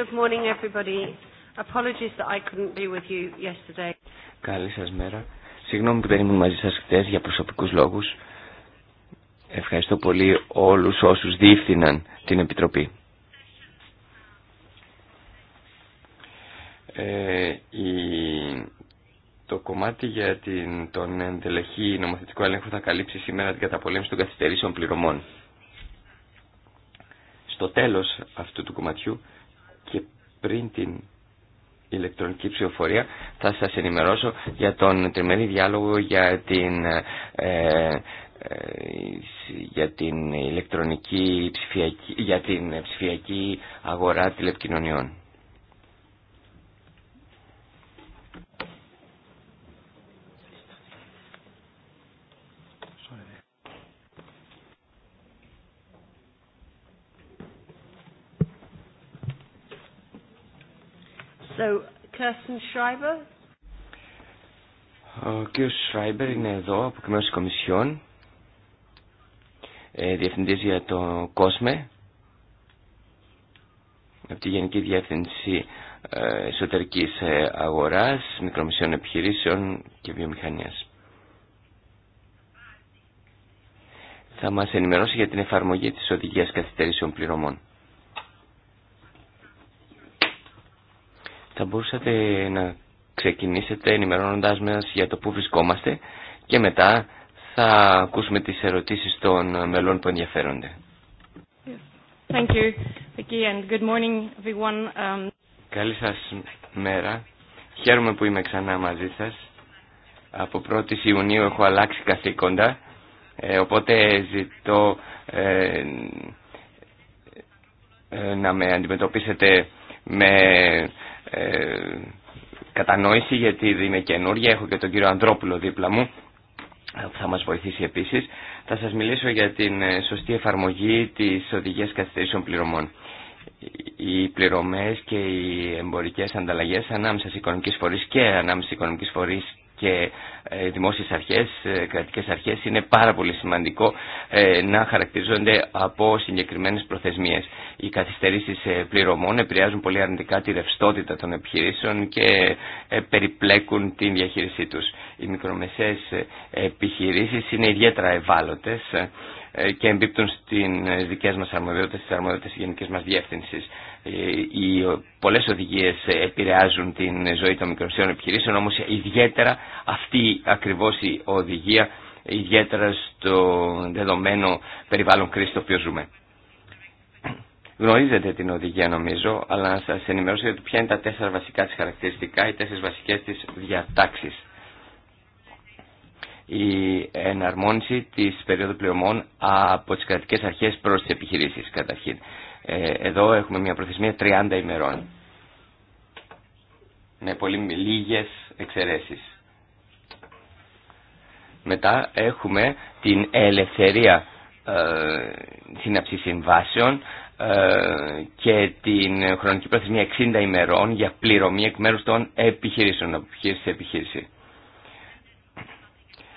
Good morning everybody. Apologies that I couldn't be with you yesterday. Καλή σας μέρα. Συγγνώμη που δεν ήμουν μαζί σας χτες για προσωπικούς λόγους. Ευχαριστώ πολύ όλους όσους διεύθυναν την Επιτροπή. Ε, η, το κομμάτι για την, τον εντελεχή νομοθετικό έλεγχο θα καλύψει σήμερα την καταπολέμηση των καθυστερήσεων πληρωμών. Στο τέλος αυτού του κομματιού πριν την ηλεκτρονική ψηφοφορία θα σας ενημερώσω για τον τριμερή διάλογο για την, ε, ε, για την ηλεκτρονική ψηφιακή, για την ψηφιακή αγορά τηλεπικοινωνιών. Schreiber. Ο κ. Σράιμπερ είναι εδώ από κοινό Κομισιόν, ε, διευθυντής για το ΚΟΣΜΕ, από τη Γενική Διεύθυνση ε, Εσωτερικής ε, Αγοράς, Μικρομισιών Επιχειρήσεων και Βιομηχανίας. Θα μας ενημερώσει για την εφαρμογή της οδηγίας καθυστερήσεων πληρωμών. Θα μπορούσατε να ξεκινήσετε ενημερώνοντάς μας για το πού βρισκόμαστε και μετά θα ακούσουμε τις ερωτήσεις των μελών που ενδιαφέρονται. Thank you, and good morning, everyone. Um, Καλή σας μέρα. Χαίρομαι που είμαι ξανά μαζί σας. Από 1η Ιουνίου έχω αλλάξει καθήκοντα, ε, οπότε ζητώ ε, ε, να με αντιμετωπίσετε με ε, κατανόηση γιατί είμαι καινούργια, έχω και τον κύριο Αντρόπουλο δίπλα μου ε, που θα μας βοηθήσει επίσης. Θα σας μιλήσω για την ε, σωστή εφαρμογή της οδηγίας καθυστερήσεων πληρωμών. Οι πληρωμές και οι εμπορικές ανταλλαγές ανάμεσα στις οικονομικές φορείς και ανάμεσα στις οικονομικές φορείς και ε, δημόσιες αρχές, ε, κρατικές αρχές είναι πάρα πολύ σημαντικό ε, να χαρακτηρίζονται από συγκεκριμένες προθεσμίες. Οι καθυστερήσεις πληρωμών επηρεάζουν πολύ αρνητικά τη ρευστότητα των επιχειρήσεων και περιπλέκουν την διαχείρισή τους. Οι μικρομεσαίες επιχειρήσεις είναι ιδιαίτερα ευάλωτες και εμπίπτουν στις δικές μας αρμοδιότητες, στις αρμοδιότητες της γενικής μας διεύθυνσης οι πολλές οδηγίες επηρεάζουν την ζωή των μικροσύνων επιχειρήσεων, όμως ιδιαίτερα αυτή ακριβώς η οδηγία, ιδιαίτερα στο δεδομένο περιβάλλον κρίση το οποίο ζούμε. Γνωρίζετε την οδηγία νομίζω, αλλά να σας ενημερώσω για το ποια είναι τα τέσσερα βασικά της χαρακτηριστικά, οι τέσσερι βασικές της διατάξεις. Η εναρμόνιση της περίοδου πληρωμών από τις κρατικές αρχές προς τις επιχειρήσεις καταρχήν. Ε, εδώ έχουμε μια προθεσμία 30 ημερών. Με πολύ λίγες εξαιρέσεις. Μετά έχουμε την ελευθερία ε, σύναψη συμβάσεων ε, και την χρονική προθεσμία 60 ημερών για πληρωμή εκ μέρους των επιχειρήσεων, από επιχείρηση.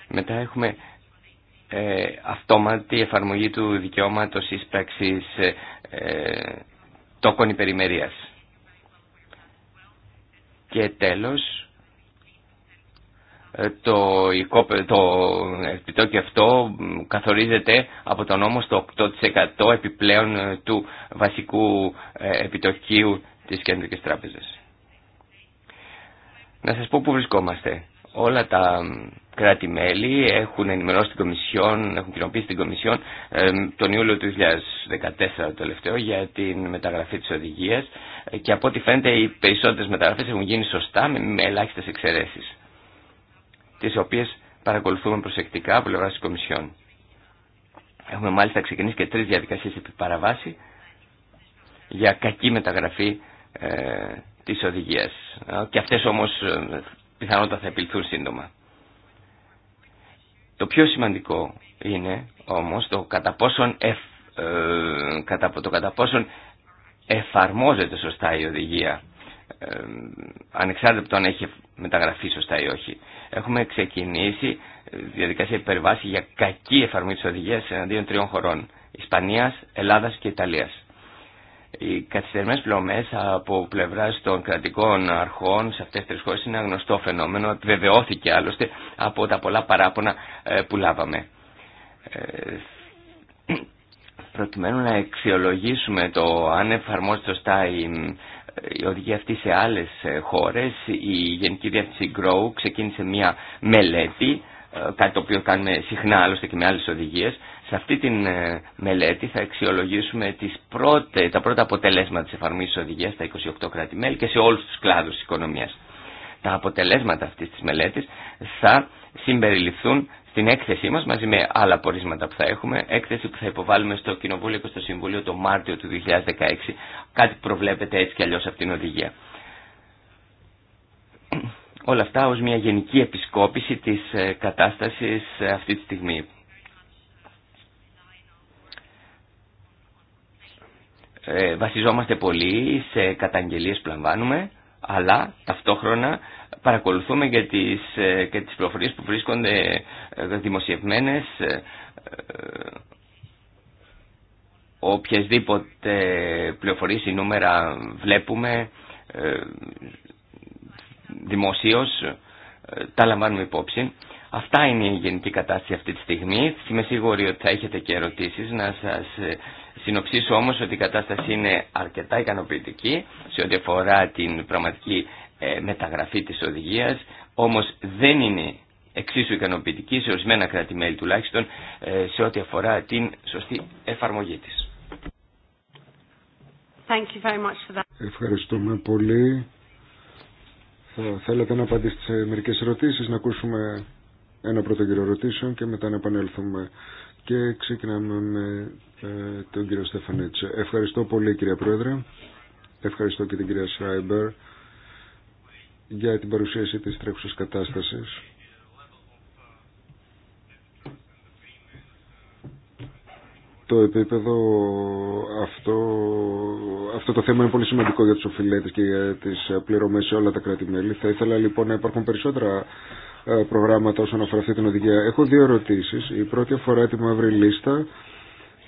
Μετά έχουμε ε, αυτόματη εφαρμογή του δικαιώματος εισπραξής ε, ε, τόκων υπερημερίας. Και τέλος, ε, το, το επιτόκιο αυτό καθορίζεται από τον νόμο στο 8% επιπλέον ε, του βασικού επιτοκίου της Κεντρικής Τράπεζας. Να σας πω που βρισκόμαστε. Όλα τα κράτη-μέλη έχουν ενημερώσει την Κομισιόν, έχουν κοινοποιήσει την Κομισιόν τον Ιούλιο του 2014 το τελευταίο για την μεταγραφή της οδηγίας και από ό,τι φαίνεται οι περισσότερες μεταγραφές έχουν γίνει σωστά με ελάχιστες εξαιρέσεις τις οποίες παρακολουθούμε προσεκτικά από πλευρά της Κομισιόν. Έχουμε μάλιστα ξεκινήσει και τρεις διαδικασίες επί παραβάση για κακή μεταγραφή ε, της οδηγίας. Ε, και αυτές όμως ε, πιθανότατα θα επιλθούν σύντομα. Το πιο σημαντικό είναι όμως ε, το κατά πόσον, εφαρμόζεται σωστά η οδηγία ε, ανεξάρτητα από το αν έχει μεταγραφεί σωστά ή όχι. Έχουμε ξεκινήσει ε, διαδικασία υπερβάση για κακή εφαρμογή της οδηγίας εναντίον τριών χωρών Ισπανίας, Ελλάδας και Ιταλίας. Οι καθυστερημένες πληρωμές από πλευράς των κρατικών αρχών σε αυτές τις χώρες είναι ένα γνωστό φαινόμενο, επιβεβαιώθηκε άλλωστε από τα πολλά παράπονα ε, που λάβαμε. Ε, προκειμένου να αξιολογήσουμε το αν εφαρμόζεται σωστά η, η οδηγία αυτή σε άλλες ε, χώρες, η Γενική Διεύθυνση Grow ξεκίνησε μια μελέτη, κάτι το οποίο κάνουμε συχνά άλλωστε και με άλλες οδηγίες, σε αυτή τη ε, μελέτη θα αξιολογήσουμε τις πρώτε, τα πρώτα αποτελέσματα της εφαρμογής της οδηγίας στα 28 κράτη-μέλη και σε όλους τους κλάδους της οικονομίας. Τα αποτελέσματα αυτής της μελέτης θα συμπεριληφθούν στην έκθεσή μας μαζί με άλλα πορίσματα που θα έχουμε, έκθεση που θα υποβάλουμε στο Κοινοβούλιο και στο Συμβούλιο το Μάρτιο του 2016, κάτι που προβλέπεται έτσι κι αλλιώς από την οδηγία. Όλα αυτά ως μια γενική επισκόπηση της ε, κατάστασης ε, αυτή τη στιγμή. Ε, βασιζόμαστε πολύ σε καταγγελίες που λαμβάνουμε, αλλά ταυτόχρονα παρακολουθούμε και τις, ε, και τις πληροφορίες που βρίσκονται ε, δημοσιευμένες, οποιασδήποτε πληροφορίες ή νούμερα βλέπουμε δημοσίως, τα λαμβάνουμε υπόψη. Αυτά είναι η γενική κατάσταση αυτή τη στιγμή. Είμαι σίγουρη ότι θα έχετε και ερωτήσεις. Να σας ε, συνοψίσω όμως ότι η κατάσταση είναι αρκετά ικανοποιητική σε ό,τι αφορά την πραγματική ε, μεταγραφή της οδηγίας. Όμως δεν είναι εξίσου ικανοποιητική σε ορισμένα κράτη-μέλη τουλάχιστον ε, σε ό,τι αφορά την σωστή εφαρμογή της. Thank you very much for that. Ευχαριστούμε πολύ. Θα θέλετε να απαντήσετε σε μερικές ερωτήσεις, να ακούσουμε ένα πρώτο κύριο ερωτήσεων και μετά να επανέλθουμε. Και ξεκινάμε με ε, τον κύριο Στεφανίτσε. Ευχαριστώ πολύ κυρία Πρόεδρε. Ευχαριστώ και την κυρία Σράιμπερ για την παρουσίαση της τρέχουσας κατάστασης. Το επίπεδο αυτό, αυτό το θέμα είναι πολύ σημαντικό για τους οφειλέτες και για τις πληρωμές σε όλα τα κράτη-μέλη. Θα ήθελα λοιπόν να υπάρχουν περισσότερα ε, προγράμματα όσον αφορά αυτή την οδηγία. Έχω δύο ερωτήσει. Η πρώτη αφορά τη μαύρη λίστα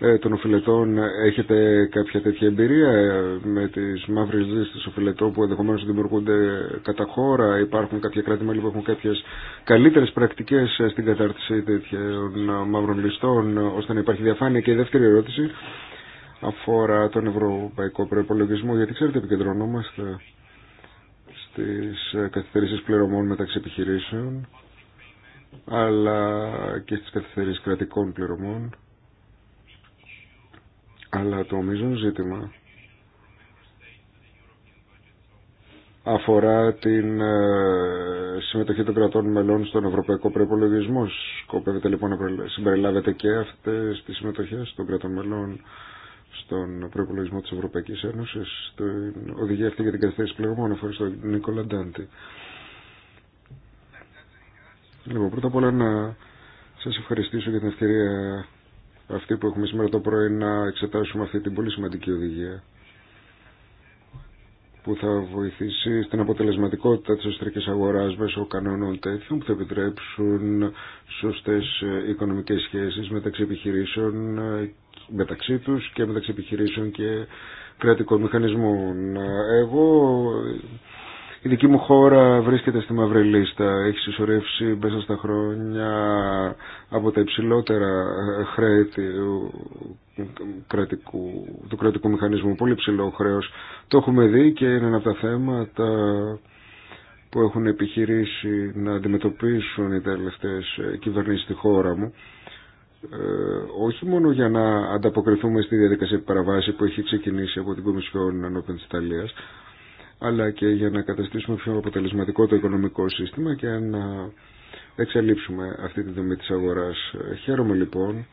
ε, των οφειλετών. Ε, έχετε κάποια τέτοια εμπειρία με τις μαύρε λίστες οφειλετών που ενδεχομένω δημιουργούνται κατά χώρα. Υπάρχουν κάποια κράτη μέλη που έχουν κάποιε καλύτερε πρακτικέ στην κατάρτιση τέτοιων μαύρων λιστών ώστε να υπάρχει διαφάνεια. Και η δεύτερη ερώτηση αφορά τον ευρωπαϊκό προπολογισμό, γιατί ξέρετε επικεντρωνόμαστε στις ε, καθυστερήσεις πληρωμών μεταξύ επιχειρήσεων αλλά και στις καθυστερήσεις κρατικών πληρωμών αλλά το μείζον ζήτημα αφορά την ε, συμμετοχή των κρατών μελών στον ευρωπαϊκό προϋπολογισμό. Σκοπεύετε λοιπόν να συμπεριλάβετε και αυτές τις συμμετοχές των κρατών μελών στον προπολογισμό της Ευρωπαϊκής Ένωσης, στην οδηγία αυτή για την καθυστέρηση πληρωμών, ευχαριστώ στον Νίκολα Ντάντη. Λοιπόν, πρώτα απ' όλα να σας ευχαριστήσω για την ευκαιρία αυτή που έχουμε σήμερα το πρωί να εξετάσουμε αυτή την πολύ σημαντική οδηγία που θα βοηθήσει στην αποτελεσματικότητα της εσωτερικής αγοράς μέσω κανόνων τέτοιων που θα επιτρέψουν σωστές οικονομικές σχέσεις μεταξύ επιχειρήσεων μεταξύ τους και μεταξύ επιχειρήσεων και κρατικών μηχανισμών. Εγώ, η δική μου χώρα βρίσκεται στη μαύρη λίστα. Έχει συσσωρεύσει μέσα στα χρόνια από τα υψηλότερα χρέη του κρατικού, του κρατικού μηχανισμού. Πολύ ψηλό χρέος. Το έχουμε δει και είναι ένα από τα θέματα που έχουν επιχειρήσει να αντιμετωπίσουν οι τελευταίες κυβερνήσεις στη χώρα μου ε, όχι μόνο για να ανταποκριθούμε στη διαδικασία παραβάση που έχει ξεκινήσει από την Κομισιόν ενώπιον της Ιταλίας, αλλά και για να καταστήσουμε πιο αποτελεσματικό το οικονομικό σύστημα και να εξαλείψουμε αυτή τη δομή της αγοράς. Χαίρομαι λοιπόν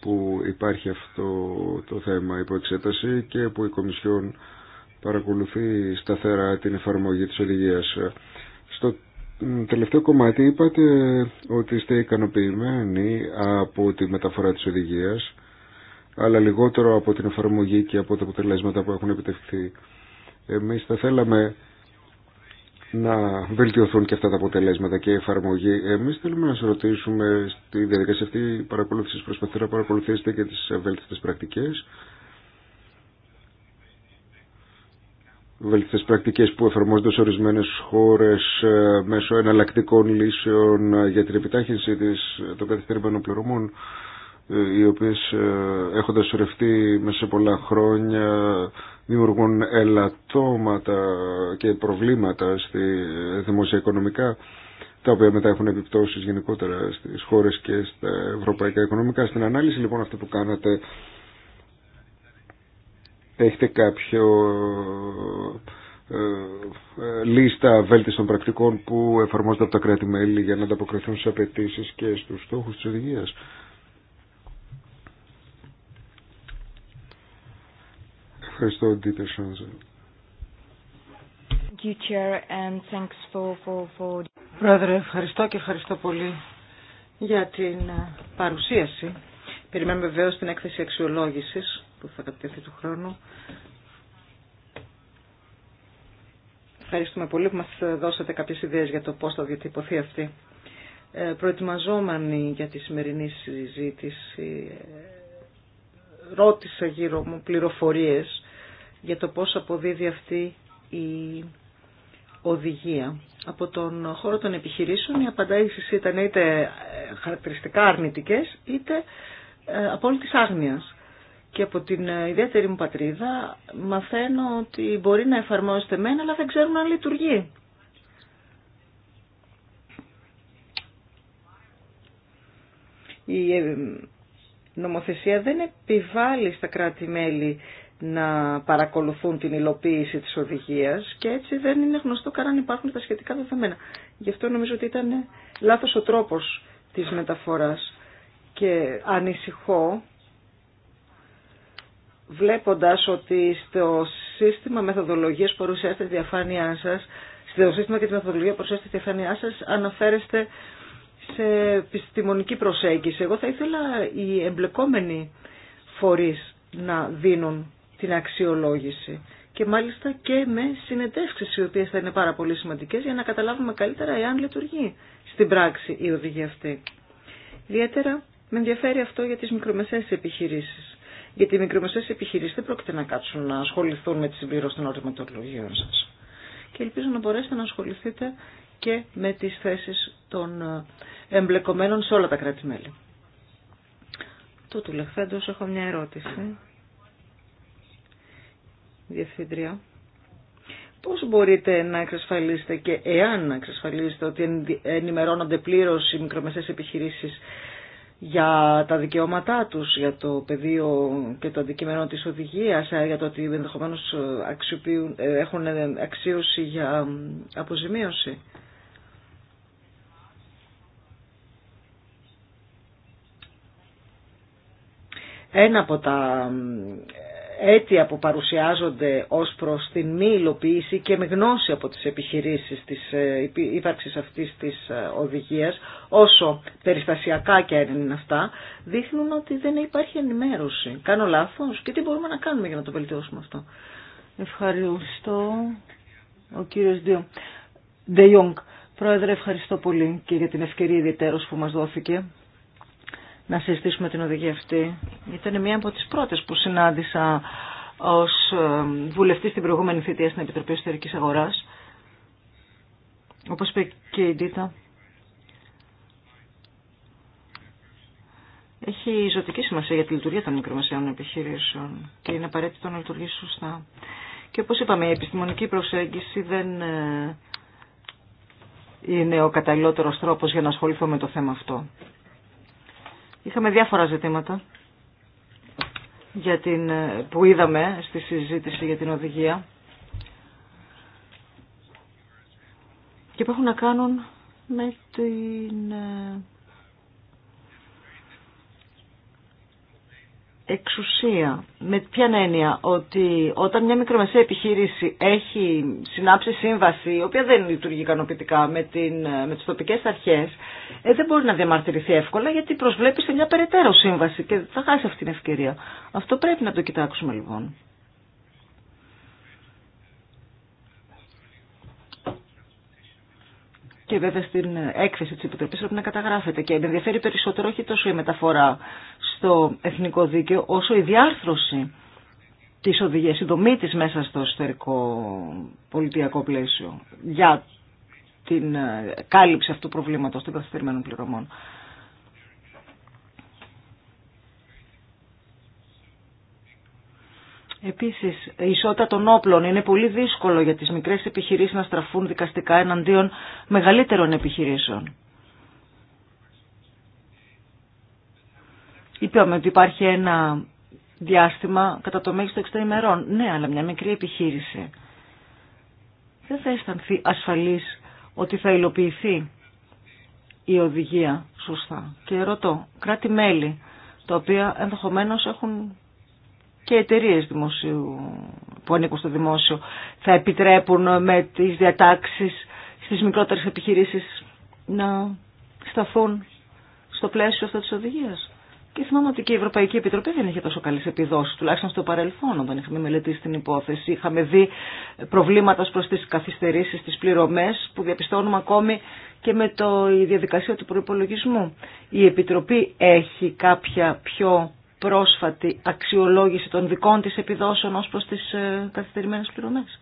που υπάρχει αυτό το θέμα υπό εξέταση και που η Κομισιόν παρακολουθεί σταθερά την εφαρμογή της οδηγίας. Στο τελευταίο κομμάτι είπατε ότι είστε ικανοποιημένοι από τη μεταφορά της οδηγίας αλλά λιγότερο από την εφαρμογή και από τα αποτελέσματα που έχουν επιτευχθεί. Εμείς θα θέλαμε να βελτιωθούν και αυτά τα αποτελέσματα και η εφαρμογή. Εμείς θέλουμε να σας ρωτήσουμε στη διαδικασία αυτή παρακολούθησης προσπαθείτε να παρακολουθήσετε και τις βέλτιστες πρακτικές βελτιστές πρακτικές που εφαρμόζονται σε ορισμένες χώρες ε, μέσω εναλλακτικών λύσεων ε, για την επιτάχυνση της, ε, των καθυστερημένων πληρωμών οι οποίες έχοντας σωρευτεί μέσα σε πολλά χρόνια δημιουργούν ελαττώματα και προβλήματα στη δημόσια οικονομικά τα οποία μετά έχουν επιπτώσεις γενικότερα στις χώρες και στα ευρωπαϊκά οικονομικά. Στην ανάλυση λοιπόν αυτή που κάνατε Έχετε κάποιο ε, ε, λίστα βέλτιστων πρακτικών που εφαρμόζονται από τα κράτη-μέλη για να ανταποκριθούν στι απαιτήσει και στους στόχους της οδηγίας. Ευχαριστώ, Ντίτερ Σάνζελ. Πρόεδρε, ευχαριστώ και ευχαριστώ πολύ για την ε, παρουσίαση. Περιμένουμε βεβαίω την έκθεση αξιολόγησης που θα κατατεθεί του χρόνου. Ευχαριστούμε πολύ που μας δώσατε κάποιες ιδέες για το πώς θα διατυπωθεί αυτή. Ε, προετοιμαζόμενοι για τη σημερινή συζήτηση, ε, ρώτησα γύρω μου πληροφορίες για το πώς αποδίδει αυτή η οδηγία. Από τον χώρο των επιχειρήσεων οι απαντάσεις ήταν είτε χαρακτηριστικά αρνητικές είτε ε, απόλυτης άγνοιας και από την ε, ιδιαίτερη μου πατρίδα μαθαίνω ότι μπορεί να εφαρμόζεται μένα αλλά δεν ξέρουν αν λειτουργεί. Η ε, νομοθεσία δεν επιβάλλει στα κράτη-μέλη να παρακολουθούν την υλοποίηση της οδηγίας και έτσι δεν είναι γνωστό καν αν υπάρχουν τα σχετικά δεδομένα. Γι' αυτό νομίζω ότι ήταν λάθος ο τρόπος της μεταφοράς και ανησυχώ βλέποντας ότι στο σύστημα μεθοδολογίας που τη διαφάνειά σας, στο σύστημα και τη μεθοδολογία που τη διαφάνειά σας, αναφέρεστε σε επιστημονική προσέγγιση. Εγώ θα ήθελα οι εμπλεκόμενοι φορείς να δίνουν την αξιολόγηση και μάλιστα και με συνεντεύξεις οι οποίες θα είναι πάρα πολύ σημαντικές για να καταλάβουμε καλύτερα εάν λειτουργεί στην πράξη η οδηγία αυτή. Ιδιαίτερα με ενδιαφέρει αυτό για τις μικρομεσαίες επιχειρήσεις γιατί οι μικρομεσαίες επιχειρήσει δεν πρόκειται να κάτσουν να ασχοληθούν με τη συμπλήρωση των ερωτηματολογίων σας. Και ελπίζω να μπορέσετε να ασχοληθείτε και με τις θέσεις των ε, εμπλεκομένων σε όλα τα κράτη-μέλη. Το τουλεχθέντο έχω μια ερώτηση. Διευθύντρια. Πώ μπορείτε να εξασφαλίσετε και εάν να εξασφαλίσετε ότι ενημερώνονται πλήρω οι μικρομεσαίε επιχειρήσει για τα δικαιώματά τους, για το πεδίο και το αντικείμενο της οδηγίας, ε, για το ότι ενδεχομένω ε, ε, έχουν αξίωση για αποζημίωση. Ένα από τα αίτια που παρουσιάζονται ως προς την μη υλοποίηση και με γνώση από τις επιχειρήσεις της ε, ύπαρξης αυτής της ε, οδηγίας, όσο περιστασιακά και αν είναι αυτά, δείχνουν ότι δεν υπάρχει ενημέρωση. Κάνω λάθος και τι μπορούμε να κάνουμε για να το βελτιώσουμε αυτό. Ευχαριστώ. Ο κύριος Δίο. Δε Πρόεδρε, ευχαριστώ πολύ και για την ευκαιρία ιδιαίτερος που μας δόθηκε να συζητήσουμε την οδηγία αυτή. Ήταν μία από τις πρώτες που συνάντησα ως ε, βουλευτή στην προηγούμενη θητεία στην Επιτροπή Εσωτερικής Αγοράς. Όπως είπε και η Ντίτα, έχει ζωτική σημασία για τη λειτουργία των μικρομεσαίων επιχειρήσεων και είναι απαραίτητο να λειτουργήσει σωστά. Και όπως είπαμε, η επιστημονική προσέγγιση δεν ε, είναι ο καταλληλότερος τρόπος για να ασχοληθώ με το θέμα αυτό. Είχαμε διάφορα ζητήματα για την, ε, που είδαμε στη συζήτηση για την οδηγία και που έχουν να κάνουν με την ε, εξουσία. Με ποια έννοια, ότι όταν μια μικρομεσαία επιχείρηση έχει συνάψει σύμβαση, η οποία δεν λειτουργεί ικανοποιητικά με, την, με τις τοπικές αρχές, ε, δεν μπορεί να διαμαρτυρηθεί εύκολα γιατί προσβλέπει σε μια περαιτέρω σύμβαση και θα χάσει αυτή την ευκαιρία. Αυτό πρέπει να το κοιτάξουμε λοιπόν. Και βέβαια στην έκθεση τη Επιτροπή πρέπει να καταγράφεται. Και με ενδιαφέρει περισσότερο όχι τόσο η μεταφορά στο εθνικό δίκαιο όσο η διάρθρωση της οδηγίας, η δομή της μέσα στο εσωτερικό πολιτιακό πλαίσιο για την ε, κάλυψη αυτού του προβλήματος των καθυστερημένων πληρωμών. Επίσης, η ισότητα των όπλων είναι πολύ δύσκολο για τις μικρές επιχειρήσεις να στραφούν δικαστικά εναντίον μεγαλύτερων επιχειρήσεων. Είπαμε ότι υπάρχει ένα διάστημα κατά το μέγιστο 60 ημερών. Ναι, αλλά μια μικρή επιχείρηση δεν θα αισθανθεί ασφαλής ότι θα υλοποιηθεί η οδηγία σωστά. Και ρωτώ, κράτη-μέλη, τα οποία ενδεχομένως έχουν και εταιρείε δημοσίου που ανήκουν στο δημόσιο, θα επιτρέπουν με τις διατάξεις στις μικρότερες επιχειρήσεις να σταθούν στο πλαίσιο αυτή της οδηγίας. Και θυμάμαι ότι και η Ευρωπαϊκή Επιτροπή δεν είχε τόσο καλέ επιδόσει, τουλάχιστον στο παρελθόν, όταν είχαμε μελετήσει την υπόθεση. Είχαμε δει προβλήματα προ τι καθυστερήσει, τι πληρωμέ, που διαπιστώνουμε ακόμη και με το, η διαδικασία του προπολογισμού. Η Επιτροπή έχει κάποια πιο πρόσφατη αξιολόγηση των δικών της επιδόσεων ως προς τις ε, καθυστερημένες πληρωμές.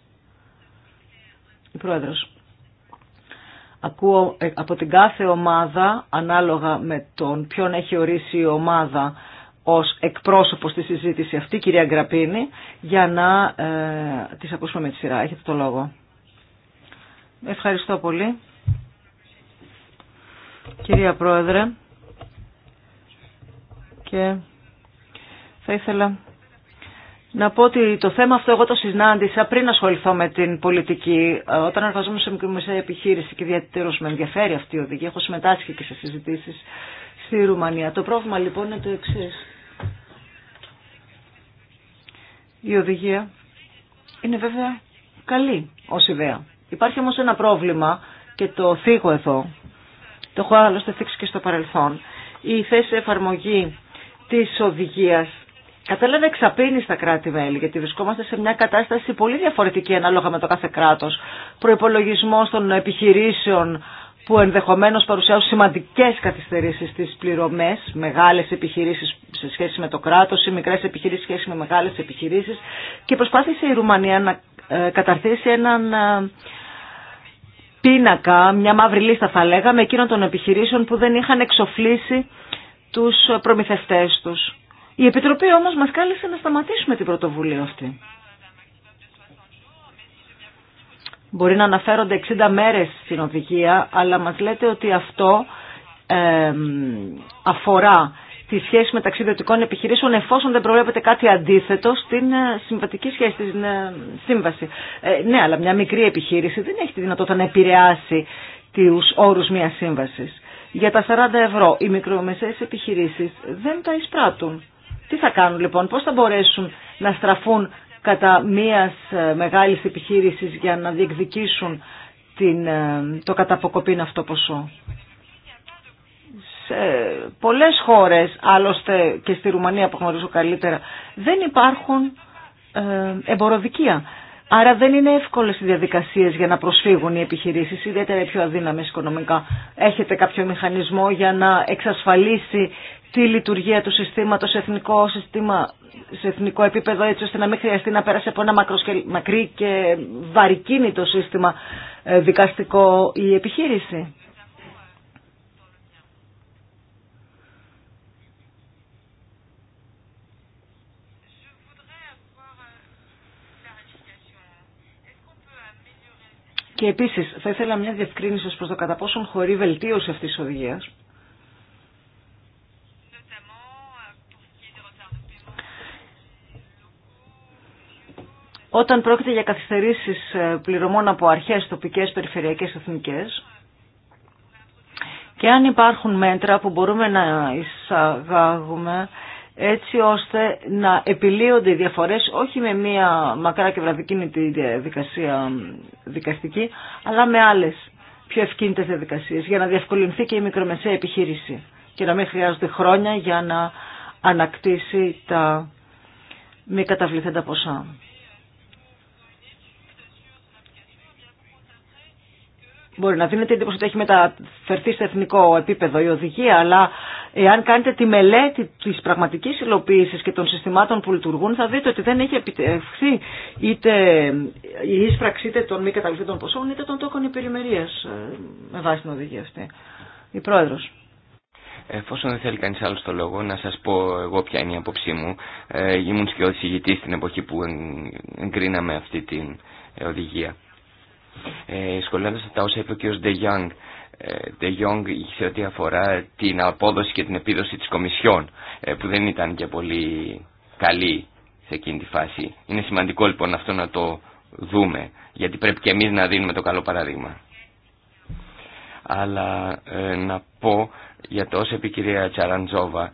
Η Πρόεδρος. Ακούω ε, από την κάθε ομάδα, ανάλογα με τον ποιον έχει ορίσει η ομάδα ως εκπρόσωπο στη συζήτηση αυτή, κυρία Γκραπίνη, για να ε, τις ακούσουμε με τη σειρά. Έχετε το λόγο. Ευχαριστώ πολύ. Κυρία Πρόεδρε, και θα ήθελα να πω ότι το θέμα αυτό εγώ το συνάντησα πριν ασχοληθώ με την πολιτική. Ε, όταν εργαζόμουν σε μικρομεσαία επιχείρηση και ιδιαίτερως με ενδιαφέρει αυτή η οδηγία, έχω συμμετάσχει και σε συζητήσει στη Ρουμανία. Το πρόβλημα λοιπόν είναι το εξή. Η οδηγία είναι βέβαια καλή ως ιδέα. Υπάρχει όμω ένα πρόβλημα και το θίγω εδώ. Το έχω άλλωστε θίξει και στο παρελθόν. Η θέση εφαρμογή τη οδηγία κατέλαβε να εξαπίνει στα κράτη-μέλη, γιατί βρισκόμαστε σε μια κατάσταση πολύ διαφορετική ανάλογα με το κάθε κράτο. Προπολογισμό των επιχειρήσεων που ενδεχομένω παρουσιάζουν σημαντικέ καθυστερήσει στι πληρωμέ, μεγάλε επιχειρήσει σε σχέση με το κράτο ή μικρέ επιχειρήσει σε σχέση με μεγάλε επιχειρήσει. Και προσπάθησε η Ρουμανία να ε, καταρτήσει έναν ε, πίνακα, μια μαύρη λίστα θα λέγαμε, εκείνων των επιχειρήσεων που δεν είχαν εξοφλήσει του προμηθευτέ του. Η Επιτροπή όμως μας κάλεσε να σταματήσουμε την πρωτοβουλία αυτή. Μπορεί να αναφέρονται 60 μέρες στην οδηγία, αλλά μας λέτε ότι αυτό ε, αφορά τη σχέση μεταξύ ιδιωτικών επιχειρήσεων εφόσον δεν προβλέπεται κάτι αντίθετο στην ε, συμβατική σχέση, στην ε, σύμβαση. Ε, ναι, αλλά μια μικρή επιχείρηση δεν έχει τη δυνατότητα να επηρεάσει τους όρους μιας σύμβασης. Για τα 40 ευρώ οι μικρομεσαίες επιχειρήσεις δεν τα εισπράττουν. Τι θα κάνουν λοιπόν, πώς θα μπορέσουν να στραφούν κατά μίας ε, μεγάλης επιχείρησης για να διεκδικήσουν την, ε, το καταποκοπήν αυτό ποσό. Σε πολλές χώρες, άλλωστε και στη Ρουμανία που γνωρίζω καλύτερα, δεν υπάρχουν ε, εμποροδικεία. Άρα δεν είναι εύκολες οι διαδικασίες για να προσφύγουν οι επιχειρήσεις, ιδιαίτερα οι πιο αδύναμες οικονομικά. Έχετε κάποιο μηχανισμό για να εξασφαλίσει τη λειτουργία του συστήματος σε εθνικό, σύστημα, σε εθνικό επίπεδο έτσι ώστε να μην χρειαστεί να πέρασε από ένα μακρύ και βαρικίνητο σύστημα ε, δικαστικό η επιχείρηση. Και επίσης θα ήθελα μια διευκρίνηση ως προς το κατά πόσον χωρεί βελτίωση αυτής της οδηγίας. Όταν πρόκειται για καθυστερήσεις ε, πληρωμών από αρχές τοπικές, περιφερειακές, εθνικές, και αν υπάρχουν μέτρα που μπορούμε να εισαγάγουμε έτσι ώστε να επιλύονται οι διαφορές όχι με μία μακρά και βραδικίνητη διαδικασία δικαστική, αλλά με άλλες πιο ευκίνητες διαδικασίες για να διευκολυνθεί και η μικρομεσαία επιχείρηση και να μην χρειάζονται χρόνια για να ανακτήσει τα μη καταβληθέντα ποσά. Μπορεί να δίνετε εντύπωση ότι έχει μεταφερθεί σε εθνικό επίπεδο η οδηγία, αλλά εάν κάνετε τη μελέτη τη πραγματική υλοποίηση και των συστημάτων που λειτουργούν, θα δείτε ότι δεν έχει επιτευχθεί είτε η ίσπραξη είτε των μη καταληφθέντων ποσών είτε των τόκων υπερημερία ε, με βάση την οδηγία αυτή. Η πρόεδρο. Εφόσον δεν θέλει κανεί άλλο το λόγο, να σα πω εγώ ποια είναι η άποψή μου. Ε, ήμουν και ηγητή την εποχή που εγκρίναμε αυτή την ε, οδηγία. Ε, σχολιάζοντας τα όσα είπε ο κ. De Young, ε, De σε ό,τι αφορά την απόδοση και την επίδοση της Κομισιόν ε, που δεν ήταν και πολύ καλή σε εκείνη τη φάση. Είναι σημαντικό λοιπόν αυτό να το δούμε γιατί πρέπει και εμείς να δίνουμε το καλό παραδείγμα. Αλλά ε, να πω για το όσα είπε η κυρία Τσαραντζόβα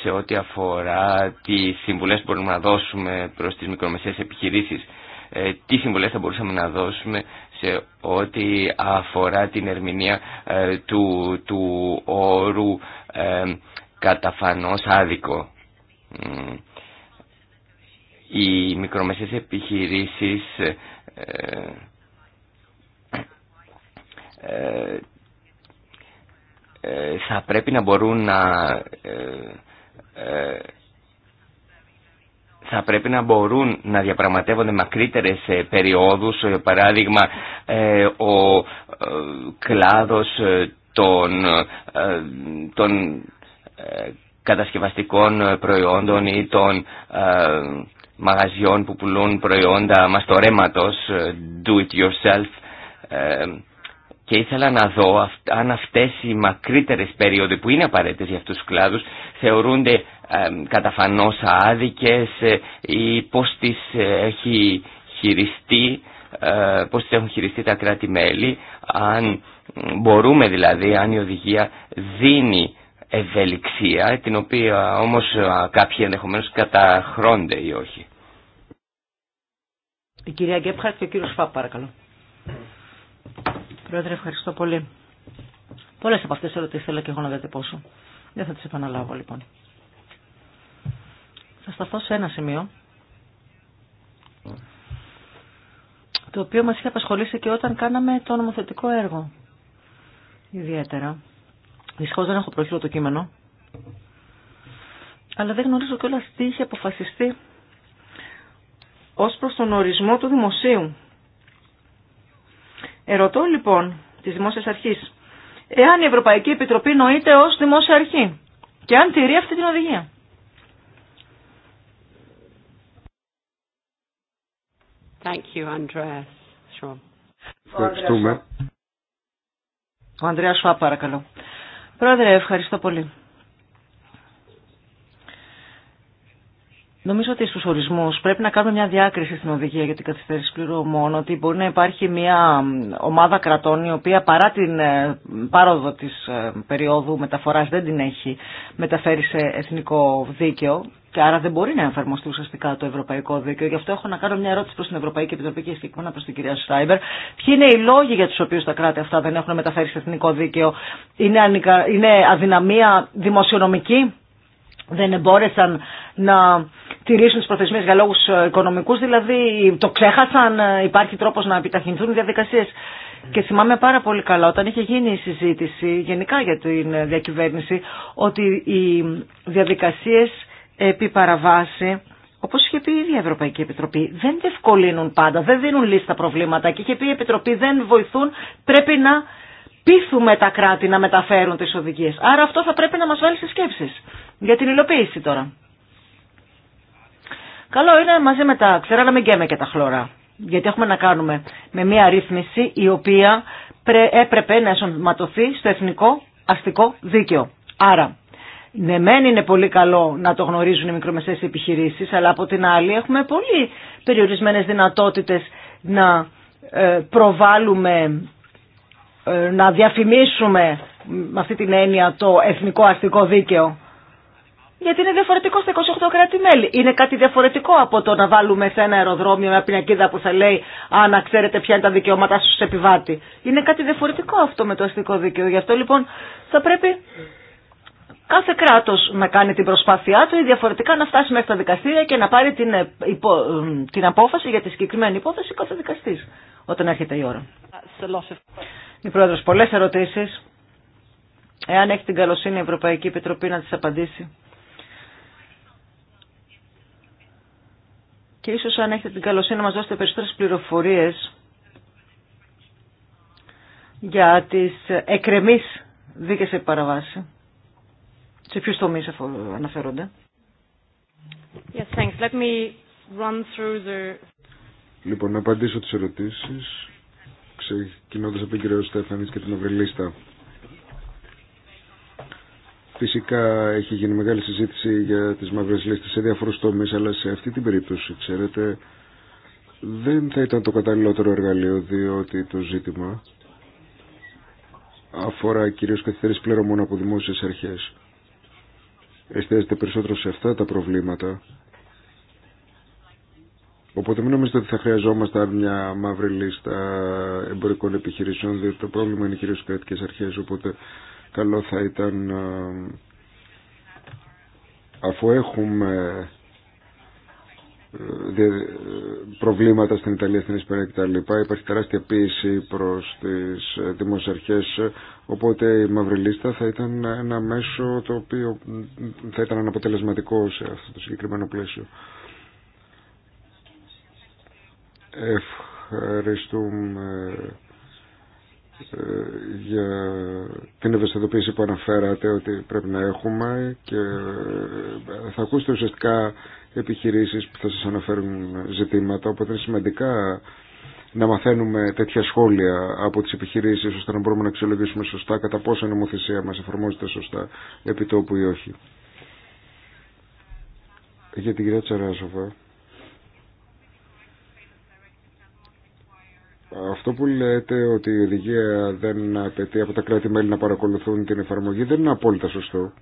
σε ό,τι αφορά τις συμβουλές που μπορούμε να δώσουμε προς τις μικρομεσαίες επιχειρήσεις ε, τι συμβουλέ θα μπορούσαμε να δώσουμε σε ό,τι αφορά την ερμηνεία ε, του, του όρου ε, καταφανώς άδικο. Οι μικρομεσαίες επιχειρήσεις θα πρέπει να μπορούν να θα πρέπει να μπορούν να διαπραγματεύονται μακρύτερες ε, περιόδους, ε, παράδειγμα ε, ο κλάδος των, των κατασκευαστικών προϊόντων ή των μαγαζιών που πουλούν προϊόντα μαστορέματος, do it yourself, και ήθελα να δω αν αυτές οι μακρύτερες περίοδοι που είναι απαραίτητε για αυτούς τους κλάδους θεωρούνται καταφανώς άδικες ε, ή πώς τις, ε, έχει χειριστεί, ε, έχουν χειριστεί τα κράτη-μέλη αν μπορούμε δηλαδή, αν η οδηγία δίνει ευελιξία την οποία όμως κάποιοι ενδεχομένως καταχρώνται ή όχι. Η κυρία Γκέπχαρτ και ο κύριος Φαπ παρακαλώ. Πρόεδρε, ευχαριστώ πολύ. Πολλέ από αυτέ τι ερωτήσει θέλω και εγώ να διατυπώσω. Δεν θα τι επαναλάβω λοιπόν. Θα σταθώ σε ένα σημείο το οποίο μα είχε απασχολήσει και όταν κάναμε το νομοθετικό έργο. Ιδιαίτερα. Δυστυχώ δεν έχω προχείρω το κείμενο. Αλλά δεν γνωρίζω κιόλα τι είχε αποφασιστεί ω προ τον ορισμό του δημοσίου Ερωτώ λοιπόν τη δημόσια αρχή. εάν η Ευρωπαϊκή Επιτροπή νοείται ω Δημόσια Αρχή και αν τηρεί αυτή την οδηγία. Ευχαριστούμε. Ο Ανδρέας Σουά, παρακαλώ. Πρόεδρε, ευχαριστώ πολύ. Νομίζω ότι στου ορισμού πρέπει να κάνουμε μια διάκριση στην οδηγία για την καθυστέρηση πληρωμών, ότι μπορεί να υπάρχει μια ομάδα κρατών η οποία παρά την ε, πάροδο τη ε, περίοδου μεταφορά δεν την έχει μεταφέρει σε εθνικό δίκαιο και άρα δεν μπορεί να εφαρμοστεί ουσιαστικά το ευρωπαϊκό δίκαιο. Γι' αυτό έχω να κάνω μια ερώτηση προ την Ευρωπαϊκή Επιτροπή και συγκεκριμένα προ την κυρία Στάιμπερ. Ποιοι είναι οι λόγοι για του οποίου τα κράτη αυτά δεν έχουν μεταφέρει σε εθνικό δίκαιο, είναι αδυναμία δημοσιονομική, δεν εμπόρεσαν να τηρήσουν τι προθεσμίε για λόγου ε, οικονομικού, δηλαδή το ξέχασαν, ε, υπάρχει τρόπο να επιταχυνθούν οι διαδικασίες. Και θυμάμαι πάρα πολύ καλά όταν είχε γίνει η συζήτηση γενικά για την ε, διακυβέρνηση ότι οι διαδικασίες επί παραβάση Όπω είχε πει η ίδια Ευρωπαϊκή Επιτροπή, δεν διευκολύνουν πάντα, δεν δίνουν λύση στα προβλήματα και είχε πει η Επιτροπή δεν βοηθούν, πρέπει να πείθουμε τα κράτη να μεταφέρουν τι οδηγίε. Άρα αυτό θα πρέπει να μα βάλει σε σκέψει για την υλοποίηση τώρα. Καλό είναι μαζί με τα ξερά να μην καίμε και τα χλώρα. Γιατί έχουμε να κάνουμε με μια ρύθμιση η οποία έπρεπε να εσωματωθεί στο εθνικό αστικό δίκαιο. Άρα, ναι, μεν είναι πολύ καλό να το γνωρίζουν οι μικρομεσαίες επιχειρήσεις, αλλά από την άλλη έχουμε πολύ περιορισμένες δυνατότητες να ε, προβάλλουμε, ε, να διαφημίσουμε με αυτή την έννοια το εθνικό αστικό δίκαιο γιατί είναι διαφορετικό στα 28 κράτη-μέλη. Είναι κάτι διαφορετικό από το να βάλουμε σε ένα αεροδρόμιο μια πινακίδα που θα λέει να ξέρετε ποια είναι τα δικαιώματά σου σε επιβάτη. Είναι κάτι διαφορετικό αυτό με το αστικό δίκαιο. Γι' αυτό λοιπόν θα πρέπει κάθε κράτο να κάνει την προσπάθειά του ή διαφορετικά να φτάσει μέχρι τα δικαστήρια και να πάρει την, ε, ε, την απόφαση για τη συγκεκριμένη υπόθεση κάθε δικαστή όταν έρχεται η ώρα. Η πρόεδρο, πολλέ ερωτήσει. Εάν έχει την καλοσύνη η Ευρωπαϊκή Επιτροπή να τι απαντήσει. και ίσως αν έχετε την καλοσύνη να μας δώσετε περισσότερες πληροφορίες για τις εκρεμείς δίκες επί παραβάση. Σε ποιους τομείς αναφέρονται. Yes, thanks. Let me run through the... Λοιπόν, να απαντήσω τις ερωτήσεις, ξεκινώντας από την κυρία Στέφανης και την Αυρελίστα. Φυσικά έχει γίνει μεγάλη συζήτηση για τις μαύρες λίστες σε διάφορους τομείς, αλλά σε αυτή την περίπτωση, ξέρετε, δεν θα ήταν το καταλληλότερο εργαλείο, διότι το ζήτημα αφορά κυρίως καθυστέρηση πληρωμών από δημόσιε αρχές. Εστιάζεται περισσότερο σε αυτά τα προβλήματα. Οπότε μην νομίζετε ότι θα χρειαζόμαστε μια μαύρη λίστα εμπορικών επιχειρήσεων, διότι το πρόβλημα είναι κυρίως οι κρατικές αρχές, οπότε Καλό θα ήταν ε, αφού έχουμε ε, ε, προβλήματα στην Ιταλία, στην Ισπανία κτλ. Υπάρχει τεράστια πίεση προς τις δημοσιαρχές, οπότε η μαύρη λίστα θα ήταν ένα μέσο το οποίο θα ήταν αναποτελεσματικό σε αυτό το συγκεκριμένο πλαίσιο. Ευχαριστούμε για την ευαισθητοποίηση που αναφέρατε ότι πρέπει να έχουμε και ε, θα ακούσετε ουσιαστικά επιχειρήσεις που θα σας αναφέρουν ζητήματα οπότε είναι σημαντικά να μαθαίνουμε τέτοια σχόλια από τις επιχειρήσεις ώστε να μπορούμε να αξιολογήσουμε σωστά κατά πόσο νομοθεσία μας εφαρμόζεται σωστά επί τόπου ή όχι. Για την κυρία Τσαράζοβα Αυτό που λέτε ότι η οδηγία δεν απαιτεί από τα κράτη-μέλη να παρακολουθούν την εφαρμογή δεν είναι απόλυτα σωστό.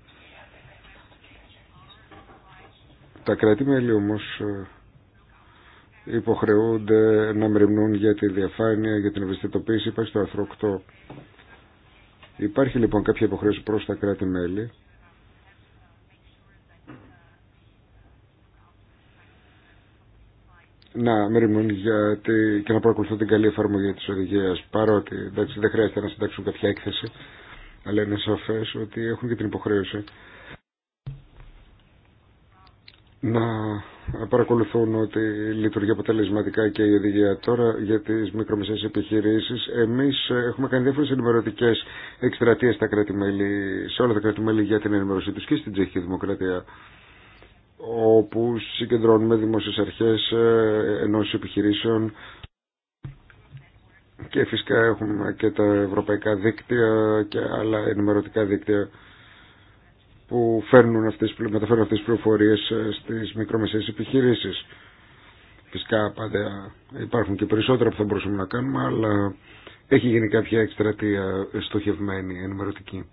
Τα κράτη-μέλη όμως ε, υποχρεούνται να μεριμνούν για τη διαφάνεια, για την ευαισθητοποίηση, υπάρχει το άρθρο Υπάρχει λοιπόν κάποια υποχρέωση προς τα κράτη-μέλη να μεριμνούν και να παρακολουθούν την καλή εφαρμογή της οδηγίας παρότι εντάξει, δεν χρειάζεται να συντάξουν κάποια έκθεση αλλά είναι σαφές ότι έχουν και την υποχρέωση να παρακολουθούν ότι λειτουργεί αποτελεσματικά και η οδηγία τώρα για τις μικρομεσαίες επιχειρήσεις. Εμείς έχουμε κάνει διάφορες ενημερωτικές εκστρατείες σε όλα τα κράτη-μέλη για την ενημερωσή τους και στην Τσεχική Δημοκρατία όπου συγκεντρώνουμε δημόσιες αρχές ε, ενώσεις επιχειρήσεων και φυσικά έχουμε και τα ευρωπαϊκά δίκτυα και άλλα ενημερωτικά δίκτυα που φέρνουν αυτές, μεταφέρουν αυτές τις πληροφορίες ε, στις μικρομεσαίες επιχειρήσεις. Φυσικά πάντα υπάρχουν και περισσότερα που θα μπορούσαμε να κάνουμε, αλλά έχει γίνει κάποια εκστρατεία στοχευμένη, ενημερωτική.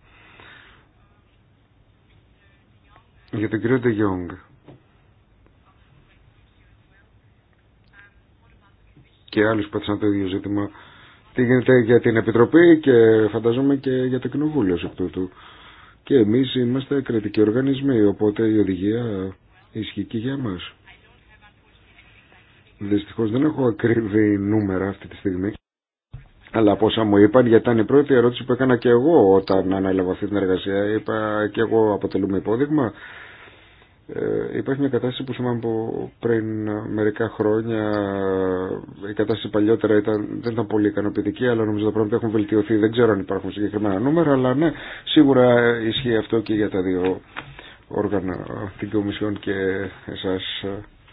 Για τον κύριο Ντεγιόγκ, και άλλους που έθεσαν το ίδιο ζήτημα τι γίνεται για την Επιτροπή και φανταζόμαι και για το Κοινοβούλιο σε αυτού του. Και εμείς είμαστε κριτικοί οργανισμοί, οπότε η οδηγία ισχύει και για μας. Δυστυχώς δεν έχω ακριβή νούμερα αυτή τη στιγμή. Αλλά από όσα μου είπαν, γιατί ήταν η πρώτη ερώτηση που έκανα και εγώ όταν ανέλαβα αυτή την εργασία, είπα και εγώ αποτελούμε υπόδειγμα. Ε, υπάρχει μια κατάσταση που θυμάμαι από πριν μερικά χρόνια. Ε, η κατάσταση παλιότερα ήταν, δεν ήταν πολύ ικανοποιητική, αλλά νομίζω τα πράγματα έχουν βελτιωθεί. Δεν ξέρω αν υπάρχουν συγκεκριμένα νούμερα, αλλά ναι, σίγουρα ισχύει αυτό και για τα δύο όργανα, την Κομισιόν και εσά.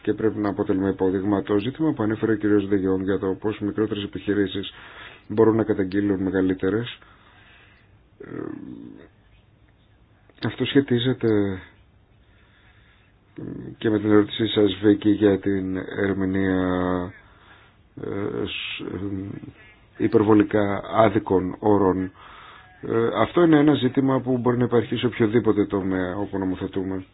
Και πρέπει να αποτελούμε υπόδειγμα το ζήτημα που ανέφερε ο κ. Δεγιόν για το πώ μικρότερε επιχειρήσει μπορούν να καταγγείλουν μεγαλύτερε. Ε, αυτό σχετίζεται και με την ερώτησή σας Βίκη για την ερμηνεία ε, ε, υπερβολικά άδικων όρων. Ε, αυτό είναι ένα ζήτημα που μπορεί να υπάρχει σε οποιοδήποτε τομέα όπου νομοθετούμε.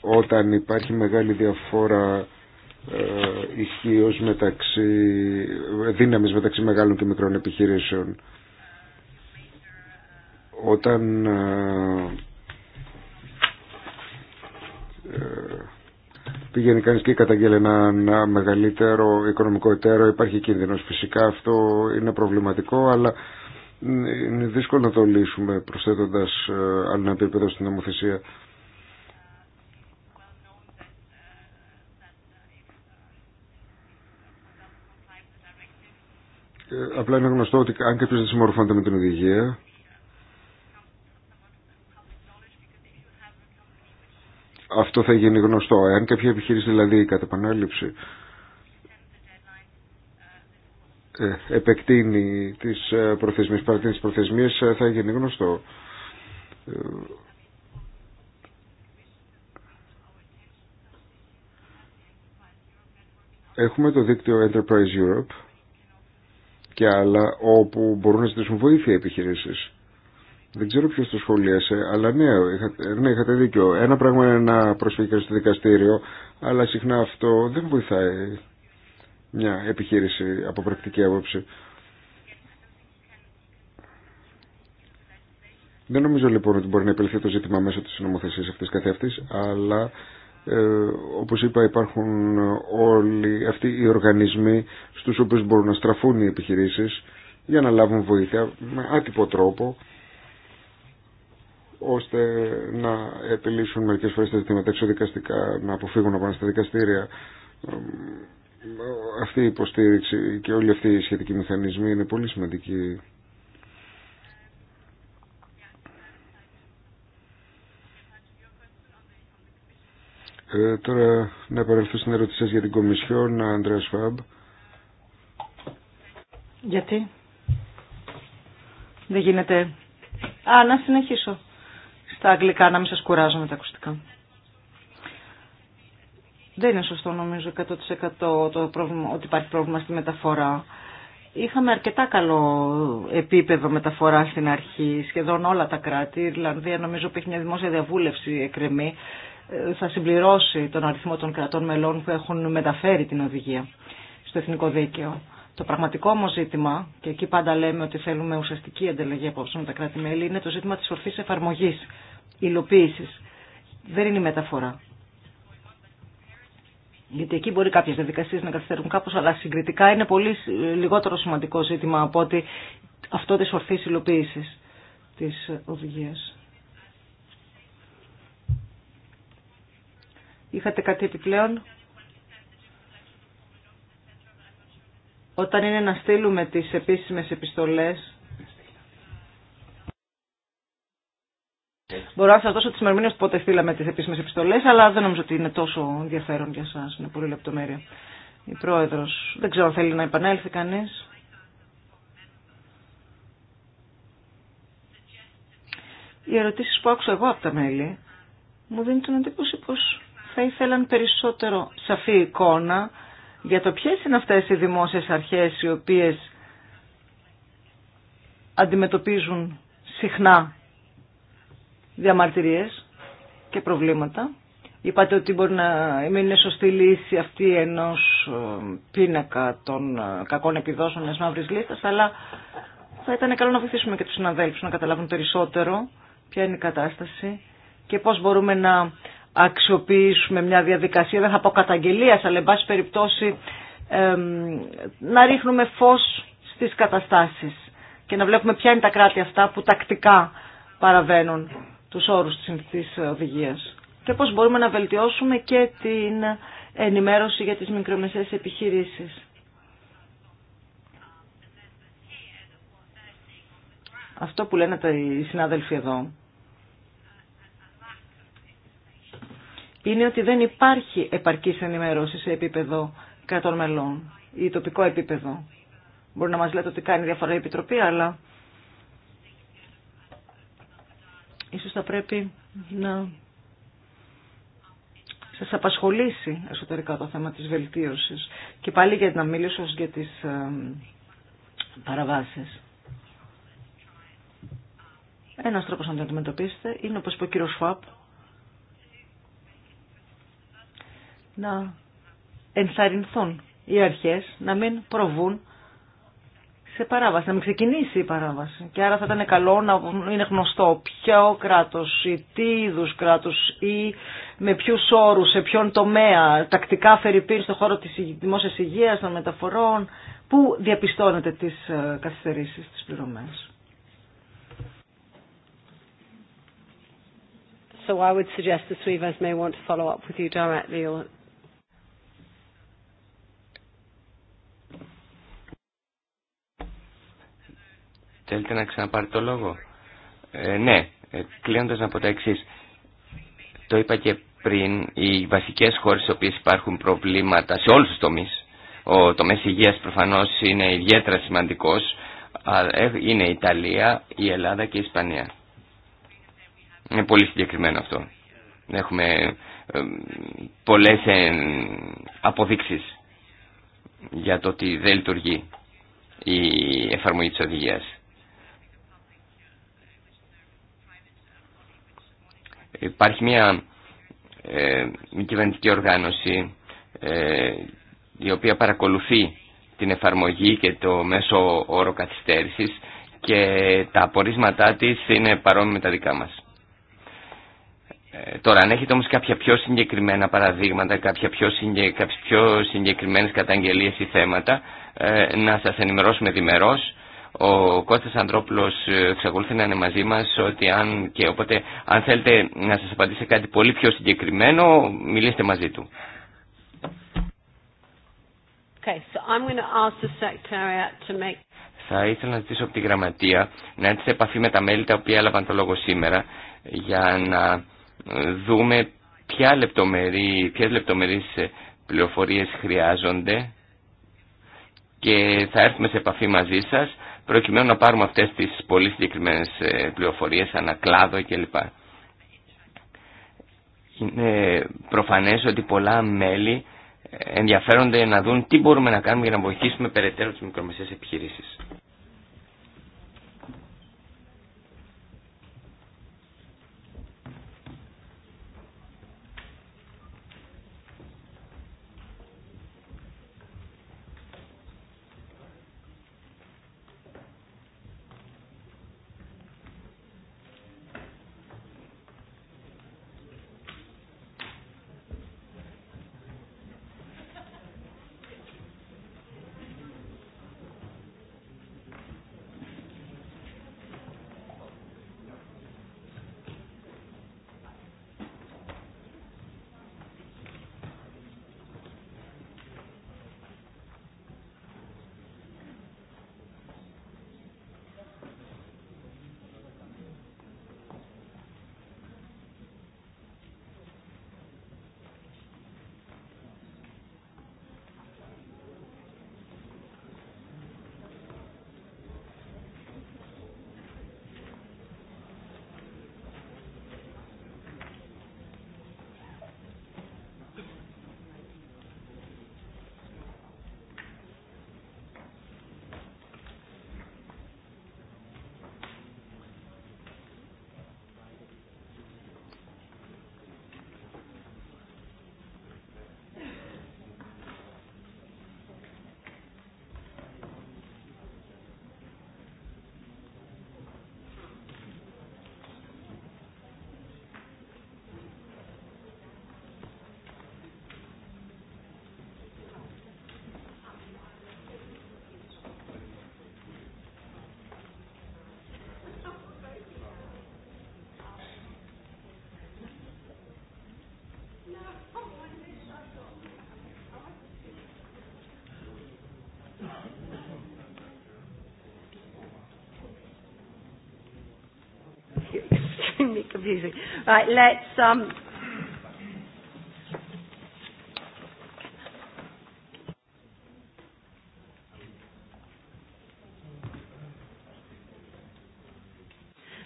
Όταν υπάρχει μεγάλη διαφορά ε, ισχύως μεταξύ, δύναμης μεταξύ μεγάλων και μικρών επιχειρήσεων. Όταν ε, πηγαίνει κανείς και καταγγέλει ένα μεγαλύτερο οικονομικό εταίρο, υπάρχει κίνδυνος φυσικά, αυτό είναι προβληματικό, αλλά είναι δύσκολο να το λύσουμε προσθέτοντας ε, άλλο ένα επίπεδο στην νομοθεσία. Ε, απλά είναι γνωστό ότι αν κάποιος δεν συμμορφώνεται με την οδηγία, αυτό θα γίνει γνωστό. Εάν κάποια επιχείρηση δηλαδή κατά επανάληψη ε, επεκτείνει τις ε, προθεσμίες, παρατείνει τις προθεσμίες, ε, θα γίνει γνωστό. Έχουμε το δίκτυο Enterprise Europe και άλλα όπου μπορούν να ζητήσουν βοήθεια επιχειρήσεις. Δεν ξέρω ποιο το σχολίασε, αλλά ναι, ναι είχατε, ναι, δίκιο. Ένα πράγμα είναι να προσφύγει στο δικαστήριο, αλλά συχνά αυτό δεν βοηθάει μια επιχείρηση από πρακτική άποψη. Δεν νομίζω λοιπόν ότι μπορεί να επιληθεί το ζήτημα μέσω της νομοθεσίας αυτής καθεαυτής, αλλά ε, όπως είπα υπάρχουν όλοι αυτοί οι οργανισμοί στους οποίους μπορούν να στραφούν οι επιχειρήσεις για να λάβουν βοήθεια με άτυπο τρόπο ώστε να επιλύσουν μερικές φορές τα ζητήματα εξωδικαστικά να αποφύγουν να πάνε στα δικαστήρια. Αυτή η υποστήριξη και όλοι αυτοί οι σχετικοί μηχανισμοί είναι πολύ σημαντικοί. Ε, τώρα να επανέλθω στην ερώτησή για την Κομισιόν, Αντρέα Φαμπ. Γιατί δεν γίνεται. Α, να συνεχίσω στα αγγλικά, να μην σας κουράζω με τα ακουστικά. Δεν είναι σωστό νομίζω 100% το πρόβλημα, ότι υπάρχει πρόβλημα στη μεταφορά. Είχαμε αρκετά καλό επίπεδο μεταφορά στην αρχή, σχεδόν όλα τα κράτη. Η Ιρλανδία νομίζω που έχει μια δημόσια διαβούλευση εκκρεμή. Ε, θα συμπληρώσει τον αριθμό των κρατών μελών που έχουν μεταφέρει την οδηγία στο εθνικό δίκαιο. Το πραγματικό όμω ζήτημα, και εκεί πάντα λέμε ότι θέλουμε ουσιαστική ανταλλαγή απόψεων με τα κράτη-μέλη, είναι το ζήτημα τη ορθή εφαρμογή, υλοποίηση. Δεν είναι η μεταφορά. Γιατί εκεί μπορεί κάποιε διαδικασίε να καθυστερούν κάπω, αλλά συγκριτικά είναι πολύ λιγότερο σημαντικό ζήτημα από ότι αυτό τη ορθή υλοποίηση τη οδηγία. Είχατε κάτι επιπλέον. όταν είναι να στείλουμε τις επίσημες επιστολές Μπορώ να σα δώσω τις μερμήνες που ποτέ στείλαμε τι επίσημες επιστολέ, αλλά δεν νομίζω ότι είναι τόσο ενδιαφέρον για σας, Είναι πολύ λεπτομέρεια. Η πρόεδρος Δεν ξέρω αν θέλει να επανέλθει κανείς. Οι ερωτήσεις που άκουσα εγώ από τα μέλη μου δίνουν την εντύπωση πω θα ήθελαν περισσότερο σαφή εικόνα για το ποιες είναι αυτές οι δημόσιες αρχές οι οποίες αντιμετωπίζουν συχνά διαμαρτυρίες και προβλήματα. Είπατε ότι μπορεί να μην είναι σωστή λύση αυτή ενός ε, πίνακα των ε, κακών επιδόσεων μιας μαύρης λίστας, αλλά θα ήταν καλό να βοηθήσουμε και τους συναδέλφους να καταλάβουν περισσότερο ποια είναι η κατάσταση και πώς μπορούμε να αξιοποιήσουμε μια διαδικασία, δεν θα πω καταγγελίας, αλλά εν πάση περιπτώσει να ρίχνουμε φως στις καταστάσεις και να βλέπουμε ποια είναι τα κράτη αυτά που τακτικά παραβαίνουν τους όρους της οδηγίας και πώς μπορούμε να βελτιώσουμε και την ενημέρωση για τις μικρομεσαίες επιχειρήσεις. Αυτό που λένε οι συνάδελφοι εδώ είναι ότι δεν υπάρχει επαρκής ενημέρωση σε επίπεδο κρατών μελών ή τοπικό επίπεδο. Μπορεί να μας λέτε ότι κάνει διαφορά η Επιτροπή, αλλά ίσως θα πρέπει να σας απασχολήσει εσωτερικά το θέμα της βελτίωσης. Και πάλι για να μιλήσω για τις ε, παραβάσεις. Ένας τρόπος να το αντιμετωπίσετε είναι, όπως είπε ο κύριος Φαπ, να ενθαρρυνθούν οι αρχές να μην προβούν σε παράβαση, να μην ξεκινήσει η παράβαση. Και άρα θα ήταν καλό να είναι γνωστό ποιο κράτος ή τι είδου κράτος ή με ποιού όρους, σε ποιον τομέα, τακτικά φερειπήρ στον χώρο της δημόσιας υγείας, των μεταφορών, που διαπιστώνεται τις ε, καθυστερήσεις, τις πληρωμές. So I would suggest the may want to follow up with you Θέλετε να ξαναπάρει το λόγο. Ε, ναι, ε, κλείνοντας να πω τα εξής. Το είπα και πριν, οι βασικές χώρες στις οποίες υπάρχουν προβλήματα σε όλους τους τομείς. Ο τομέας υγείας προφανώς είναι ιδιαίτερα σημαντικός. Ε, είναι η Ιταλία, η Ελλάδα και η Ισπανία. Είναι πολύ συγκεκριμένο αυτό. Έχουμε πολλές αποδείξεις για το ότι δεν λειτουργεί η εφαρμογή της οδηγίας. Υπάρχει μια ε, κυβερνητική οργάνωση ε, η οποία παρακολουθεί την εφαρμογή και το μέσο όρο καθυστέρησης και τα απορίσματά της είναι παρόμοια με τα δικά μας. Ε, τώρα, αν έχετε όμως κάποια πιο συγκεκριμένα παραδείγματα, κάποια πιο, συγκε, κάποιες πιο συγκεκριμένες καταγγελίες ή θέματα, ε, να σας ενημερώσουμε διμερώς ο Κώστας Ανδρόπουλος ε, εξακολουθεί να είναι μαζί μας ότι αν και οπότε αν θέλετε να σας απαντήσει κάτι πολύ πιο συγκεκριμένο μιλήστε μαζί του. Okay, so I'm going to ask the to make... Θα ήθελα να ζητήσω από τη γραμματεία να έρθει σε επαφή με τα μέλη τα οποία έλαβαν το λόγο σήμερα για να ε, δούμε ποια λεπτομερή, ποιες λεπτομερείς ε, πληροφορίες χρειάζονται και θα έρθουμε σε επαφή μαζί σας προκειμένου να πάρουμε αυτές τις πολύ συγκεκριμένες ε, πληροφορίες, ανακλάδο κλπ. Είναι προφανές ότι πολλά μέλη ε, ενδιαφέρονται να δουν τι μπορούμε να κάνουμε για να βοηθήσουμε περαιτέρω τις μικρομεσαίες επιχειρήσεις. getting me confusing. Right, let's. Um,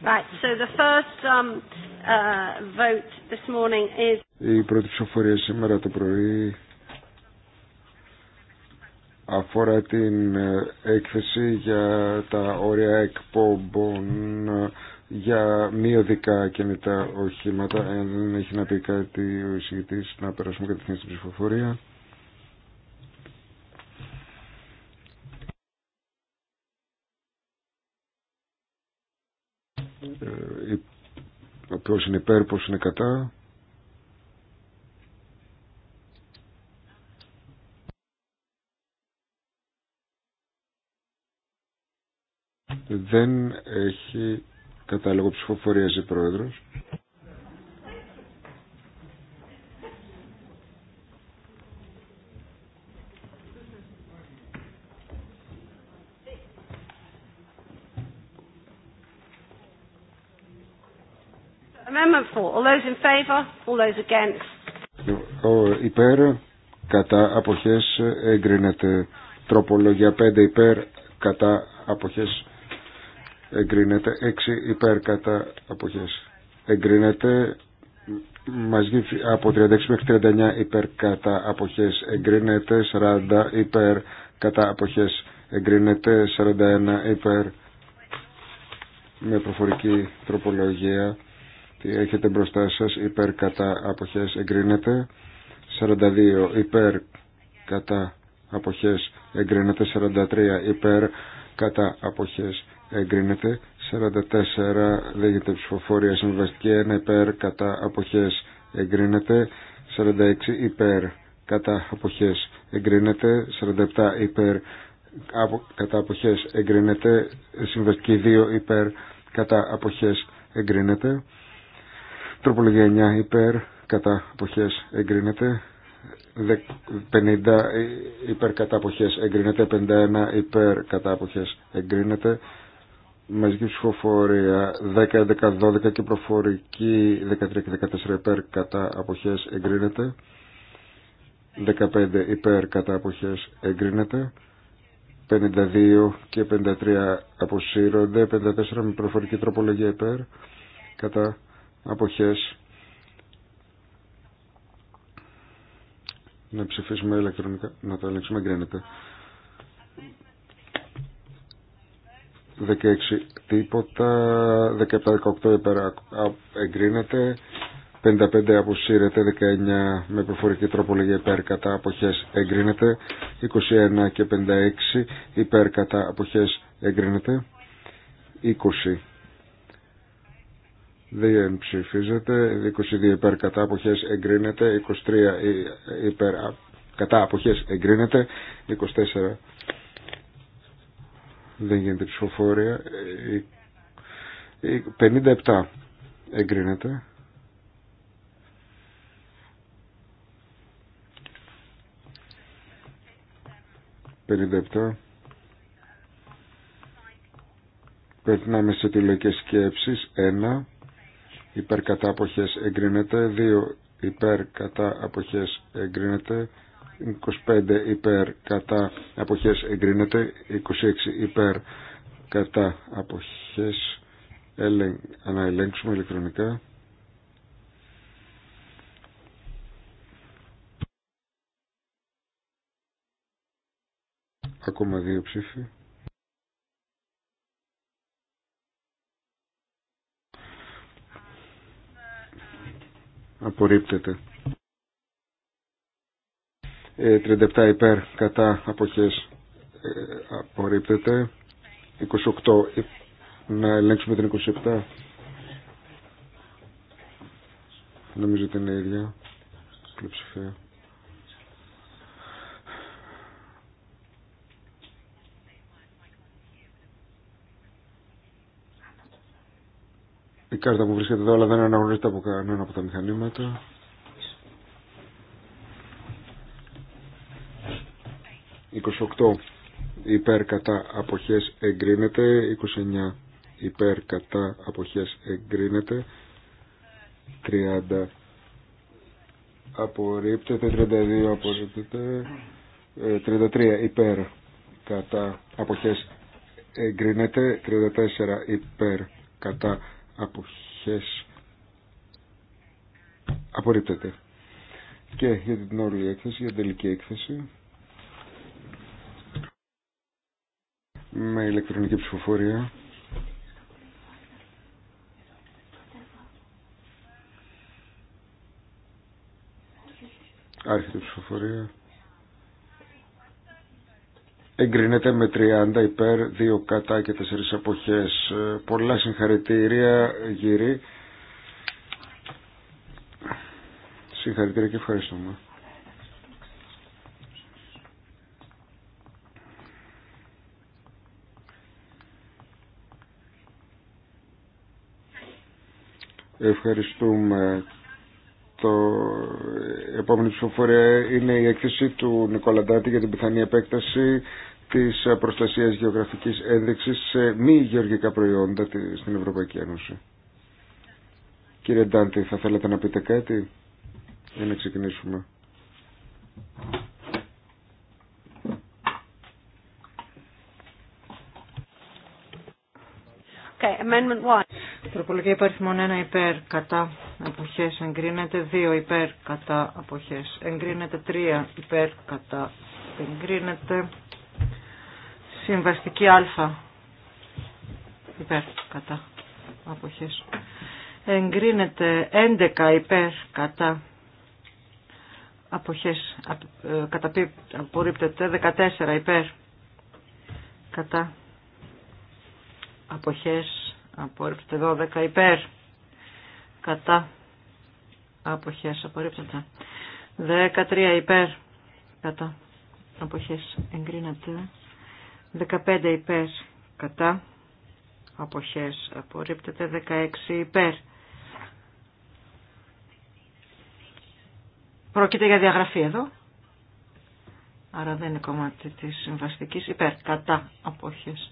Right, so the first um, uh, vote this morning is... Η πρώτη ψηφοφορία σήμερα το πρωί αφορά την έκθεση για τα όρια εκπομπών για μη οδικά κινητά οχήματα. δεν έχει να πει κάτι ο εισηγητή, να περάσουμε κατευθείαν στην ψηφοφορία. οποίο ε, είναι υπέρ, πώ είναι κατά. Δεν έχει κατάλογο ψηφοφορίας η Πρόεδρος. Ο υπέρ, κατά αποχές εγκρίνεται τροπολογία 5 υπέρ, κατά αποχές εγκρίνεται 6 υπέρ κατά αποχές εγκρίνεται μαζί από 36 μέχρι 39 υπέρ κατά αποχές εγκρίνεται 40 υπέρ κατά αποχές εγκρίνεται 41 υπέρ με προφορική τροπολογία τι έχετε μπροστά σας υπέρ κατά αποχές εγκρίνεται 42 υπέρ κατά αποχές εγκρίνεται 43 υπέρ κατά αποχές εγκρίνεται 44 λέγεται ψηφοφορία συμβαστική 1 υπέρ κατά αποχές εγκρίνεται 46 υπέρ κατά αποχές εγκρίνεται 47 υπέρ απο, κατά αποχές εγκρίνεται συμβαστική 2 υπέρ κατά αποχές εγκρίνεται τροπολογία 9 υπέρ κατά αποχές εγκρίνεται 50 ε, υπέρ κατά αποχές εγκρίνεται 51 υπέρ κατά αποχές εγκρίνεται μαζική ψηφοφορία 10, 11, 12 και προφορική 13 και 14 υπέρ κατά αποχές εγκρίνεται 15 υπέρ κατά αποχές εγκρίνεται 52 και 53 αποσύρονται 54 με προφορική τροπολογία υπέρ κατά αποχές να ψηφίσουμε ηλεκτρονικά να το ελέγξουμε εγκρίνεται 16 τίποτα, 17-18 εγκρίνεται, 55 αποσύρεται, 19 με προφορική τρόπο λέγει υπέρ κατά αποχές εγκρίνεται, 21 και 56 υπέρ κατά αποχές εγκρίνεται, 20 δεν ψηφίζεται, 22 υπέρ κατά αποχές εγκρίνεται, 23 ε, υπέρ κατά αποχές εγκρίνεται, 24 δεν γίνεται ψηφοφόρια. 57 ε, ε, εγκρίνεται. 57. Περνάμε σε επιλογές σκέψεις. 1. Υπερκατάποχες εγκρίνεται. 2. Υπερκατάποχες εγκρίνεται. εγκρίνεται. 25 υπέρ κατά αποχές εγκρίνεται 26 υπέρ κατά αποχές Ελεγ... αναελέγξουμε ηλεκτρονικά ακόμα δύο ψήφοι απορρίπτεται 37 ε, υπέρ κατά αποχές ε, απορρίπτεται 28 να ελέγξουμε την 27 νομίζω ότι είναι η ίδια πλειοψηφία η κάρτα που βρίσκεται εδώ αλλά δεν αναγνωρίζεται από κανένα από τα μηχανήματα 28 υπέρ κατά αποχές εγκρίνεται 29 υπέρ κατά αποχές εγκρίνεται 30 απορρίπτεται 32 απορρίπτεται 33 ε, υπέρ κατά αποχές εγκρίνεται 34 υπέρ κατά αποχές απορρίπτεται και για την όλη έκθεση για την τελική έκθεση με ηλεκτρονική ψηφοφορία. Άρχεται η ψηφοφορία. Εγκρίνεται με 30 υπέρ, 2 κατά και 4 αποχές. Πολλά συγχαρητήρια γύρι. Συγχαρητήρια και ευχαριστούμε. Ευχαριστούμε. Το επόμενο ψηφοφορία είναι η έκθεση του Νικολαντάτη για την πιθανή επέκταση της προστασίας γεωγραφικής ένδειξης σε μη γεωργικά προϊόντα στην Ευρωπαϊκή Ένωση. Κύριε Ντάντη, θα θέλατε να πείτε κάτι για να ξεκινήσουμε. Okay, amendment one. Τροπολογία υπαριθμών 1 υπέρ κατά αποχές εγκρίνεται, 2 υπέρ κατά αποχές εγκρίνεται, 3 υπέρ κατά εγκρίνεται, συμβαστική α υπέρ κατά αποχές εγκρίνεται, 11 υπέρ κατά αποχές ε, απορρίπτεται, 14 υπέρ κατά αποχές απορρίπτεται 12 υπέρ κατά αποχές απορρίπτεται 13 υπέρ κατά αποχές εγκρίνεται 15 υπέρ κατά αποχές απορρίπτεται 16 υπέρ Πρόκειται για διαγραφή εδώ. Άρα δεν είναι κομμάτι της συμβαστικής υπέρ κατά αποχές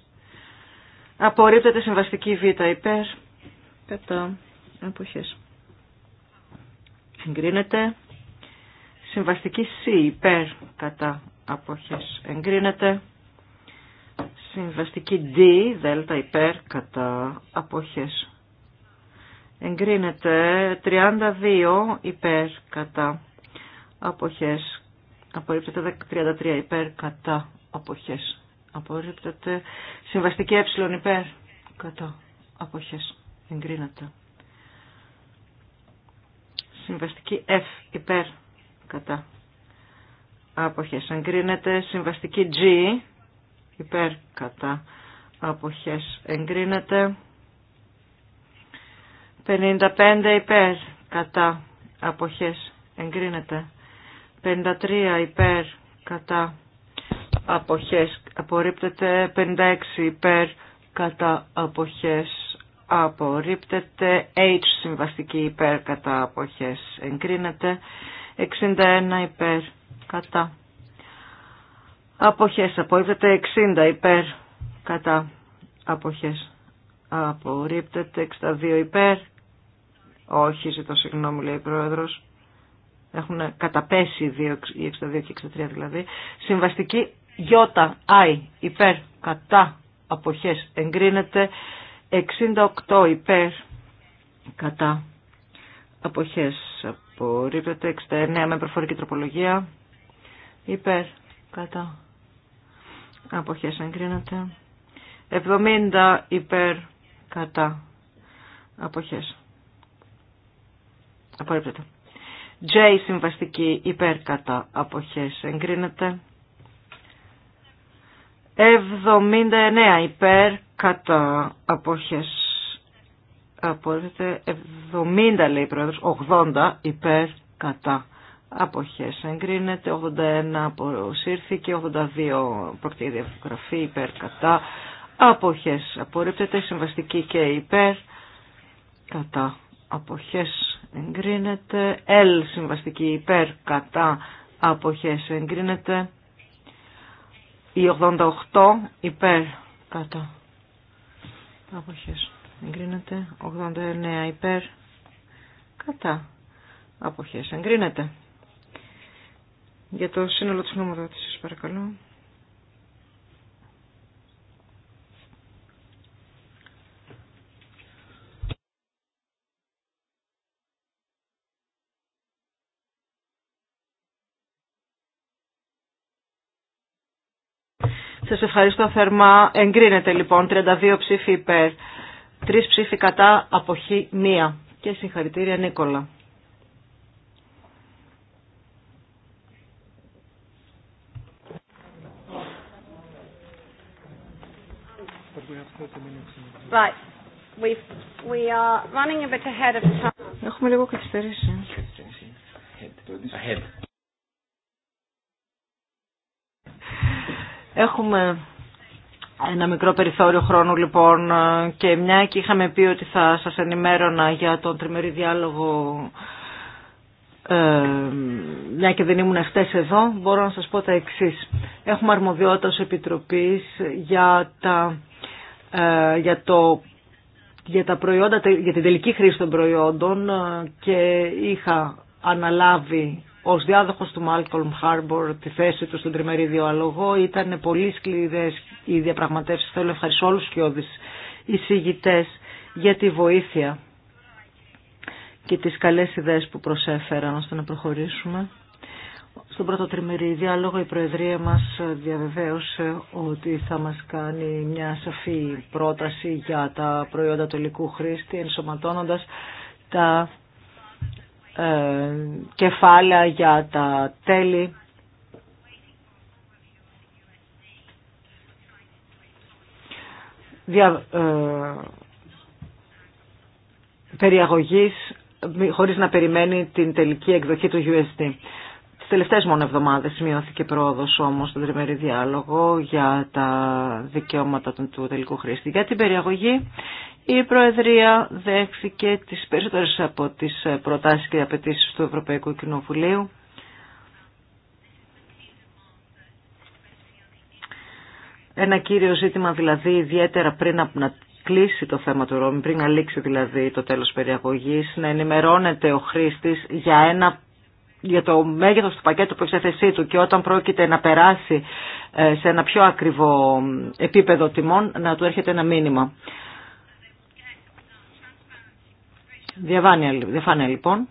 Απορρίπτεται συμβαστική Β υπέρ. Κατά. Αποχές. Εγκρίνεται. Συμβαστική Σ υπέρ. Κατά. Αποχές. Εγκρίνεται. Συμβαστική δ δέλτα υπέρ, κατά, αποχές. Εγκρίνεται 32 υπέρ, κατά, αποχές. Απορρίπτεται 33 υπέρ, κατά, αποχές απορρίπτεται. Συμβαστική ε υπέρ κατά αποχές εγκρίνεται. Συμβαστική F υπέρ κατά αποχές εγκρίνεται. Συμβαστική G υπέρ κατά αποχές εγκρίνεται. 55 υπέρ κατά αποχές εγκρίνεται. 53 υπέρ κατά αποχές απορρίπτεται 56 υπέρ κατά αποχές απορρίπτεται H συμβαστική υπέρ κατά αποχές εγκρίνεται 61 υπέρ κατά αποχές απορρίπτεται 60 υπέρ κατά αποχές απορρίπτεται 62 υπέρ όχι ζητώ συγγνώμη λέει ο πρόεδρος έχουν καταπέσει οι 62 και 63 δηλαδή συμβαστική Άι υπέρ κατά αποχές εγκρίνεται 68 υπέρ κατά αποχές απορρίπτεται 69 με προφορική τροπολογία υπέρ κατά αποχές εγκρίνεται 70 υπέρ κατά αποχές απορρίπτεται J συμβαστική υπέρ κατά αποχές εγκρίνεται 79 υπέρ κατά αποχές 70 λέει η πρόεδρος 80 υπέρ κατά αποχές εγκρίνεται 81 αποσύρθηκε 82 προκτήρια διαγραφή υπέρ κατά αποχές απορρίπτεται συμβαστική και υπέρ κατά αποχές εγκρίνεται L συμβαστική υπέρ κατά αποχές εγκρίνεται η 88 υπέρ κατά. Αποχές. Εγκρίνεται. 89 υπέρ κατά. Αποχές. Εγκρίνεται. Για το σύνολο της νομοδότησης παρακαλώ. Σας ευχαριστώ θερμά. Εγκρίνεται λοιπόν 32 ψήφοι υπέρ, 3 ψήφοι κατά, αποχή 1. Και συγχαρητήρια Νίκολα. Έχουμε λίγο καθυστερήσει. Έχουμε ένα μικρό περιθώριο χρόνου λοιπόν ε, και μια και είχαμε πει ότι θα σας ενημέρωνα για τον τριμερή διάλογο ε, μια και δεν ήμουν χτες εδώ, μπορώ να σας πω τα εξής. Έχουμε αρμοδιότητα Επιτροπής για τα, ε, για το, για τα προϊόντα, για την τελική χρήση των προϊόντων και είχα αναλάβει ως διάδοχο του Malcolm Harbour τη θέση του στον τριμερή διαλογό. Ήταν πολύ σκληρέ οι διαπραγματεύσεις. Θέλω να ευχαριστήσω όλους και οι εισηγητέ για τη βοήθεια και τις καλές ιδέες που προσέφεραν ώστε να προχωρήσουμε. Στον πρώτο τριμερή διάλογο η Προεδρία μας διαβεβαίωσε ότι θα μας κάνει μια σαφή πρόταση για τα προϊόντα του χρήστη ενσωματώνοντας τα ε, κεφάλαια για τα τέλη. Δια, ε, περιαγωγής χωρίς να περιμένει την τελική εκδοχή του USD. Τις τελευταίες μόνο εβδομάδες σημειώθηκε πρόοδος όμως στον τριμερή διάλογο για τα δικαιώματα του τελικού χρήστη. Για την περιαγωγή η Προεδρία δέχθηκε τις περισσότερες από τις προτάσεις και απαιτήσει του Ευρωπαϊκού Κοινοβουλίου. Ένα κύριο ζήτημα δηλαδή ιδιαίτερα πριν να κλείσει το θέμα του Ρώμη, πριν να λήξει δηλαδή το τέλος περιαγωγής, να ενημερώνεται ο χρήστης για ένα για το μέγεθος του πακέτου που του και όταν πρόκειται να περάσει ε, σε ένα πιο ακριβό επίπεδο τιμών να του έρχεται ένα μήνυμα. Διαφάνεια, διαφάνεια λοιπόν.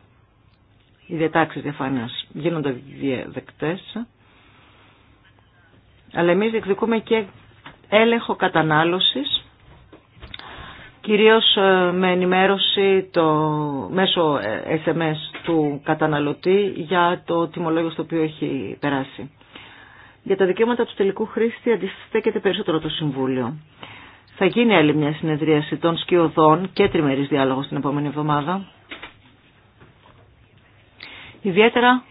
Οι διατάξει διαφάνειας γίνονται διεδεκτές. Αλλά εμείς διεκδικούμε και έλεγχο κατανάλωσης κυρίως ε, με ενημέρωση το, μέσω ε, SMS του καταναλωτή για το τιμολόγιο στο οποίο έχει περάσει. Για τα δικαιώματα του τελικού χρήστη αντιστέκεται περισσότερο το Συμβούλιο. Θα γίνει άλλη μια συνεδρίαση των σκιωδών και τριμερής διάλογος την επόμενη εβδομάδα. Ιδιαίτερα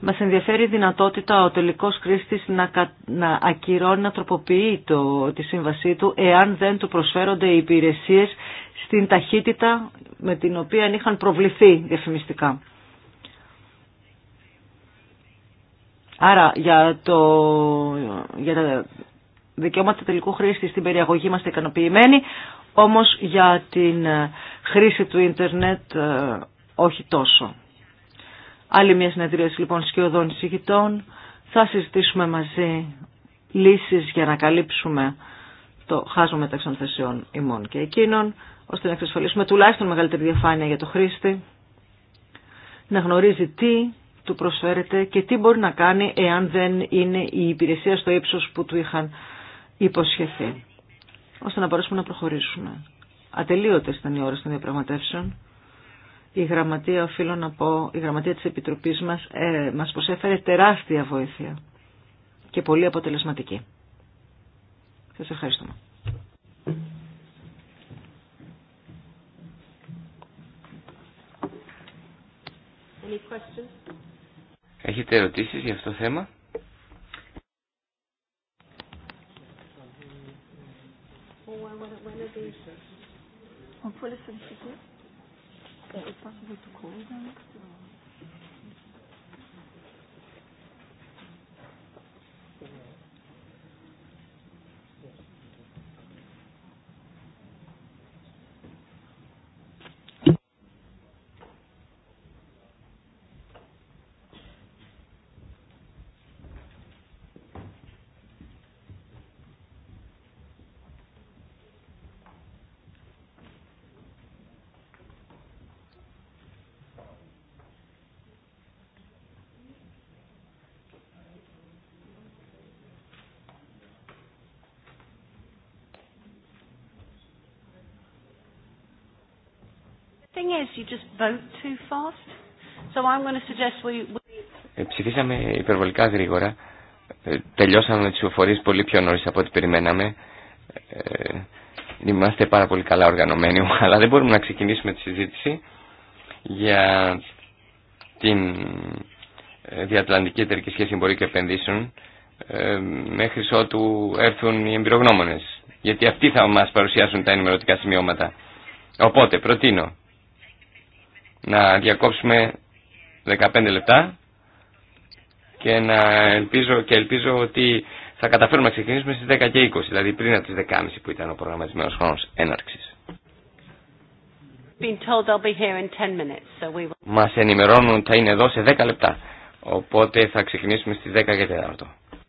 μας ενδιαφέρει η δυνατότητα ο τελικός κρίστης να, να ακυρώνει, να τροποποιεί το, τη σύμβασή του εάν δεν του προσφέρονται οι υπηρεσίες στην ταχύτητα με την οποία είχαν προβληθεί διαφημιστικά. Άρα για, το, για τα δικαιώματα τελικού χρήστη στην περιαγωγή είμαστε ικανοποιημένοι, όμως για την χρήση του ίντερνετ ε, όχι τόσο. Άλλη μια συνεδρίαση λοιπόν σκιωδών συγκητών. Θα συζητήσουμε μαζί λύσεις για να καλύψουμε το χάσμα μεταξύ των θεσιών ημών και εκείνων, ώστε να εξασφαλίσουμε τουλάχιστον μεγαλύτερη διαφάνεια για το χρήστη, να γνωρίζει τι του προσφέρεται και τι μπορεί να κάνει εάν δεν είναι η υπηρεσία στο ύψος που του είχαν υποσχεθεί, ώστε να μπορέσουμε να προχωρήσουμε. Ατελείωτες ήταν οι ώρες των διαπραγματεύσεων η γραμματεία, οφείλω να πω, η γραμματεία της Επιτροπής μας ε, μας προσέφερε τεράστια βοήθεια και πολύ αποτελεσματική. Σας ευχαριστούμε. Έχετε ερωτήσεις για αυτό το θέμα? On It's possible to call them. is you just vote too fast. So I'm going to suggest we... Ε, ψηφίσαμε υπερβολικά γρήγορα. Ε, τελειώσαμε τι ψηφοφορίες πολύ πιο νωρίς από ό,τι περιμέναμε. Ε, είμαστε πάρα πολύ καλά οργανωμένοι, αλλά δεν μπορούμε να ξεκινήσουμε τη συζήτηση για την ε, διατλαντική εταιρική σχέση εμπορίου και επενδύσεων μέχρι ότου έρθουν οι εμπειρογνώμονε. Γιατί αυτοί θα μας παρουσιάσουν τα ενημερωτικά σημειώματα. Οπότε, προτείνω να διακόψουμε 15 λεπτά και να ελπίζω, και ελπίζω ότι θα καταφέρουμε να ξεκινήσουμε στις 10 και 20, δηλαδή πριν από τις 10.30 που ήταν ο προγραμματισμένος χρόνος έναρξης. Μας ενημερώνουν ότι θα είναι εδώ σε 10 λεπτά, οπότε θα ξεκινήσουμε στις 10 και 4.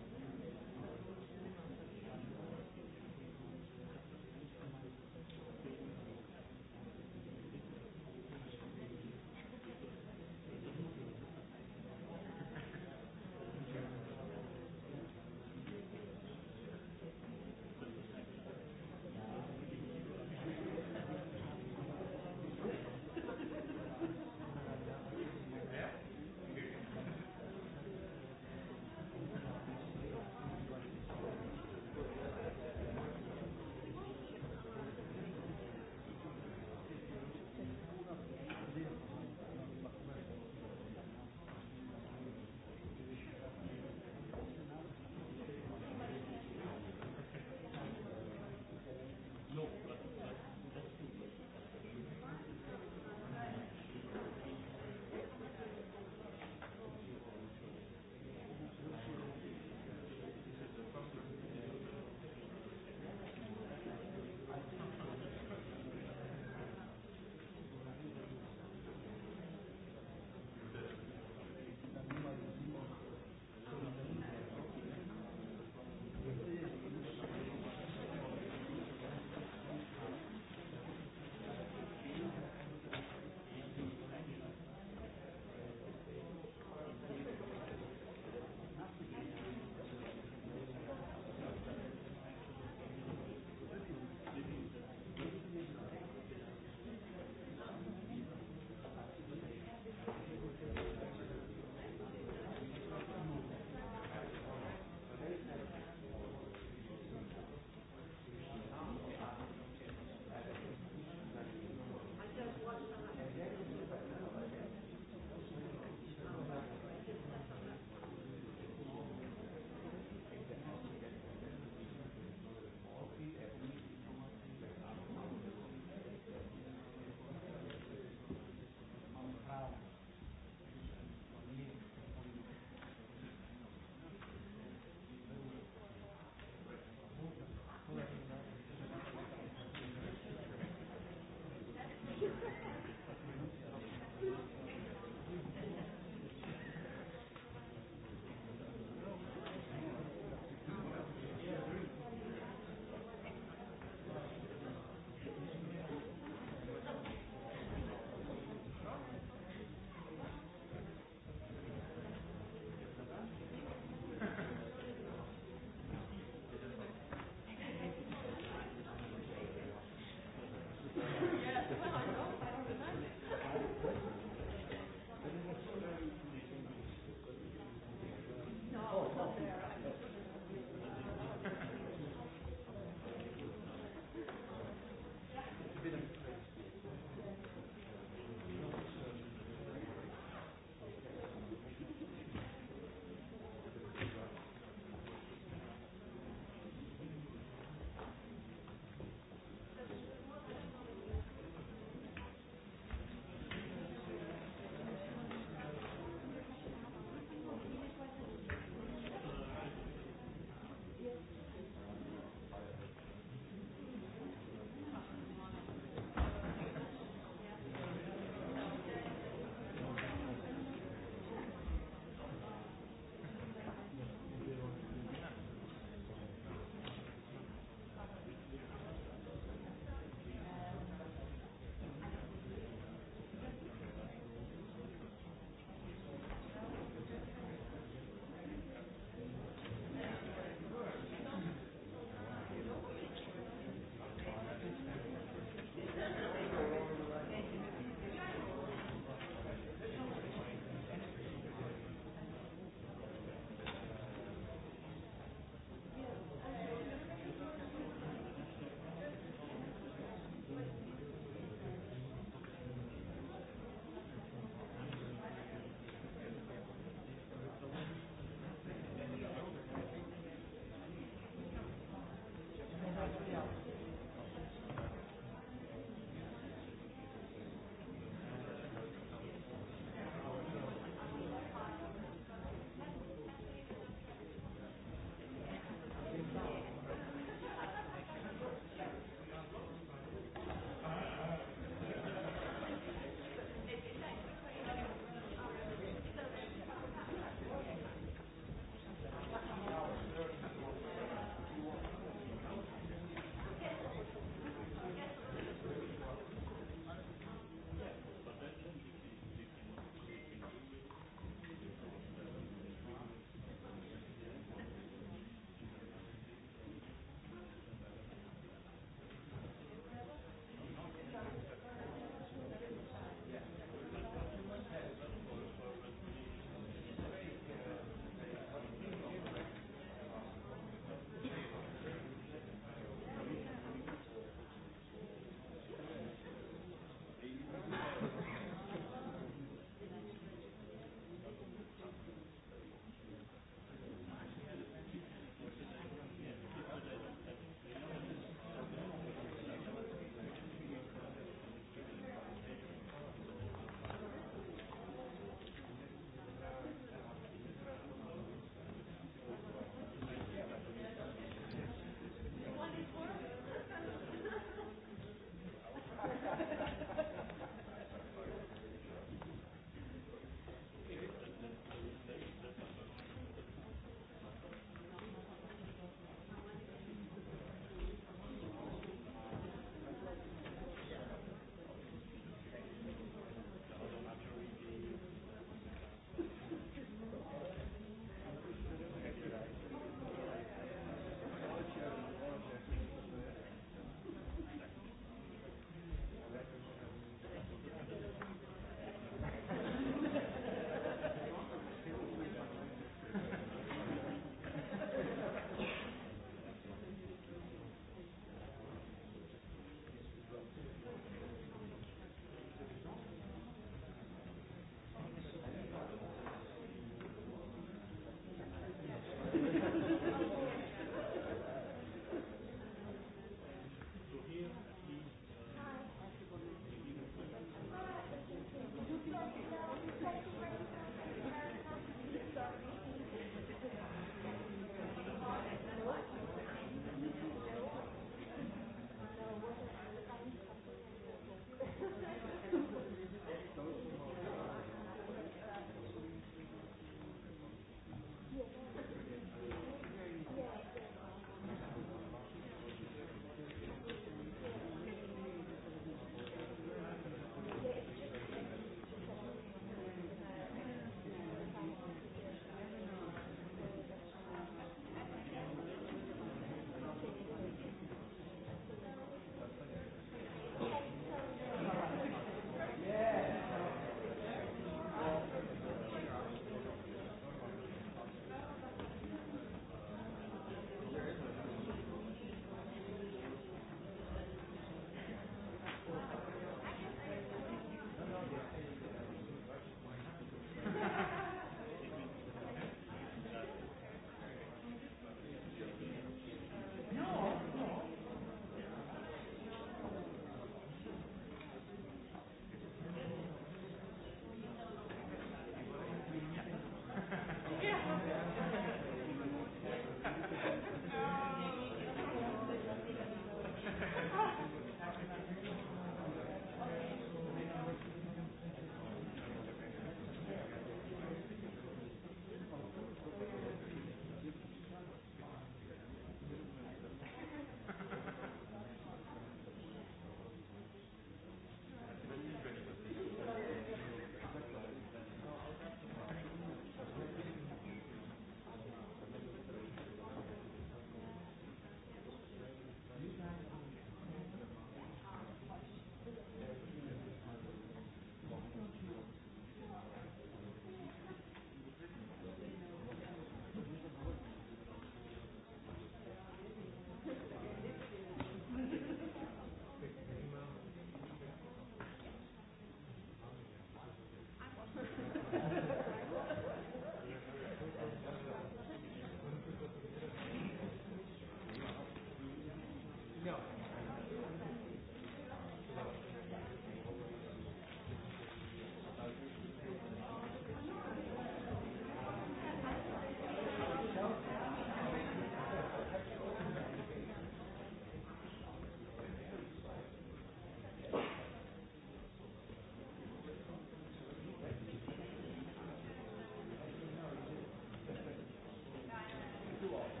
Υπότιτλοι AUTHORWAVE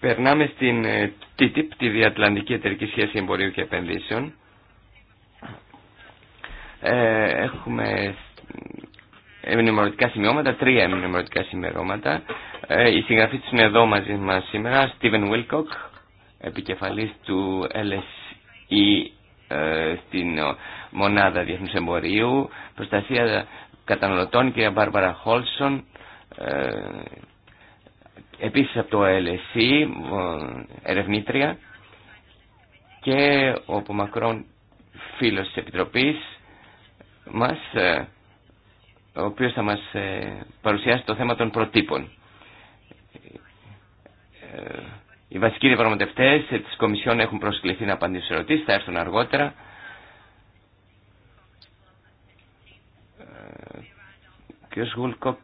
Περνάμε στην ε, TTIP, τη Διατλαντική Εταιρική Σχέση Εμπορίου και Επενδύσεων. Ε, έχουμε σημειώματα, τρία εμνημερωτικά σημειώματα. Ε, η συγγραφή συγγραφείς είναι εδώ μαζί μας σήμερα. Στίβεν Βίλκοκ, επικεφαλής του LSE στην Μονάδα Διεθνούς Εμπορίου, Προστασία καταναλωτών, η κυρία Μπάρμπαρα Χόλσον, ε, επίσης από το LSE, ερευνήτρια, και ο Πομακρόν φίλος της Επιτροπής μας, ε, ο οποίος θα μας ε, παρουσιάσει το θέμα των προτύπων. Οι βασικοί διαπραγματευτέ τη Κομισιόν έχουν προσκληθεί να απαντήσουν σε ερωτήσει, θα έρθουν αργότερα. κύριος Γουλκοκ,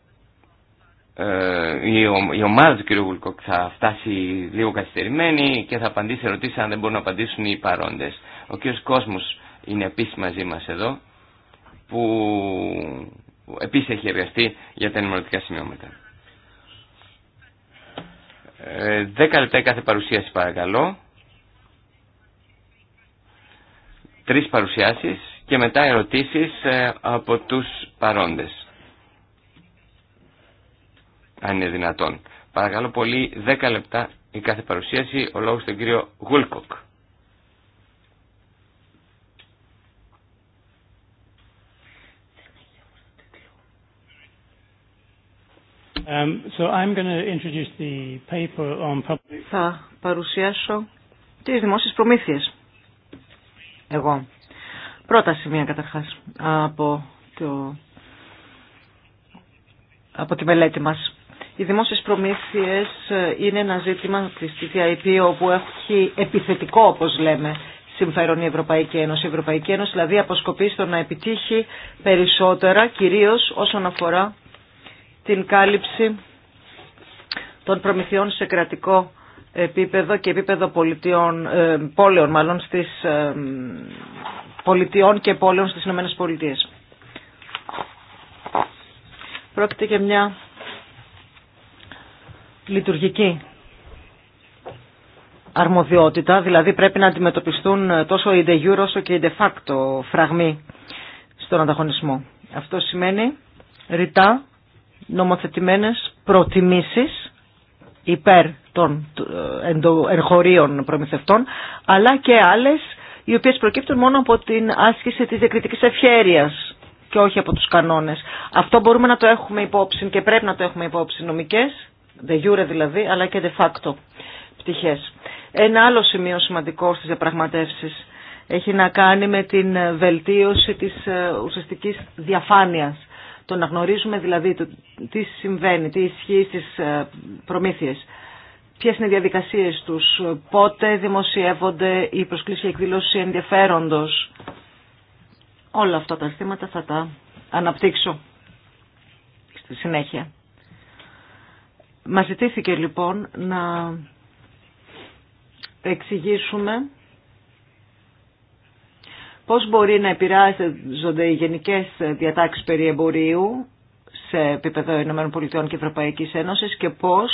ε, η, ο, η, ομάδα του κ. Γουλκοκ θα φτάσει λίγο καθυστερημένη και θα απαντήσει ερωτήσει αν δεν μπορούν να απαντήσουν οι παρόντες. Ο κ. Κόσμος είναι επίσης μαζί μας εδώ, που επίσης έχει εργαστεί για τα ενημερωτικά σημειώματα. Ε, δέκα λεπτά κάθε παρουσίαση παρακαλώ. Τρεις παρουσιάσεις και μετά ερωτήσεις ε, από τους παρόντες αν είναι δυνατόν. Παρακαλώ πολύ 10 λεπτά η κάθε παρουσίαση, ο λόγος στον κύριο Γουλκοκ. Um, Θα παρουσιάσω τις δημόσιες προμήθειες. Εγώ. Πρώτα μια καταρχάς από, το... από τη μελέτη μας. Οι δημόσιες προμήθειες ε, είναι ένα ζήτημα της TTIP όπου έχει επιθετικό όπως λέμε συμφέρον η Ευρωπαϊκή Ένωση. Η Ευρωπαϊκή Ένωση δηλαδή αποσκοπεί στο να επιτύχει περισσότερα κυρίως όσον αφορά την κάλυψη των προμηθειών σε κρατικό επίπεδο και επίπεδο πολιτιών, ε, πόλεων μάλλον στις ε, πολιτιών και πόλεων στις ΗΠΑ. Πρόκειται και μια λειτουργική αρμοδιότητα, δηλαδή πρέπει να αντιμετωπιστούν τόσο οι de όσο και οι de facto φραγμοί στον ανταγωνισμό. Αυτό σημαίνει ρητά νομοθετημένες προτιμήσεις υπέρ των ε, εγχωρίων προμηθευτών, αλλά και άλλες οι οποίες προκύπτουν μόνο από την άσκηση της διακριτικής ευχέρειας και όχι από τους κανόνες. Αυτό μπορούμε να το έχουμε υπόψη και πρέπει να το έχουμε υπόψη νομικές de jure δηλαδή, αλλά και de facto πτυχές. Ένα άλλο σημείο σημαντικό στις διαπραγματεύσει έχει να κάνει με την βελτίωση της ε, ουσιαστικής διαφάνειας. Το να γνωρίζουμε δηλαδή τι συμβαίνει, τι ισχύει στις ε, προμήθειες. Ποιες είναι οι διαδικασίες τους, πότε δημοσιεύονται οι προσκλήσεις και εκδηλώσεις ενδιαφέροντος. Όλα αυτά τα ζητήματα θα τα αναπτύξω στη συνέχεια. Μας ζητήθηκε λοιπόν να εξηγήσουμε πώς μπορεί να επηρεάζονται οι γενικές διατάξεις περί εμπορίου σε επίπεδο ΗΠΑ και Ευρωπαϊκής Ένωσης και πώς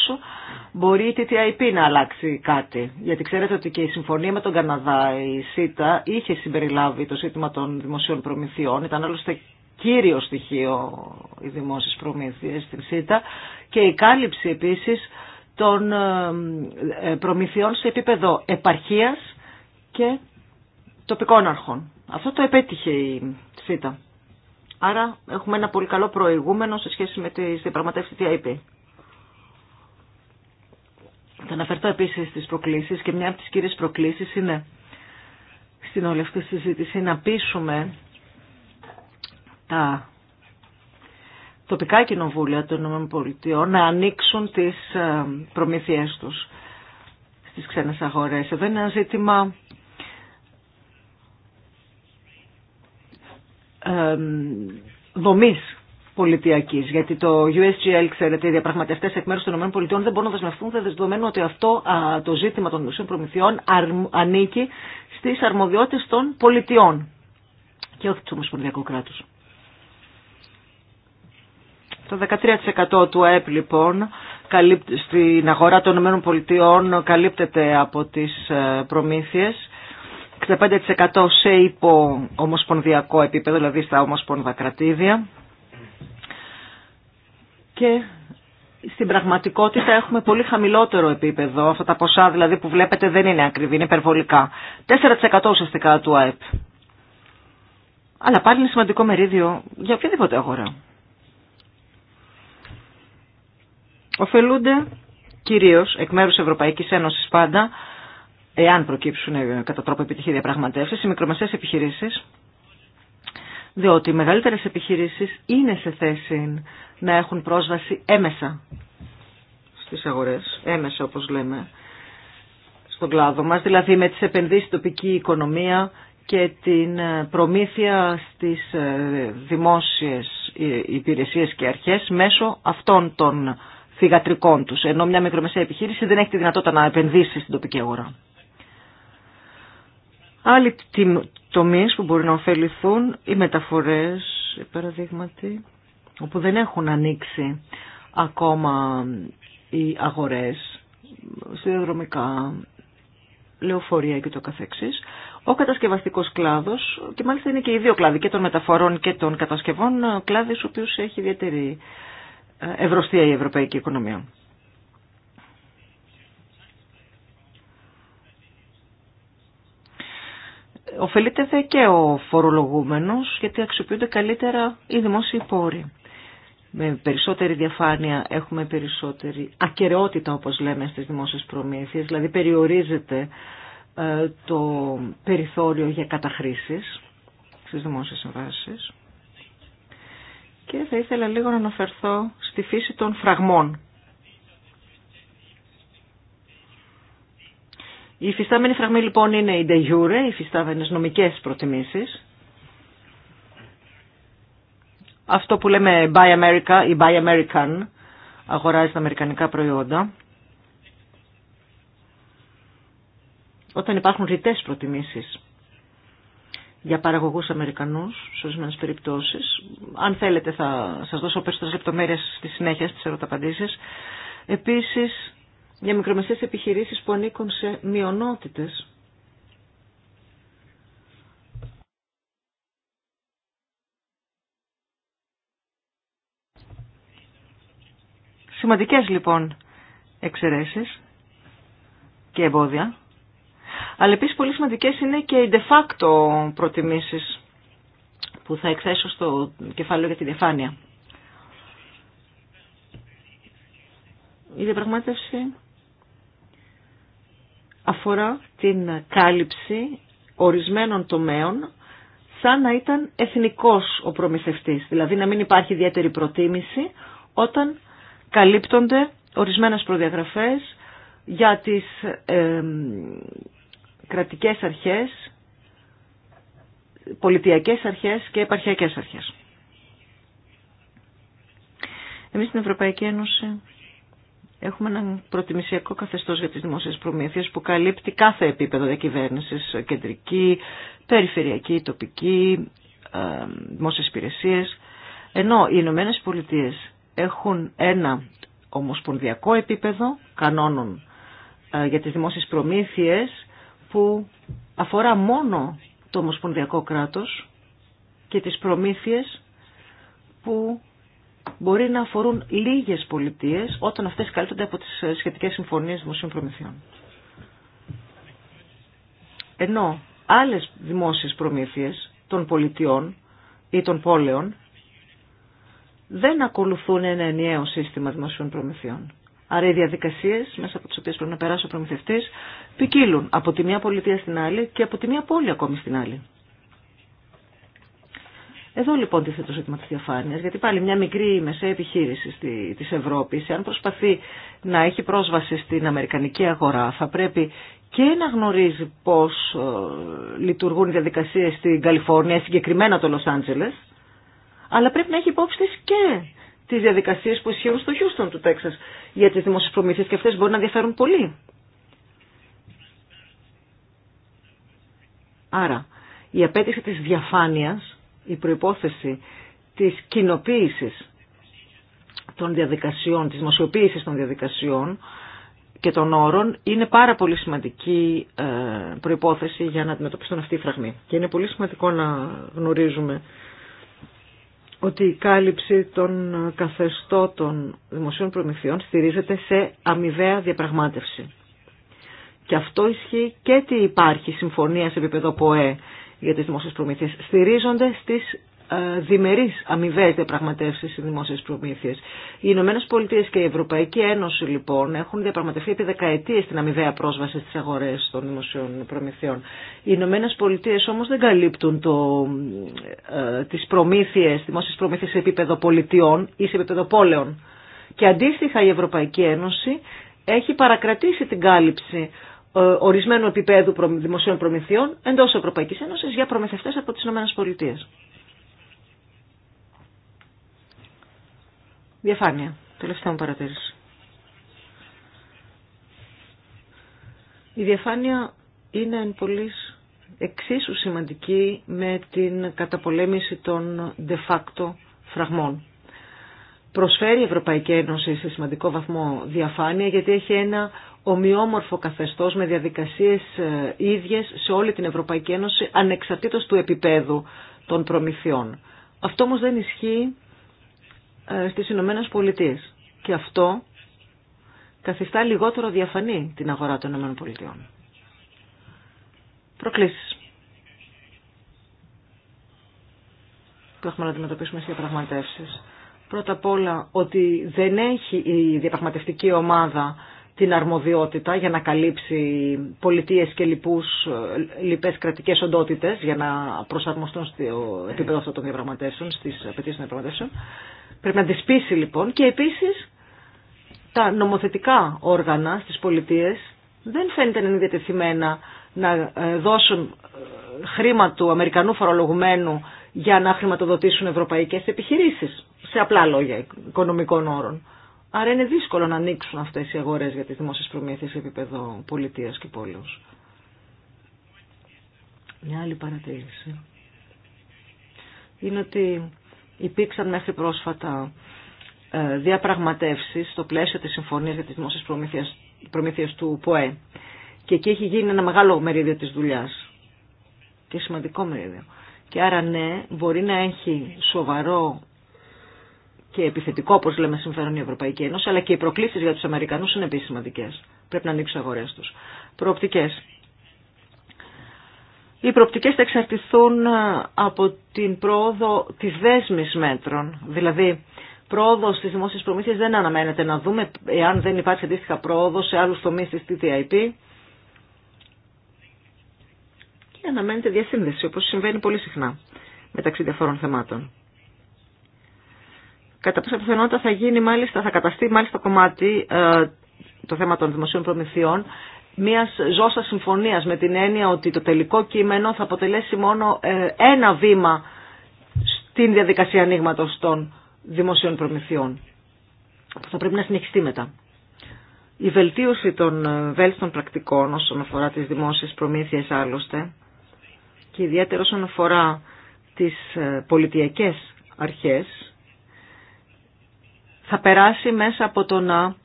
μπορεί η TTIP να αλλάξει κάτι. Γιατί ξέρετε ότι και η συμφωνία με τον Καναδά, η ΣΥΤΑ, είχε συμπεριλάβει το ζήτημα των δημοσίων προμηθειών. Ήταν άλλωστε κύριο στοιχείο οι δημόσιες προμήθειες στην ΣΥΤΑ και η κάλυψη επίσης των ε, ε, προμηθειών σε επίπεδο επαρχίας και τοπικών αρχών. Αυτό το επέτυχε η ΣΥΤΑ. Άρα έχουμε ένα πολύ καλό προηγούμενο σε σχέση με τις διαπραγματεύσεις TIP. Θα αναφερθώ επίσης στις προκλήσεις και μια από τις κύριες προκλήσεις είναι στην όλη αυτή τη συζήτηση να πείσουμε τα τοπικά κοινοβούλια των ΗΠΑ να ανοίξουν τις ε, προμήθειές τους στις ξένες αγορές. Εδώ είναι ένα ζήτημα ε, δομής πολιτιακής, γιατί το USGL, ξέρετε, οι διαπραγματευτές εκ μέρους των ΗΠΑ δεν μπορούν να δεσμευτούν δεδομένου ότι αυτό το ζήτημα των δημοσίων προμηθειών ανήκει στις αρμοδιότητες των πολιτιών και όχι του Ομοσπονδιακού κράτους. Το 13% του ΑΕΠ λοιπόν στην αγορά των ΗΠΑ καλύπτεται από τις ε, προμήθειες. 65% σε υπό ομοσπονδιακό επίπεδο, δηλαδή στα ομοσπονδα κρατήδια. Και στην πραγματικότητα έχουμε πολύ χαμηλότερο επίπεδο. Αυτά τα ποσά δηλαδή που βλέπετε δεν είναι ακριβή, είναι υπερβολικά. 4% ουσιαστικά του ΑΕΠ. Αλλά πάλι είναι σημαντικό μερίδιο για οποιαδήποτε αγορά. ωφελούνται κυρίως εκ μέρους Ευρωπαϊκής Ένωσης πάντα, εάν προκύψουν ε, κατά τρόπο επιτυχή διαπραγματεύσεις, οι μικρομεσαίες επιχειρήσεις, διότι οι μεγαλύτερες επιχειρήσεις είναι σε θέση να έχουν πρόσβαση έμεσα στις αγορές, έμεσα όπως λέμε, στον κλάδο μας, δηλαδή με τις επενδύσεις τοπική οικονομία και την ε, προμήθεια στις ε, δημόσιες υπηρεσίες και αρχές μέσω αυτών των τους, ενώ μια μικρομεσαία επιχείρηση δεν έχει τη δυνατότητα να επενδύσει στην τοπική αγορά. Άλλοι τομείς που μπορεί να ωφεληθούν, οι μεταφορές, παραδείγματι, όπου δεν έχουν ανοίξει ακόμα οι αγορές, σιδηροδρομικά, λεωφορεία και το καθεξής. Ο κατασκευαστικός κλάδος, και μάλιστα είναι και οι δύο κλάδοι, και των μεταφορών και των κατασκευών, κλάδες ο οποίος έχει ιδιαίτερη ευρωστία η ευρωπαϊκή οικονομία. Οφελείται δε και ο φορολογούμενος γιατί αξιοποιούνται καλύτερα οι δημόσιοι πόροι. Με περισσότερη διαφάνεια έχουμε περισσότερη ακαιρεότητα όπως λέμε στις δημόσιες προμήθειες, δηλαδή περιορίζεται ε, το περιθώριο για καταχρήσεις στις δημόσιες συμβάσεις και θα ήθελα λίγο να αναφερθώ στη φύση των φραγμών. Οι υφιστάμενοι φραγμοί λοιπόν είναι οι de jure, οι υφιστάμενες νομικές προτιμήσεις. Αυτό που λέμε buy America ή buy American, αγοράζει τα αμερικανικά προϊόντα. Όταν υπάρχουν ρητές προτιμήσεις για παραγωγού Αμερικανού σε ορισμένε περιπτώσει. Αν θέλετε θα σας δώσω περισσότερες λεπτομέρειε στη συνέχεια στι ερωταπαντήσει. Επίσης, για μικρομεσαίες επιχειρήσεις που ανήκουν σε μειονότητε. Σημαντικές λοιπόν εξαιρέσεις και εμπόδια αλλά επίσης πολύ σημαντικές είναι και οι de facto προτιμήσεις που θα εκθέσω στο κεφάλαιο για τη διαφάνεια. Η διαπραγμάτευση αφορά την κάλυψη ορισμένων τομέων σαν να ήταν εθνικός ο προμηθευτής, δηλαδή να μην υπάρχει ιδιαίτερη προτίμηση όταν καλύπτονται ορισμένες προδιαγραφές για τις ε, κρατικές αρχές, πολιτιακές αρχές και επαρχιακές αρχές. Εμείς στην Ευρωπαϊκή Ένωση έχουμε έναν προτιμησιακό καθεστώς για τις δημόσιες προμήθειες που καλύπτει κάθε επίπεδο διακυβέρνησης, κεντρική, περιφερειακή, τοπική, ε, δημόσιες υπηρεσίες. Ενώ οι Ηνωμένε Πολιτείε έχουν ένα ομοσπονδιακό επίπεδο κανόνων ε, για τις δημόσιες προμήθειες που αφορά μόνο το Ομοσπονδιακό κράτος και τις προμήθειες που μπορεί να αφορούν λίγες πολιτείες όταν αυτές καλύπτονται από τις σχετικές συμφωνίες δημοσίων προμηθειών. Ενώ άλλες δημόσιες προμήθειες των πολιτιών ή των πόλεων δεν ακολουθούν ένα ενιαίο σύστημα δημοσίων προμηθειών. Άρα οι διαδικασίε μέσα από τι οποίε πρέπει να περάσει ο προμηθευτή ποικίλουν από τη μία πολιτεία στην άλλη και από τη μία πόλη ακόμη στην άλλη. Εδώ λοιπόν τίθεται το ζήτημα τη διαφάνεια, γιατί πάλι μια μικρή ή μεσαία επιχείρηση τη Ευρώπη, αν προσπαθεί να έχει πρόσβαση στην Αμερικανική αγορά, θα πρέπει και να γνωρίζει πώ ε, λειτουργούν οι διαδικασίε στην Καλιφόρνια, συγκεκριμένα το Λο Άντζελε, αλλά πρέπει να έχει υπόψη και τις διαδικασίες που ισχύουν στο Χιούστον του Τέξα για τι δημόσιε προμηθείε και αυτέ μπορεί να διαφέρουν πολύ. Άρα, η απέτηση της διαφάνειας, η προϋπόθεση της κοινοποίηση των διαδικασιών, της δημοσιοποίησης των διαδικασιών και των όρων είναι πάρα πολύ σημαντική ε, προϋπόθεση για να αντιμετωπιστούν αυτοί οι φραγμοί. Και είναι πολύ σημαντικό να γνωρίζουμε ότι η κάλυψη των καθεστώτων δημοσίων προμηθειών στηρίζεται σε αμοιβαία διαπραγμάτευση. Και αυτό ισχύει και ότι υπάρχει συμφωνία σε επίπεδο ΠΟΕ για τις δημόσιες προμήθειες. Στηρίζονται στις διμερείς αμοιβές διαπραγματεύσεις στις δημόσιες προμήθειες. Οι Ηνωμένε Πολιτείε και η Ευρωπαϊκή Ένωση λοιπόν έχουν διαπραγματευτεί επί δεκαετίες την αμοιβαία πρόσβαση στις αγορές των δημοσίων προμηθειών. Οι Ηνωμένε Πολιτείε όμως δεν καλύπτουν το, ε, τις προμήθειες, δημόσιες προμήθειες σε επίπεδο πολιτιών ή σε επίπεδο πόλεων. Και αντίστοιχα η Ευρωπαϊκή Ένωση έχει παρακρατήσει την κάλυψη ε, ορισμένου επίπεδου δημοσίων προμηθειών εντό Ευρωπαϊκή Ένωση για προμηθευτέ από τι ΗΠΑ. Διαφάνεια. Τελευταία μου παρατήρηση. Η διαφάνεια είναι εν πολλής εξίσου σημαντική με την καταπολέμηση των de facto φραγμών. Προσφέρει η Ευρωπαϊκή Ένωση σε σημαντικό βαθμό διαφάνεια γιατί έχει ένα ομοιόμορφο καθεστώς με διαδικασίες ε, ίδιες σε όλη την Ευρωπαϊκή Ένωση ανεξαρτήτως του επίπεδου των προμηθειών. Αυτό όμως δεν ισχύει ε, στις Ηνωμένε Πολιτείε. Και αυτό καθιστά λιγότερο διαφανή την αγορά των Ηνωμένων Πολιτείων. Προκλήσεις. Που έχουμε να αντιμετωπίσουμε στις διαπραγματεύσεις. Πρώτα απ' όλα ότι δεν έχει η διαπραγματευτική ομάδα την αρμοδιότητα για να καλύψει πολιτείες και λοιπούς, ε, λοιπές κρατικές οντότητες για να προσαρμοστούν στο επίπεδο αυτών των διαπραγματεύσεων, στις απαιτήσεις των διαπραγματεύσεων. Πρέπει να τις πείσει λοιπόν και επίσης τα νομοθετικά όργανα στις πολιτείες δεν φαίνεται να είναι διατεθειμένα να ε, δώσουν ε, χρήμα του Αμερικανού φορολογουμένου για να χρηματοδοτήσουν ευρωπαϊκές επιχειρήσεις, σε απλά λόγια οικονομικών όρων. Άρα είναι δύσκολο να ανοίξουν αυτές οι αγορές για τις δημόσιες προμήθειες σε επίπεδο πολιτείας και πόλεως. Μια άλλη παρατήρηση είναι ότι Υπήρξαν μέχρι πρόσφατα ε, διαπραγματεύσεις στο πλαίσιο της Συμφωνίας για τις Δημόσιες προμήθειες, του ΠΟΕ. Και εκεί έχει γίνει ένα μεγάλο μερίδιο της δουλειάς. Και σημαντικό μερίδιο. Και άρα ναι, μπορεί να έχει σοβαρό και επιθετικό, όπως λέμε, συμφέρον η Ευρωπαϊκή Ένωση, αλλά και οι προκλήσεις για τους Αμερικανούς είναι επίσης σημαντικές. Πρέπει να ανοίξουν αγορές τους. Προοπτικές. Οι προοπτικές θα εξαρτηθούν ε, από την πρόοδο της δέσμης μέτρων. Δηλαδή, πρόοδο στις δημόσιες προμήθειες δεν αναμένεται να δούμε εάν δεν υπάρχει αντίστοιχα πρόοδο σε άλλους τομείς της TTIP. Και αναμένεται διασύνδεση, όπως συμβαίνει πολύ συχνά μεταξύ διαφόρων θεμάτων. Κατά πόσο πιθανότητα θα γίνει μάλιστα, θα καταστεί μάλιστα κομμάτι ε, το θέμα των δημοσίων προμηθειών μια ζώσα συμφωνία με την έννοια ότι το τελικό κείμενο θα αποτελέσει μόνο ε, ένα βήμα στην διαδικασία ανοίγματο των δημοσίων προμηθειών που θα πρέπει να συνεχιστεί μετά. Η βελτίωση των ε, βέλτιστων πρακτικών όσον αφορά τι δημόσιες προμήθειες άλλωστε και ιδιαίτερα όσον αφορά τις ε, πολιτιακέ αρχές θα περάσει μέσα από το να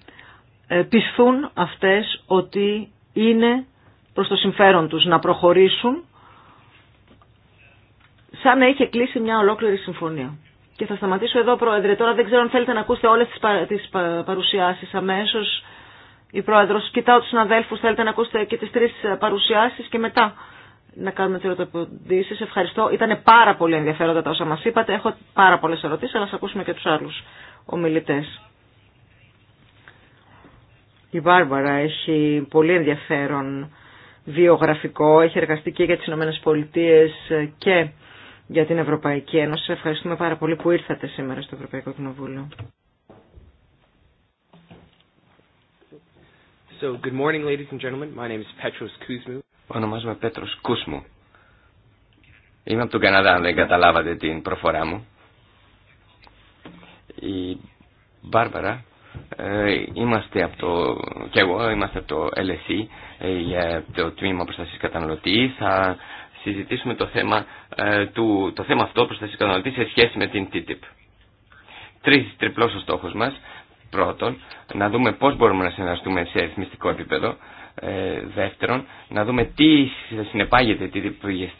πισθούν αυτές ότι είναι προς το συμφέρον τους να προχωρήσουν σαν να είχε κλείσει μια ολόκληρη συμφωνία. Και θα σταματήσω εδώ, Πρόεδρε. Τώρα δεν ξέρω αν θέλετε να ακούσετε όλες τις, πα, τις παρουσιάσεις αμέσως. Η Πρόεδρος, κοιτάω τους αδέλφους, θέλετε να ακούσετε και τις τρεις παρουσιάσεις και μετά να κάνουμε τις ερωταποντήσεις. Ευχαριστώ. Ήταν πάρα πολύ ενδιαφέροντα τα όσα μας είπατε. Έχω πάρα πολλές ερωτήσεις, αλλά θα ακούσουμε και τους άλλους ομιλητές. Η Βάρβαρα έχει πολύ ενδιαφέρον βιογραφικό, έχει εργαστεί και για τις Ηνωμένες Πολιτείες και για την Ευρωπαϊκή Ένωση. Ευχαριστούμε πάρα πολύ που ήρθατε σήμερα στο Ευρωπαϊκό Κοινοβούλιο. So, good morning, ladies and gentlemen. My name is Petros Kuzmu. Ονομάζομαι Πέτρος Κούσμου. Είμαι από τον Καναδά, αν δεν καταλάβατε την προφορά μου. Η Μπάρμπαρα ε, είμαστε από το, και εγώ είμαστε από το LSE ε, για το Τμήμα Προστασίας Καταναλωτή. Θα συζητήσουμε το θέμα, ε, του, το θέμα αυτό προστασίας καταναλωτή σε σχέση με την TTIP. Τρεις τριπλός ο στόχος μας. Πρώτον, να δούμε πώς μπορούμε να συνεργαστούμε σε εθνιστικό επίπεδο ε, δεύτερον, να δούμε τι συνεπάγεται τι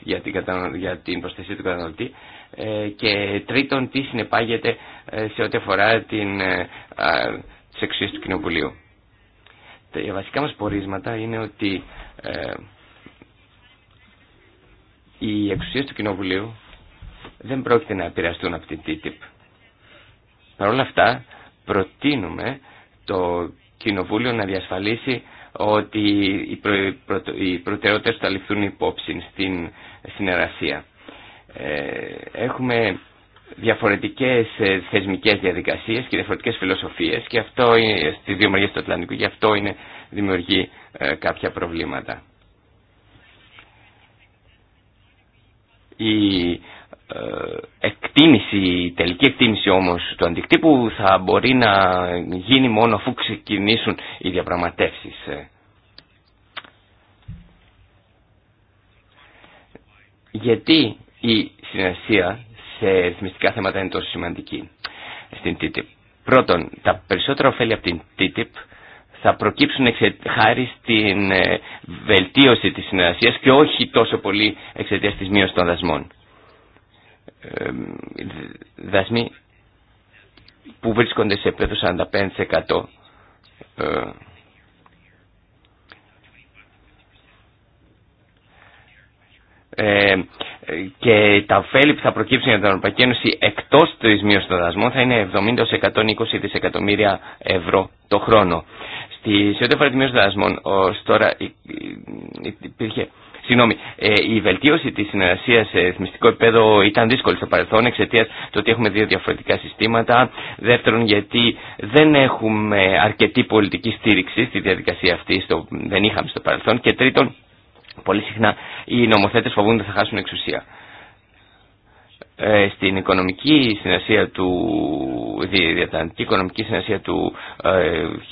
για, την για την προστασία του καταναλωτή ε, και τρίτον, τι συνεπάγεται ε, σε ό,τι αφορά την, τις εξουσίες του Κοινοβουλίου. Τα βασικά μας πορίσματα είναι ότι οι εξουσίες του Κοινοβουλίου δεν πρόκειται να επηρεαστούν από την TTIP. Παρ' όλα αυτά, προτείνουμε το Κοινοβούλιο να διασφαλίσει ότι οι, προ, οι προτεραιότητες θα ληφθούν υπόψη στην συνεργασία. Ε, έχουμε διαφορετικές ε, θεσμικές διαδικασίες και διαφορετικές φιλοσοφίες και αυτό είναι στις δύο μεριές του Ατλαντικού και αυτό είναι, δημιουργεί ε, κάποια προβλήματα. Ε, εκτίμηση, τελική εκτίμηση όμως του αντικτύπου θα μπορεί να γίνει μόνο αφού ξεκινήσουν οι διαπραγματεύσεις. Ε, γιατί η συνεργασία σε ρυθμιστικά θέματα είναι τόσο σημαντική στην TTIP. Πρώτον, τα περισσότερα ωφέλη από την TTIP θα προκύψουν χάρη στην ε, βελτίωση της συνεργασίας και όχι τόσο πολύ εξαιτίας της μείωσης των δασμών δασμοί που βρίσκονται σε επίπεδο 45% ε, και τα ωφέλη που θα προκύψουν για την Ευρωπαϊκή Ένωση εκτός της μείωσης των δασμών θα είναι 70-120 δισεκατομμύρια ευρώ το χρόνο. Στη, σε ό,τι αφορά μείωση των δασμών, ως τώρα υπήρχε Συγγνώμη, ε, η βελτίωση τη συνεργασία σε εθνιστικό επίπεδο ήταν δύσκολη στο παρελθόν εξαιτία του ότι έχουμε δύο διαφορετικά συστήματα. Δεύτερον, γιατί δεν έχουμε αρκετή πολιτική στήριξη στη διαδικασία αυτή, στο, δεν είχαμε στο παρελθόν. Και τρίτον, πολύ συχνά οι νομοθέτε φοβούνται θα χάσουν εξουσία. Ε, στην οικονομική συνασία του οικονομική συνασία του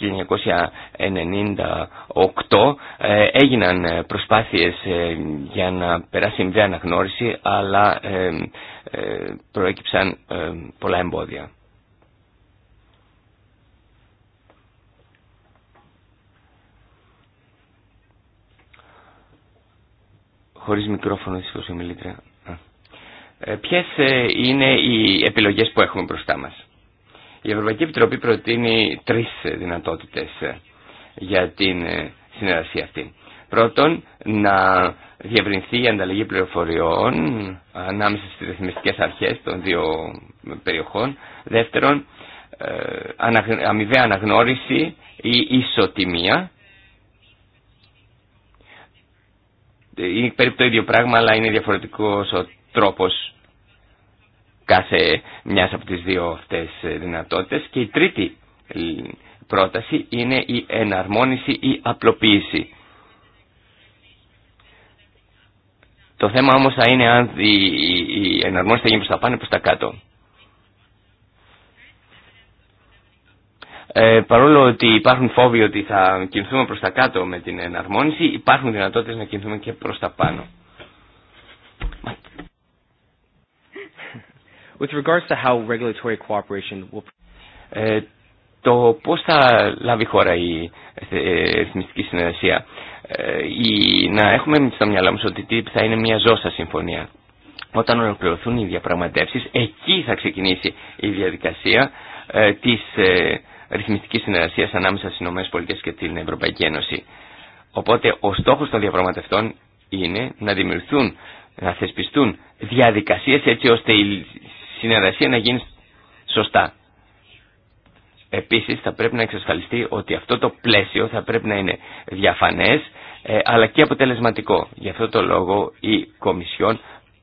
1998 ε, ε, έγιναν προσπάθειες για να περάσει μια αναγνώριση αλλά προέκυψαν πολλά εμπόδια. Χωρίς μικρόφωνο δυστυχώς ομιλήτρια. Ε, ποιες ε, είναι οι επιλογές που έχουμε μπροστά μας. Η Ευρωπαϊκή Επιτροπή προτείνει τρεις ε, δυνατότητες για την συνεργασία αυτή. Πρώτον, να διευρυνθεί η ανταλλαγή πληροφοριών ανάμεσα στις ρυθμιστικές αρχές των δύο περιοχών. Δεύτερον, αμοιβαία αναγνώριση ή ισοτιμία. Είναι περίπου το ίδιο πράγμα, αλλά είναι διαφορετικό ο τρόπος κάθε μιας από τις δύο αυτές δυνατότητες. Και η τρίτη πρόταση είναι η εναρμόνιση ή απλοποίηση. Το θέμα όμως θα είναι αν η εναρμόνιση θα γίνει προς τα πάνω ή προς τα κάτω. Ε, παρόλο ότι υπάρχουν φόβοι ότι θα κινηθούμε προς τα κάτω με την εναρμόνιση, υπάρχουν δυνατότητες να κινηθούμε και προς τα πάνω. With regards to how regulatory cooperation will... Ε, το πώς θα λάβει η χώρα η ρυθμιστική ε, συνεργασία. Ε, η, να έχουμε στο μυαλά μας ότι θα είναι μια ζώστα συμφωνία. Όταν ολοκληρωθούν οι διαπραγματεύσεις, εκεί θα ξεκινήσει η διαδικασία της ρυθμιστικής συνεργασίας ανάμεσα στις ΗΠΑ και την Ευρωπαϊκή Ένωση. Οπότε ο στόχος των διαπραγματευτών είναι να δημιουργηθούν, να θεσπιστούν διαδικασίες έτσι ώστε οι συνεργασία να γίνει σωστά. Επίσης θα πρέπει να εξασφαλιστεί ότι αυτό το πλαίσιο θα πρέπει να είναι διαφανές ε, αλλά και αποτελεσματικό. Γι' αυτό το λόγο η Κομισιόν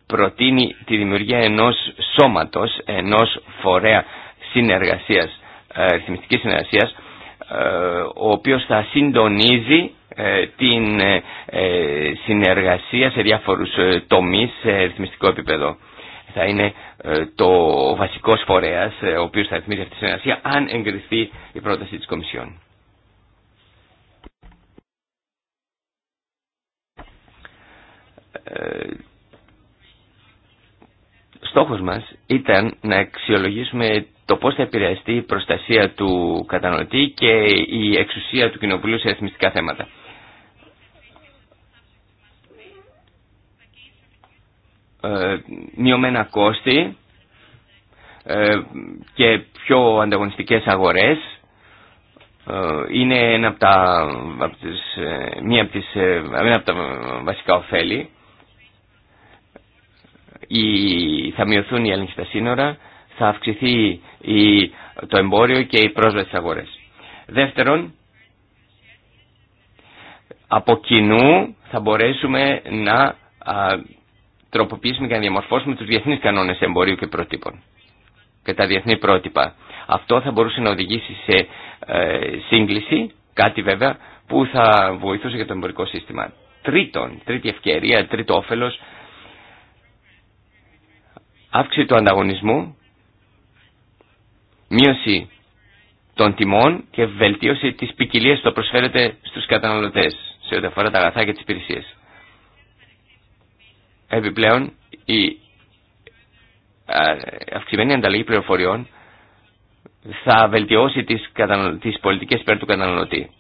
προτείνει τη δημιουργία ενός σώματος, ενός φορέα συνεργασίας, ε, ρυθμιστικής συνεργασίας ε, ο οποίος θα συντονίζει την συνεργασία σε διάφορους τομείς σε ρυθμιστικό επίπεδο θα είναι ε, το βασικός φορέας ε, ο οποίος θα ρυθμίζει αυτή τη συνεργασία αν εγκριθεί η πρόταση της Κομισιόν. Ε, στόχος μας ήταν να αξιολογήσουμε το πώς θα επηρεαστεί η προστασία του κατανοητή και η εξουσία του κοινοβουλίου σε αριθμιστικά θέματα. Ε, μειωμένα κόστη ε, και πιο ανταγωνιστικές αγορές ε, είναι ένα από τα, τις, μία από τις, τα βασικά ωφέλη. Η, θα μειωθούν οι έλεγχοι στα σύνορα, θα αυξηθεί η, το εμπόριο και η πρόσβαση αγορές. Δεύτερον, από κοινού θα μπορέσουμε να τροποποιήσουμε και να διαμορφώσουμε τους διεθνείς κανόνες εμπορίου και πρότυπων και τα διεθνή πρότυπα. Αυτό θα μπορούσε να οδηγήσει σε ε, σύγκληση, κάτι βέβαια, που θα βοηθούσε για το εμπορικό σύστημα. Τρίτον, τρίτη ευκαιρία, τρίτο όφελος, αύξηση του ανταγωνισμού, μείωση των τιμών και βελτίωση της ποικιλία που προσφέρεται στους καταναλωτές σε ό,τι αφορά τα αγαθά και τις υπηρεσίες. Επιπλέον, η αυξημένη ανταλλαγή πληροφοριών θα βελτιώσει τις, πολιτικέ τις πολιτικές υπέρ του καταναλωτή.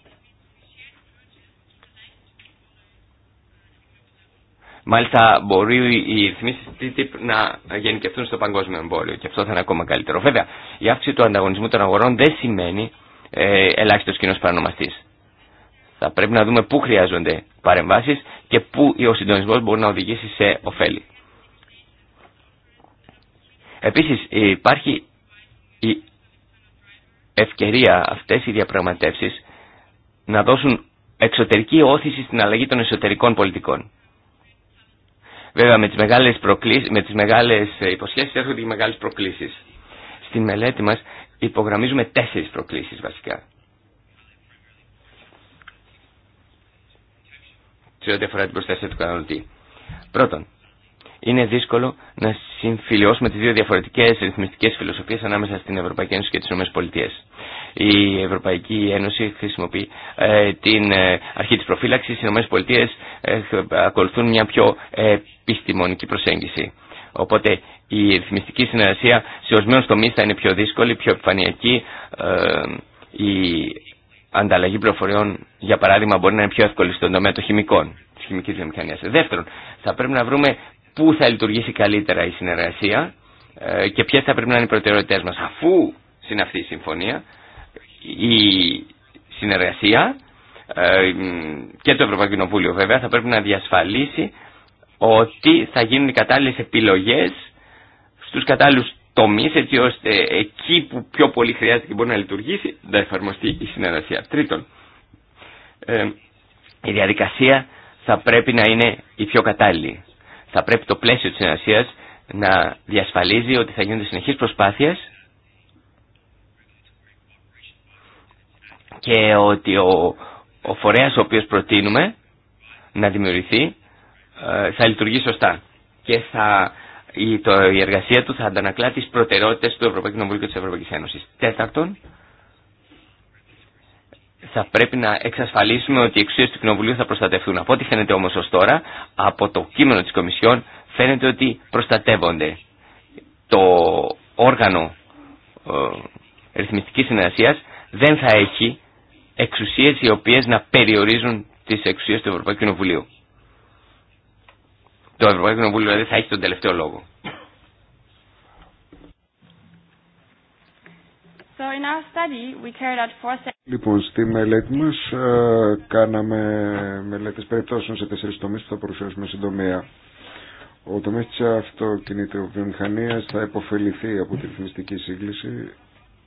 Μάλιστα μπορεί οι ρυθμίσει TTIP να γενικευτούν στο παγκόσμιο εμπόριο και αυτό θα είναι ακόμα καλύτερο. Βέβαια, η αύξηση του ανταγωνισμού των αγορών δεν σημαίνει ε, ελάχιστο κοινό θα πρέπει να δούμε πού χρειάζονται παρεμβάσεις και πού ο συντονισμός μπορεί να οδηγήσει σε ωφέλη. Επίσης υπάρχει η ευκαιρία αυτές οι διαπραγματεύσεις να δώσουν εξωτερική όθηση στην αλλαγή των εσωτερικών πολιτικών. Βέβαια με τις μεγάλες, προκλήσεις, με τις μεγάλες υποσχέσεις έρχονται και μεγάλες προκλήσεις. Στην μελέτη μας υπογραμμίζουμε τέσσερις προκλήσεις βασικά. σε ό,τι αφορά την προστασία του καταναλωτή. Πρώτον, είναι δύσκολο να συμφιλειώσουμε τι δύο διαφορετικέ ρυθμιστικέ φιλοσοφίε ανάμεσα στην Ευρωπαϊκή Ένωση και τι ΗΠΑ. Η Ευρωπαϊκή Ένωση χρησιμοποιεί ε, την ε, αρχή τη προφύλαξη, οι ΗΠΑ ε, ακολουθούν μια πιο επιστημονική προσέγγιση. Οπότε η ρυθμιστική συνεργασία σε ορισμένου τομεί θα είναι πιο δύσκολη, πιο επιφανειακή. Ε, η ανταλλαγή πληροφοριών, για παράδειγμα, μπορεί να είναι πιο εύκολη στον τομέα των χημικών, τη χημική βιομηχανία. Δεύτερον, θα πρέπει να βρούμε πού θα λειτουργήσει καλύτερα η συνεργασία ε, και ποιε θα πρέπει να είναι οι προτεραιότητέ μα. Αφού αυτή η συμφωνία, η συνεργασία ε, και το Ευρωπαϊκό Κοινοβούλιο βέβαια θα πρέπει να διασφαλίσει ότι θα γίνουν οι κατάλληλε επιλογέ στους κατάλληλους τομείς έτσι ώστε εκεί που πιο πολύ χρειάζεται και μπορεί να λειτουργήσει να εφαρμοστεί η συνεργασία. Τρίτον, ε, η διαδικασία θα πρέπει να είναι η πιο κατάλληλη. Θα πρέπει το πλαίσιο της συνεργασία να διασφαλίζει ότι θα γίνονται συνεχείς προσπάθειες και ότι ο, ο φορέας ο οποίος προτείνουμε να δημιουργηθεί ε, θα λειτουργεί σωστά και θα η, το, η εργασία του θα αντανακλά τις προτεραιότητες του Ευρωπαϊκού Κοινοβουλίου και της Ευρωπαϊκής Ένωσης. Τέταρτον, θα πρέπει να εξασφαλίσουμε ότι οι εξουσίες του Κοινοβουλίου θα προστατευτούν. Από ό,τι φαίνεται όμως ως τώρα, από το κείμενο της Κομισιόν φαίνεται ότι προστατεύονται. Το όργανο ε, ρυθμιστικής συνεργασίας δεν θα έχει εξουσίες οι οποίες να περιορίζουν τις εξουσίες του Ευρωπαϊκού Κοινοβουλίου το Ευρωπαϊκό Κοινοβούλιο δηλαδή θα έχει τον τελευταίο λόγο. Λοιπόν, στη μελέτη μας ε, κάναμε μελέτες περιπτώσεων σε τέσσερις τομείς που θα παρουσιάσουμε συντομία. Ο τομέας της αυτοκινητοβιομηχανίας θα υποφεληθεί από τη ρυθμιστική σύγκληση,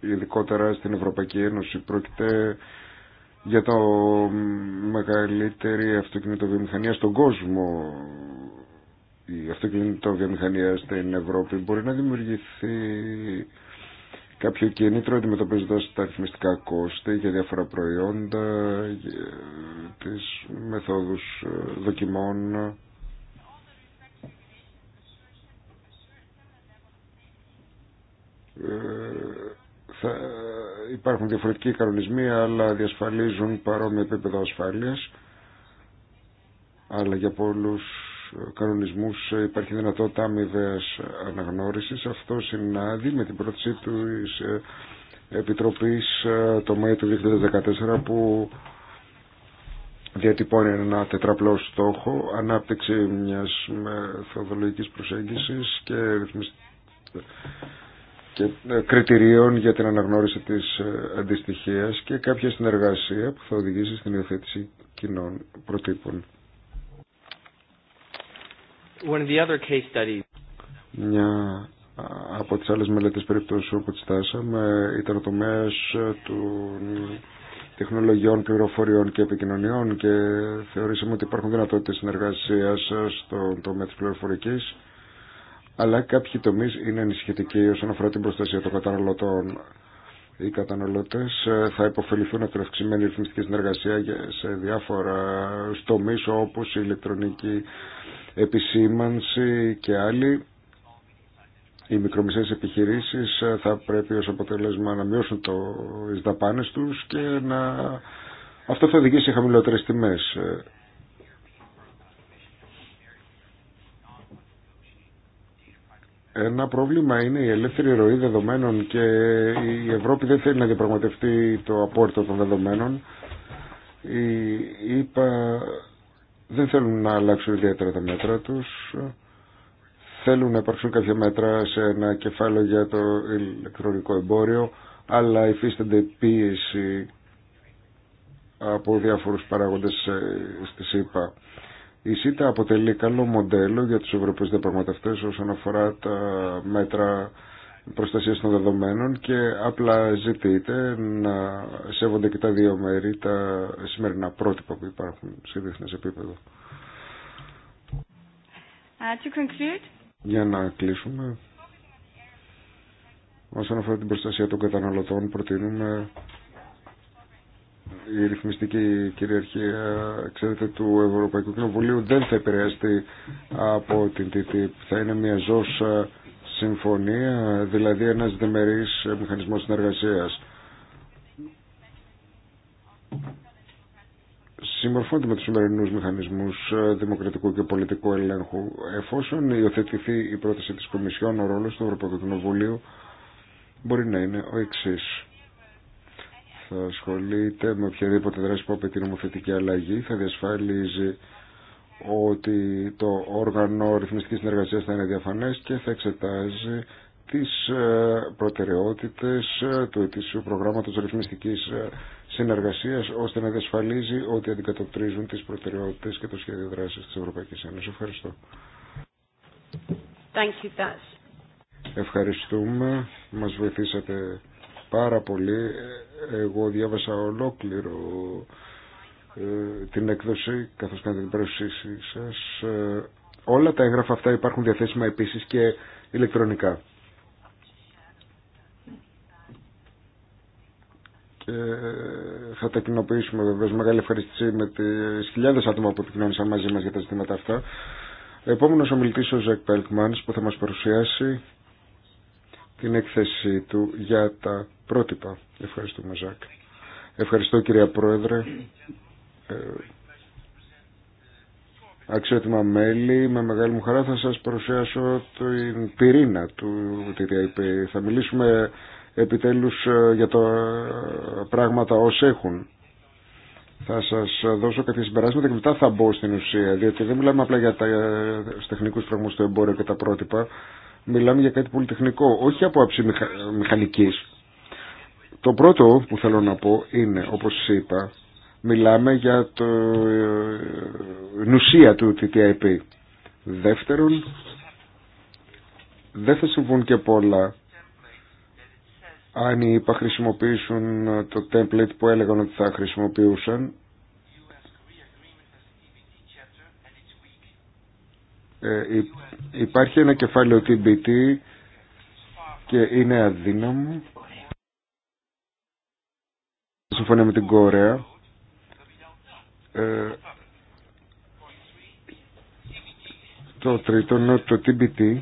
ειδικότερα στην Ευρωπαϊκή Ένωση. Πρόκειται για το μεγαλύτερη αυτοκινητοβιομηχανία στον κόσμο η αυτοκινητοβιομηχανία στην Ευρώπη μπορεί να δημιουργηθεί κάποιο κίνητρο αντιμετωπίζοντα τα αριθμιστικά κόστη για διάφορα προϊόντα, τι μεθόδου ε, δοκιμών. Ε, θα υπάρχουν διαφορετικοί κανονισμοί, αλλά διασφαλίζουν παρόμοιο επίπεδο ασφάλειας. Αλλά για πολλούς κανονισμούς ε, υπάρχει δυνατότητα αμοιβέ αναγνώριση. Αυτό συνάδει με την πρότασή τη ε, Επιτροπής ε, το Μάιο του 2014 που διατυπώνει ένα τετραπλό στόχο ανάπτυξη μιας μεθοδολογικής προσέγγισης και, και κριτηρίων για την αναγνώριση της αντιστοιχίας και κάποια συνεργασία που θα οδηγήσει στην υιοθέτηση κοινών προτύπων. One of the other case studies. Μια από τις άλλες μελέτες περιπτώσεις όπου τάσαμε ήταν ο τομέας ε, των τεχνολογιών, πληροφοριών και επικοινωνιών και θεωρήσαμε ότι υπάρχουν δυνατότητες συνεργασίας ε, στον τομέα της πληροφορικής αλλά κάποιοι τομείς είναι ενισχυτικοί όσον αφορά την προστασία των καταναλωτών. Οι καταναλωτές ε, θα υποφεληθούν από την αυξημένη ρυθμιστική συνεργασία σε διάφορα τομείς όπως η ηλεκτρονική επισήμανση και άλλοι. Οι μικρομεσαίες επιχειρήσεις θα πρέπει ως αποτέλεσμα να μειώσουν το δαπάνες τους και να... αυτό θα οδηγήσει σε χαμηλότερες τιμές. Ένα πρόβλημα είναι η ελεύθερη ροή δεδομένων και η Ευρώπη δεν θέλει να διαπραγματευτεί το απόρριτο των δεδομένων. Η δεν θέλουν να αλλάξουν ιδιαίτερα τα μέτρα τους. Θέλουν να υπάρξουν κάποια μέτρα σε ένα κεφάλαιο για το ηλεκτρονικό εμπόριο, αλλά υφίστανται πίεση από διάφορους παράγοντες στη ΣΥΠΑ. Η ΣΥΤΑ αποτελεί καλό μοντέλο για τους Ευρωπαίους διαπραγματευτές όσον αφορά τα μέτρα Προστασία των δεδομένων και απλά ζητείτε να σέβονται και τα δύο μέρη τα σημερινά πρότυπα που υπάρχουν σε διεθνές επίπεδο. Ε, Για να κλείσουμε. Όσον αφορά την προστασία των καταναλωτών, προτείνουμε η ρυθμιστική κυριαρχία ξέρετε, του Ευρωπαϊκού Κοινοβουλίου δεν θα επηρεαστεί από την TTIP. Θα είναι μια ζώσα συμφωνία, δηλαδή ένας διμερής μηχανισμός συνεργασίας. Συμμορφώνται με τους σημερινού μηχανισμούς ε, δημοκρατικού και πολιτικού ελέγχου. Εφόσον υιοθετηθεί η πρόταση της Κομισιόν, ο ρόλος του Ευρωπαϊκού Κοινοβουλίου μπορεί να είναι ο εξή. Θα ασχολείται με οποιαδήποτε δράση που απαιτεί νομοθετική αλλαγή, θα διασφαλίζει ότι το όργανο ρυθμιστικής συνεργασίας θα είναι διαφανές και θα εξετάζει τις ε, προτεραιότητες ε, του ετήσιου προγράμματος ρυθμιστικής ε, συνεργασίας ώστε να διασφαλίζει ότι αντικατοπτρίζουν τις προτεραιότητες και το σχέδιο δράσης της Ευρωπαϊκής Ένωσης. Ευχαριστώ. Ευχαριστούμε. Μας βοηθήσατε πάρα πολύ. Εγώ διάβασα ολόκληρο ε, την έκδοση καθώς και την παρουσίασή σας. Ε, όλα τα έγγραφα αυτά υπάρχουν διαθέσιμα επίσης και ηλεκτρονικά. Και ε, θα τα κοινοποιήσουμε βεβαίω μεγάλη ευχαριστήση με τι χιλιάδε άτομα που επικοινώνησαν μαζί μα για τα ζητήματα αυτά. Επόμενο ομιλητή ο Ζακ Πέλκμαν που θα μα παρουσιάσει την έκθεση του για τα πρότυπα. Ευχαριστούμε Ζακ. Ευχαριστώ κυρία Πρόεδρε. Ε, αξιότιμα μέλη, με μεγάλη μου χαρά θα σας παρουσιάσω την πυρήνα του TTIP. Θα μιλήσουμε επιτέλους ε, για τα πράγματα ως έχουν. Θα σας δώσω κάποια συμπεράσματα και μετά θα μπω στην ουσία, διότι δεν μιλάμε απλά για τα ε, τεχνικούς φραγμούς του εμπόριο και τα πρότυπα. Μιλάμε για κάτι πολυτεχνικό, όχι από άψη μηχανικής. Το πρώτο που θέλω να πω είναι, όπως είπα, μιλάμε για το ε, ε, νουσία του TTIP. Δεύτερον, δεν θα συμβούν και πολλά αν οι ΙΠΑ χρησιμοποιήσουν ε, το template που έλεγαν ότι θα χρησιμοποιούσαν. υπάρχει ένα κεφάλαιο TBT και είναι αδύναμο. Συμφωνώ με την Κορέα. Ε, το τρίτο είναι το TBT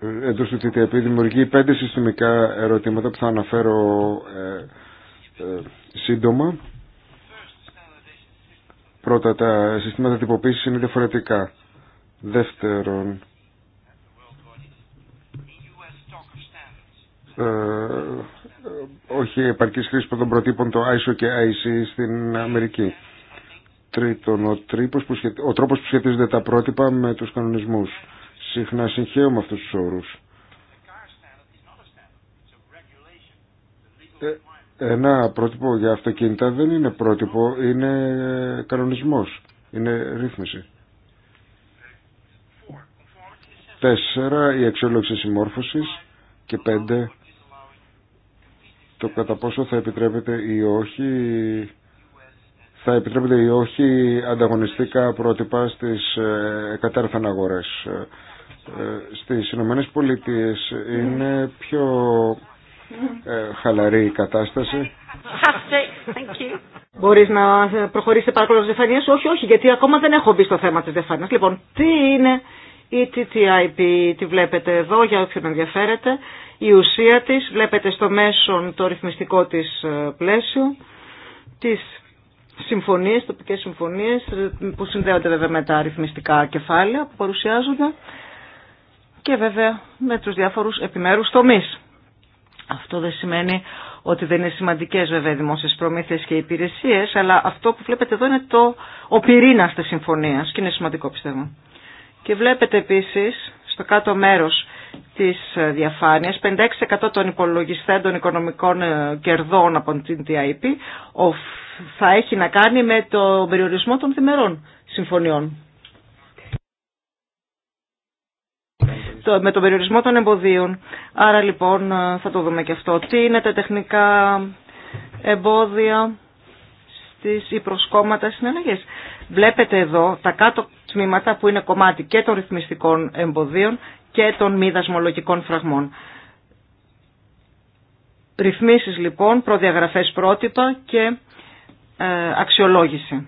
ε, εντός του TTIP δημιουργεί πέντε συστημικά ερωτήματα που θα αναφέρω ε, ε, σύντομα. Πρώτα, τα συστήματα τυποποίησης είναι διαφορετικά. Δεύτερον, όχι επαρκής χρήση των προτύπων το ISO και IC στην Αμερική. Τρίτον, ο, τρίπος που σχετι... ο τρόπος που σχετίζονται τα πρότυπα με τους κανονισμούς. Συχνά συγχαίουμε αυτούς τους όρους. Ε, ένα πρότυπο για αυτοκίνητα δεν είναι πρότυπο, είναι ε, κανονισμός, είναι ρύθμιση. Τέσσερα, η αξιολόγηση συμμόρφωσης και πέντε, το κατά πόσο θα επιτρέπεται ή όχι θα επιτρέπεται ή όχι ανταγωνιστικά πρότυπα στις ε, κατάρθαν αγορές. Ε, στις Ηνωμένες Πολιτείες είναι πιο ε, χαλαρή η κατάσταση. Μπορείς να προχωρήσεις παρακαλώ της Όχι, όχι, γιατί ακόμα δεν έχω μπει στο θέμα της διαφάνειας. Λοιπόν, τι είναι η TTIP, τι βλέπετε εδώ για όποιον ενδιαφέρεται η ουσία της βλέπετε στο μέσον το ρυθμιστικό της ε, πλαίσιο, τις συμφωνίες, τοπικές συμφωνίες ε, που συνδέονται βέβαια με τα ρυθμιστικά κεφάλαια που παρουσιάζονται και βέβαια με τους διάφορους επιμέρους τομείς. Αυτό δεν σημαίνει ότι δεν είναι σημαντικές βέβαια οι δημόσιες προμήθειες και υπηρεσίες, αλλά αυτό που βλέπετε εδώ είναι το, ο πυρήνας της συμφωνίας και είναι σημαντικό πιστεύω. Και βλέπετε επίσης στο κάτω μέρος της διαφάνειας, 56% των των οικονομικών ε, κερδών από την TIP θα έχει να κάνει με το περιορισμό των θημερών συμφωνιών. με τον περιορισμό των εμποδίων. Άρα λοιπόν ε, θα το δούμε και αυτό. Τι είναι τα τεχνικά εμπόδια στις υπροσκόμματα συναλλαγές. Βλέπετε εδώ τα κάτω τμήματα που είναι κομμάτι και των ρυθμιστικών εμποδίων και των μη δασμολογικών φραγμών. Ρυθμίσεις λοιπόν, προδιαγραφές πρότυπα και ε, αξιολόγηση.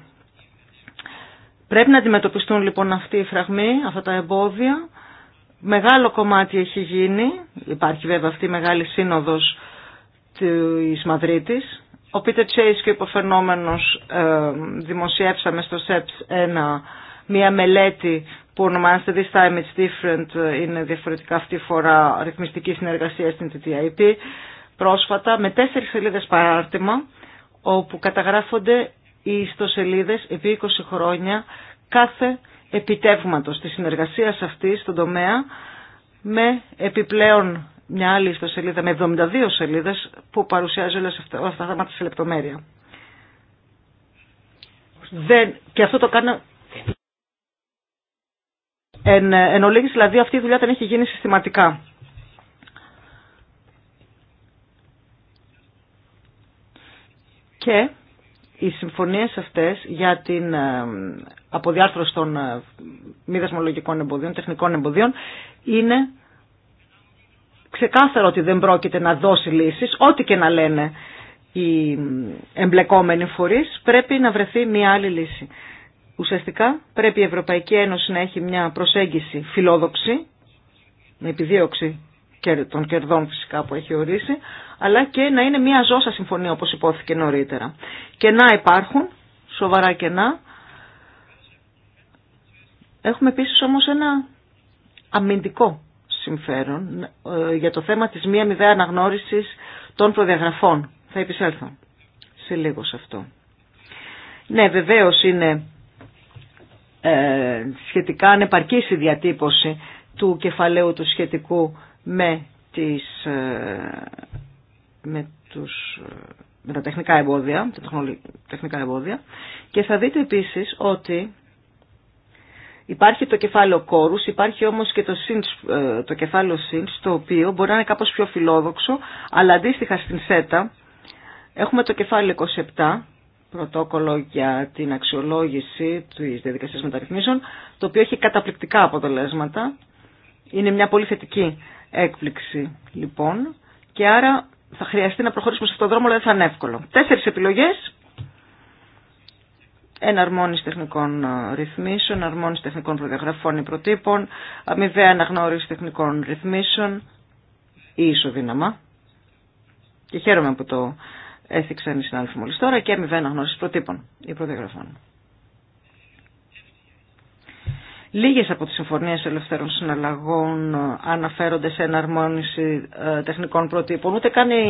Πρέπει να αντιμετωπιστούν λοιπόν αυτοί οι φραγμοί, αυτά τα εμπόδια. Μεγάλο κομμάτι έχει γίνει, υπάρχει βέβαια αυτή η μεγάλη σύνοδος της Μαδρίτης. Ο Πίτερ Τσέις και ο υποφαινόμενος ε, δημοσιεύσαμε στο ΣΕΠΣ ένα, μια μελέτη που ονομάζεται This Time It's Different, ε, είναι διαφορετικά αυτή φορά ρυθμιστική συνεργασία στην TTIP, πρόσφατα με τέσσερις σελίδες παράρτημα, όπου καταγράφονται οι ιστοσελίδες επί 20 χρόνια κάθε επιτεύγματος της συνεργασίας αυτής στον τομέα, με επιπλέον μια άλλη ιστοσελίδα με 72 σελίδες που παρουσιάζει όλα αυτά, τα θέματα σε λεπτομέρεια. Δεν, και αυτό το κάνω Εν, εν ολίγης, δηλαδή αυτή η δουλειά δεν έχει γίνει συστηματικά. Και οι συμφωνίες αυτές για την ε, αποδιάρθρωση των ε, μη δεσμολογικών εμποδιών, τεχνικών εμποδιών, είναι ξεκάθαρο ότι δεν πρόκειται να δώσει λύσεις, ό,τι και να λένε οι ε, εμπλεκόμενοι φορείς, πρέπει να βρεθεί μια άλλη λύση. Ουσιαστικά πρέπει η Ευρωπαϊκή Ένωση να έχει μια προσέγγιση φιλόδοξη, με επιδίωξη των κερδών φυσικά που έχει ορίσει, αλλά και να είναι μια ζώσα συμφωνία όπως υπόθηκε νωρίτερα. Και να υπάρχουν, σοβαρά κενά. Έχουμε επίσης όμως ένα αμυντικό συμφέρον ε, για το θέμα της μία μηδέα αναγνώρισης των προδιαγραφών. Θα επισέλθω σε λίγο σε αυτό. Ναι, βεβαίως είναι ε, σχετικά ανεπαρκής η διατύπωση του κεφαλαίου του σχετικού με, τις, ε, με, τους, ε, με τα τεχνικά εμπόδια, τεχνικά εμπόδια και θα δείτε επίσης ότι Υπάρχει το κεφάλαιο κόρους, υπάρχει όμως και το, συντς, το κεφάλαιο συντς, το οποίο μπορεί να είναι κάπως πιο φιλόδοξο, αλλά αντίστοιχα στην ΣΕΤΑ έχουμε το κεφάλαιο 27, πρωτόκολλο για την αξιολόγηση της διαδικασίας μεταρρυθμίσεων, το οποίο έχει καταπληκτικά αποτελέσματα. Είναι μια πολύ θετική έκπληξη, λοιπόν, και άρα θα χρειαστεί να προχωρήσουμε σε αυτόν τον δρόμο, αλλά δεν θα είναι εύκολο. Τέσσερις επιλογές. Εναρμόνιση τεχνικών ε, ρυθμίσεων, εναρμόνιση τεχνικών προδιαγραφών ή προτύπων, αμοιβαία αναγνώριση τεχνικών ρυθμίσεων ή ισοδύναμα. Και χαίρομαι που το έθιξαν οι συνάδελφοι μόλις τώρα και αμοιβή γνώση προτύπων ή προδιαγραφών. Λίγες από τις συμφωνίες ελευθέρων συναλλαγών αναφέρονται σε εναρμόνιση ε, τεχνικών προτύπων. Ούτε κάνει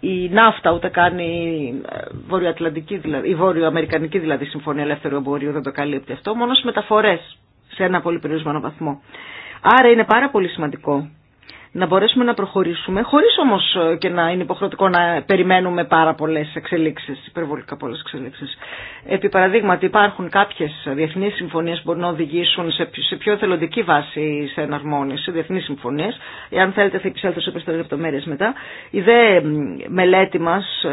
η, ΝΑΦΤΑ, ούτε κάνει η, ε, βορειοατλαντική, η βορειοαμερικανική δηλαδή συμφωνία ελεύθερου εμπορίου δεν το καλύπτει αυτό. Μόνο σε μεταφορές σε ένα πολύ περιορισμένο βαθμό. Άρα είναι πάρα πολύ σημαντικό να μπορέσουμε να προχωρήσουμε, χωρί όμω ε, και να είναι υποχρεωτικό να περιμένουμε πάρα πολλέ εξελίξει, υπερβολικά πολλέ εξελίξει. Επί παραδείγματι υπάρχουν κάποιε διεθνεί συμφωνίε που μπορούν να οδηγήσουν σε, πιο θελοντική βάση σε εναρμόνιση, διεθνεί συμφωνίε. Εάν θέλετε θα επισέλθω σε περισσότερε λεπτομέρειε μετά. Η δε μελέτη μα ε,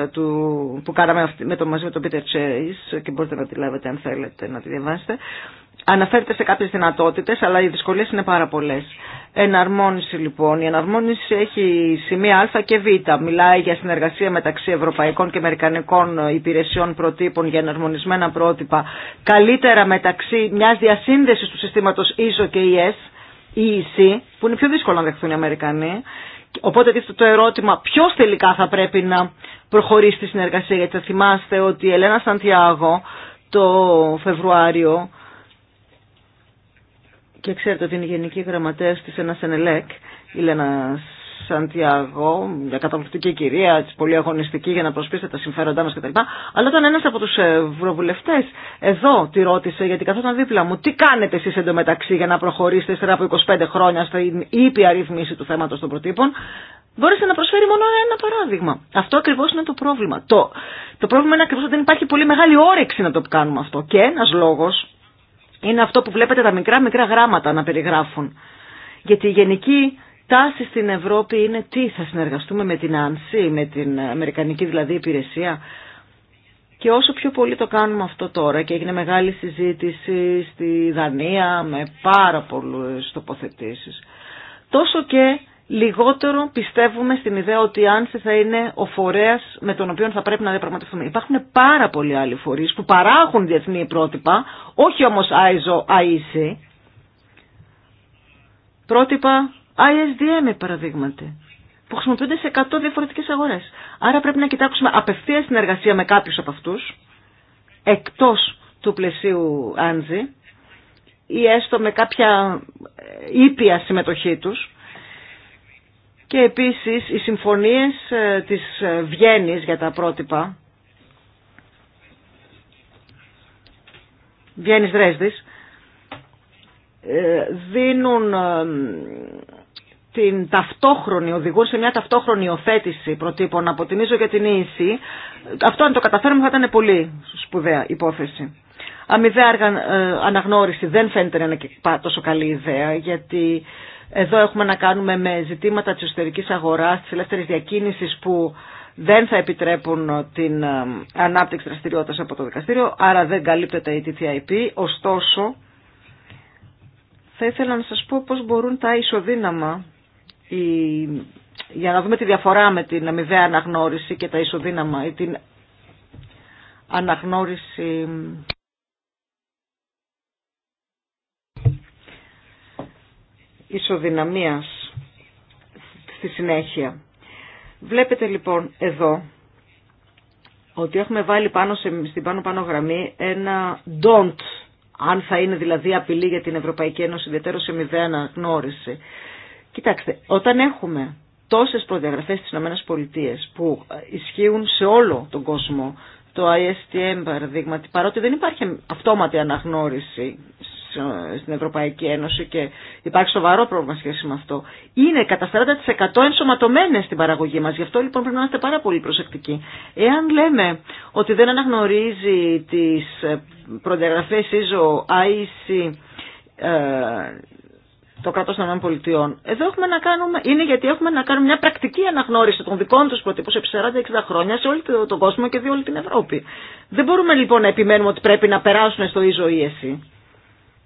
που κάναμε με το, μαζί με τον Πίτερ Chase ε, και μπορείτε να τη λάβετε αν θέλετε να τη διαβάσετε, αναφέρεται σε κάποιες δυνατότητες, αλλά οι δυσκολίες είναι πάρα πολλές. Εναρμόνιση λοιπόν. Η εναρμόνιση έχει σημεία Α και Β. Μιλάει για συνεργασία μεταξύ ευρωπαϊκών και αμερικανικών υπηρεσιών προτύπων για εναρμονισμένα πρότυπα. Καλύτερα μεταξύ μιας διασύνδεσης του συστήματος ISO και ES, EEC, που είναι πιο δύσκολο να δεχθούν οι Αμερικανοί. Οπότε τίθεται το ερώτημα ποιο τελικά θα πρέπει να προχωρήσει τη συνεργασία. Γιατί θα θυμάστε ότι η Ελένα Σαντιάγο το Φεβρουάριο και ξέρετε ότι είναι γενική γραμματέα τη Ένα ΕΝΕΛΕΚ, η Λένα Σαντιάγο, μια καταπληκτική κυρία, πολύ αγωνιστική για να προσπίσετε τα συμφέροντά μα κτλ. Αλλά όταν ένα από του ε, ευρωβουλευτέ εδώ τη ρώτησε, γιατί καθόταν δίπλα μου, τι κάνετε εσείς εντωμεταξύ για να προχωρήσετε ύστερα από 25 χρόνια στην ήπια ρύθμιση του θέματο των προτύπων, Μπόρεσε να προσφέρει μόνο ένα παράδειγμα. Αυτό ακριβώ είναι το πρόβλημα. Το, το πρόβλημα είναι ακριβώ ότι δεν υπάρχει πολύ μεγάλη όρεξη να το κάνουμε αυτό. Και ένα λόγο είναι αυτό που βλέπετε τα μικρά μικρά γράμματα να περιγράφουν. Γιατί η γενική τάση στην Ευρώπη είναι τι θα συνεργαστούμε με την ΑΝΣΥ, με την Αμερικανική δηλαδή υπηρεσία. Και όσο πιο πολύ το κάνουμε αυτό τώρα και έγινε μεγάλη συζήτηση στη Δανία με πάρα πολλούς τοποθετήσεις, τόσο και λιγότερο πιστεύουμε στην ιδέα ότι η Άνση θα είναι ο φορέα με τον οποίο θα πρέπει να διαπραγματευτούμε. Υπάρχουν πάρα πολλοί άλλοι φορεί που παράγουν διεθνή πρότυπα, όχι όμω ISO, IEC. Πρότυπα ISDM, παραδείγματι, που χρησιμοποιούνται σε 100 διαφορετικέ αγορέ. Άρα πρέπει να κοιτάξουμε απευθεία συνεργασία με κάποιου από αυτού, εκτό του πλαισίου Άνζη ή έστω με κάποια ήπια συμμετοχή τους και επίσης οι συμφωνίες ε, της Βιέννης για τα πρότυπα Βιέννης Δρέσδης ε, δίνουν ε, την ταυτόχρονη, οδηγούν σε μια ταυτόχρονη υιοθέτηση προτύπων από την ίσο την ίση. Αυτό αν το καταφέρουμε θα ήταν πολύ σπουδαία υπόθεση. Αμοιβαία αναγνώριση δεν φαίνεται να είναι τόσο καλή ιδέα γιατί εδώ έχουμε να κάνουμε με ζητήματα της εσωτερικής αγοράς, της ελεύθερης διακίνησης που δεν θα επιτρέπουν την ε, ανάπτυξη δραστηριότητα από το δικαστήριο, άρα δεν καλύπτεται η TTIP. Ωστόσο, θα ήθελα να σας πω πώς μπορούν τα ισοδύναμα, για να δούμε τη διαφορά με την αμοιβαία αναγνώριση και τα ισοδύναμα, ή την αναγνώριση ισοδυναμίας στη συνέχεια. Βλέπετε λοιπόν εδώ ότι έχουμε βάλει πάνω σε, στην πάνω πάνω γραμμή ένα don't, αν θα είναι δηλαδή απειλή για την Ευρωπαϊκή Ένωση, ιδιαίτερο σε μηδέα αναγνώριση. Κοιτάξτε, όταν έχουμε τόσες προδιαγραφές στις ΗΠΑ που ισχύουν σε όλο τον κόσμο, το ISTM παραδείγματι, παρότι δεν υπάρχει αυτόματη αναγνώριση ε, στην Ευρωπαϊκή Ένωση και υπάρχει σοβαρό πρόβλημα σχέση με αυτό, είναι κατά 40% ενσωματωμένε στην παραγωγή μα Γι' αυτό λοιπόν πρέπει να είμαστε πάρα πολύ προσεκτικοί. Εάν λέμε ότι δεν αναγνωρίζει τις ε, προδιαγραφές ISO, IEC, ε, το κράτο των ΗΠΑ. Εδώ έχουμε να κάνουμε, είναι γιατί έχουμε να κάνουμε μια πρακτική αναγνώριση των δικών του προτύπων σε 40-60 χρόνια σε όλο τον κόσμο και δι' όλη την Ευρώπη. Δεν μπορούμε λοιπόν να επιμένουμε ότι πρέπει να περάσουν στο ISO ή εσύ.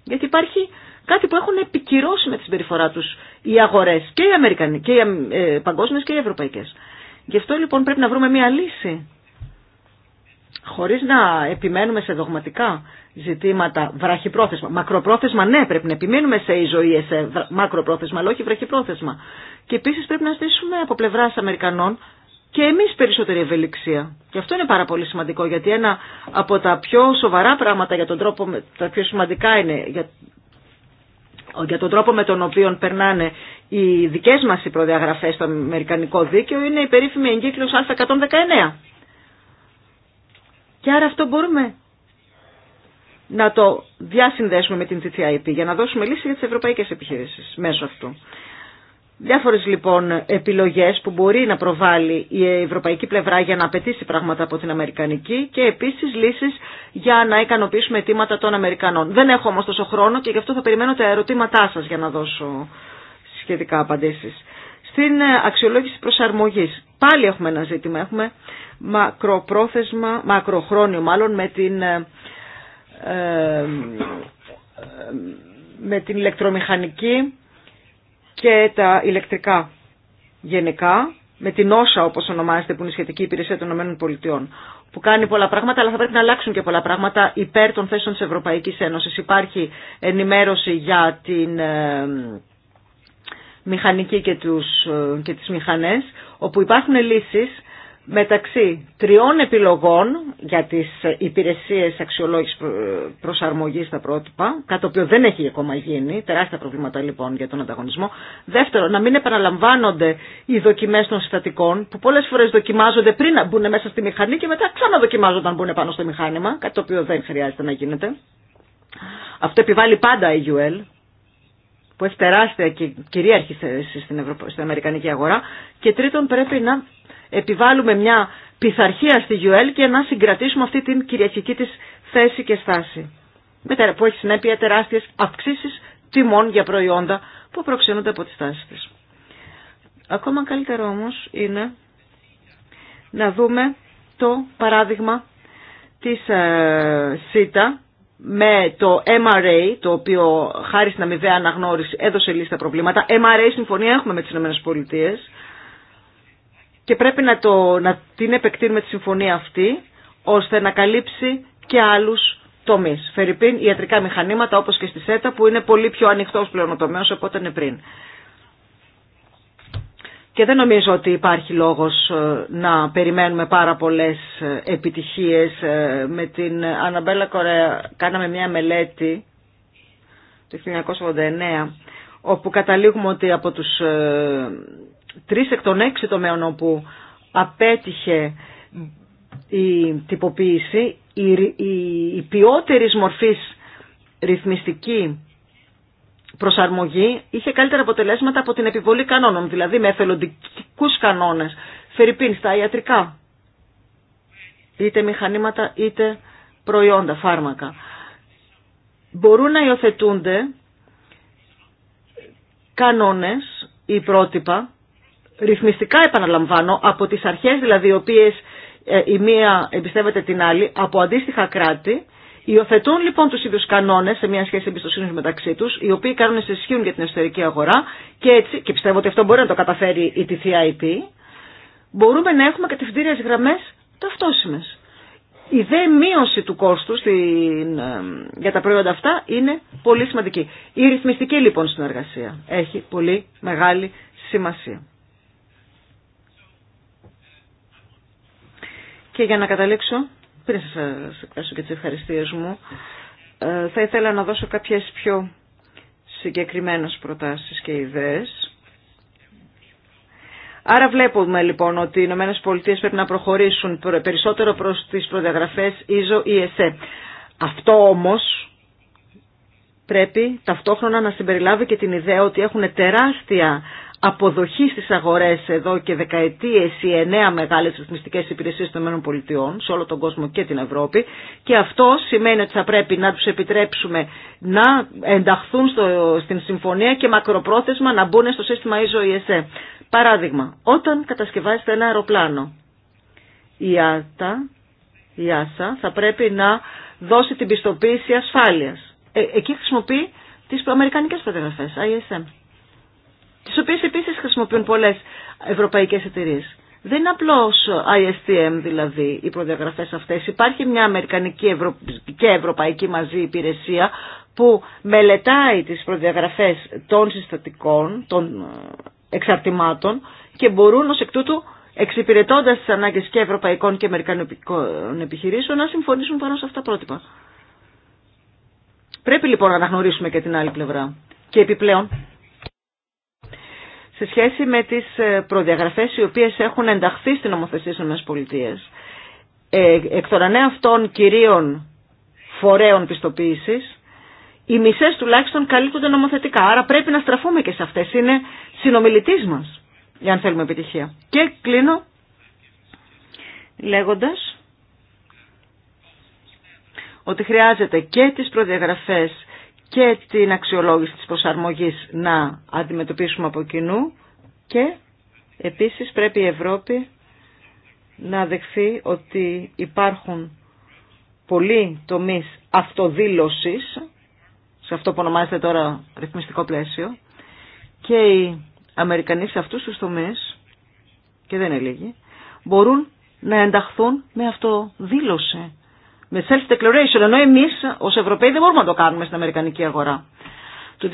Γιατί υπάρχει κάτι που έχουν επικυρώσει με τη συμπεριφορά τους οι αγορές και οι, Αμερικανοί, και οι ε, παγκόσμιες και οι ευρωπαϊκές. Γι' αυτό λοιπόν πρέπει να βρούμε μια λύση. Χωρίς να επιμένουμε σε δογματικά ζητήματα βραχυπρόθεσμα. Μακροπρόθεσμα ναι πρέπει να επιμένουμε σε η ζωή σε μακροπρόθεσμα αλλά όχι βραχυπρόθεσμα. Και επίσης πρέπει να στήσουμε από πλευράς Αμερικανών και εμείς περισσότερη ευελιξία. Και αυτό είναι πάρα πολύ σημαντικό γιατί ένα από τα πιο σοβαρά πράγματα για τον τρόπο, τα πιο σημαντικά είναι για, για τον τρόπο με τον οποίο περνάνε οι δικές μας οι προδιαγραφές στο Αμερικανικό Δίκαιο είναι η περίφημη εγκύκλος Α119. Και άρα αυτό μπορούμε να το διασυνδέσουμε με την TTIP για να δώσουμε λύση για τις ευρωπαϊκές επιχειρήσεις μέσω αυτού. Διάφορες λοιπόν επιλογές που μπορεί να προβάλλει η ευρωπαϊκή πλευρά για να απαιτήσει πράγματα από την αμερικανική και επίσης λύσεις για να ικανοποιήσουμε αιτήματα των Αμερικανών. Δεν έχω όμως τόσο χρόνο και γι' αυτό θα περιμένω τα ερωτήματά σας για να δώσω σχετικά απαντήσεις. Στην αξιολόγηση προσαρμογής πάλι έχουμε ένα ζήτημα. Έχουμε μακροπρόθεσμα, μακροχρόνιο μάλλον με την... ε, ε με την ηλεκτρομηχανική και τα ηλεκτρικά γενικά, με την όσα όπως ονομάζεται που είναι η σχετική υπηρεσία των ΗΠΑ, που κάνει πολλά πράγματα, αλλά θα πρέπει να αλλάξουν και πολλά πράγματα υπέρ των θέσεων της Ευρωπαϊκής Ένωσης. Υπάρχει ενημέρωση για την ε, μηχανική και, τους, ε, και τις μηχανές, όπου υπάρχουν λύσεις μεταξύ τριών επιλογών για τις υπηρεσίες αξιολόγησης προσαρμογής στα πρότυπα, κάτι το οποίο δεν έχει ακόμα γίνει, τεράστια προβλήματα λοιπόν για τον ανταγωνισμό. Δεύτερο, να μην επαναλαμβάνονται οι δοκιμές των συστατικών, που πολλές φορές δοκιμάζονται πριν να μπουν μέσα στη μηχανή και μετά ξαναδοκιμάζονται να μπουν πάνω στο μηχάνημα, κάτι το οποίο δεν χρειάζεται να γίνεται. Αυτό επιβάλλει πάντα η UL, που έχει τεράστια και κυρίαρχη θέση στην Αμερικανική αγορά. Και τρίτον, πρέπει να επιβάλλουμε μια πειθαρχία στη UL και να συγκρατήσουμε αυτή την κυριαρχική της θέση και στάση. Μετά που έχει συνέπεια τεράστιες αυξήσεις τιμών για προϊόντα που προξενούνται από τι τάσει τη. Ακόμα καλύτερο όμω είναι να δούμε το παράδειγμα της ε, ΣΥΤΑ με το MRA, το οποίο χάρη στην αμοιβαία αναγνώριση έδωσε λίστα προβλήματα. MRA συμφωνία έχουμε με τις ΗΠΑ και πρέπει να, το, να την επεκτείνουμε τη συμφωνία αυτή ώστε να καλύψει και άλλους τομείς. Φερρυπίν, ιατρικά μηχανήματα όπως και στη ΣΕΤΑ που είναι πολύ πιο ανοιχτός πλέον ο τομέας από όταν είναι πριν. Και δεν νομίζω ότι υπάρχει λόγος ε, να περιμένουμε πάρα πολλές ε, επιτυχίες. Ε, με την Αναμπέλα Κορέα κάναμε μια μελέτη το 1989 όπου καταλήγουμε ότι από τους τρεις εκ των έξι τομέων όπου απέτυχε η τυποποίηση, η, η, η μορφής ρυθμιστική προσαρμογή είχε καλύτερα αποτελέσματα από την επιβολή κανόνων, δηλαδή με εθελοντικούς κανόνες, φερρυπίν στα ιατρικά, είτε μηχανήματα είτε προϊόντα, φάρμακα. Μπορούν να υιοθετούνται κανόνες ή πρότυπα ρυθμιστικά επαναλαμβάνω, από τις αρχές δηλαδή οι οποίες ε, η μία εμπιστεύεται την άλλη, από αντίστοιχα κράτη, Υιοθετούν λοιπόν του ίδιου κανόνε σε μια σχέση εμπιστοσύνη μεταξύ του, οι οποίοι κάνουν ισχύουν για την εσωτερική αγορά και έτσι, και πιστεύω ότι αυτό μπορεί να το καταφέρει η TTIP, μπορούμε να έχουμε κατευθυντήριε γραμμέ ταυτόσιμε. Η δε μείωση του κόστου στην, ε, για τα προϊόντα αυτά είναι πολύ σημαντική. Η ρυθμιστική λοιπόν συνεργασία έχει πολύ μεγάλη σημασία. Και για να καταλήξω, πριν σας εκφράσω και τι ευχαριστίε μου, ε, θα ήθελα να δώσω κάποιες πιο συγκεκριμένες προτάσεις και ιδέες. Άρα βλέπουμε λοιπόν ότι οι Ηνωμένε Πολιτείες πρέπει να προχωρήσουν περισσότερο προς τις προδιαγραφές ISO ESE. Αυτό όμως πρέπει ταυτόχρονα να συμπεριλάβει και την ιδέα ότι έχουν τεράστια αποδοχή στις αγορές εδώ και δεκαετίες οι εννέα μεγάλες ρυθμιστικές υπηρεσίες των ΗΠΑ σε όλο τον κόσμο και την Ευρώπη και αυτό σημαίνει ότι θα πρέπει να τους επιτρέψουμε να ενταχθούν στο, στην συμφωνία και μακροπρόθεσμα να μπουν στο σύστημα ISO ESE. Παράδειγμα, όταν κατασκευάζεται ένα αεροπλάνο, η ΆΤΑ, η ΆΣΑ θα πρέπει να δώσει την πιστοποίηση ασφάλειας. Ε, εκεί χρησιμοποιεί τις προαμερικανικές προδιαγραφές, ISM τις οποίες επίσης χρησιμοποιούν πολλές ευρωπαϊκές εταιρείες. Δεν είναι απλώς ISTM δηλαδή οι προδιαγραφές αυτές. Υπάρχει μια αμερικανική Ευρω... και ευρωπαϊκή μαζί υπηρεσία που μελετάει τις προδιαγραφές των συστατικών, των ε, εξαρτημάτων και μπορούν ως εκ τούτου εξυπηρετώντας τις ανάγκες και ευρωπαϊκών και αμερικανικών επιχειρήσεων να συμφωνήσουν πάνω σε αυτά τα πρότυπα. Πρέπει λοιπόν να αναγνωρίσουμε και την άλλη πλευρά. Και επιπλέον σε σχέση με τις ε, προδιαγραφές οι οποίες έχουν ενταχθεί στην νομοθεσία στις πολιτείες. Ε, εκ των αυτών κυρίων φορέων πιστοποίησης, οι μισές τουλάχιστον καλύπτονται νομοθετικά. Άρα πρέπει να στραφούμε και σε αυτές. Είναι συνομιλητής μας, για αν θέλουμε επιτυχία. Και κλείνω λέγοντας ότι χρειάζεται και τις προδιαγραφές και την αξιολόγηση της προσαρμογής να αντιμετωπίσουμε από κοινού και επίσης πρέπει η Ευρώπη να δεχθεί ότι υπάρχουν πολλοί τομείς αυτοδήλωσης σε αυτό που ονομάζεται τώρα ρυθμιστικό πλαίσιο και οι Αμερικανοί σε αυτούς τους τομείς και δεν είναι λίγοι μπορούν να ενταχθούν με αυτοδήλωση με self-declaration, ενώ εμεί ως Ευρωπαίοι δεν μπορούμε να το κάνουμε στην Αμερικανική αγορά. Το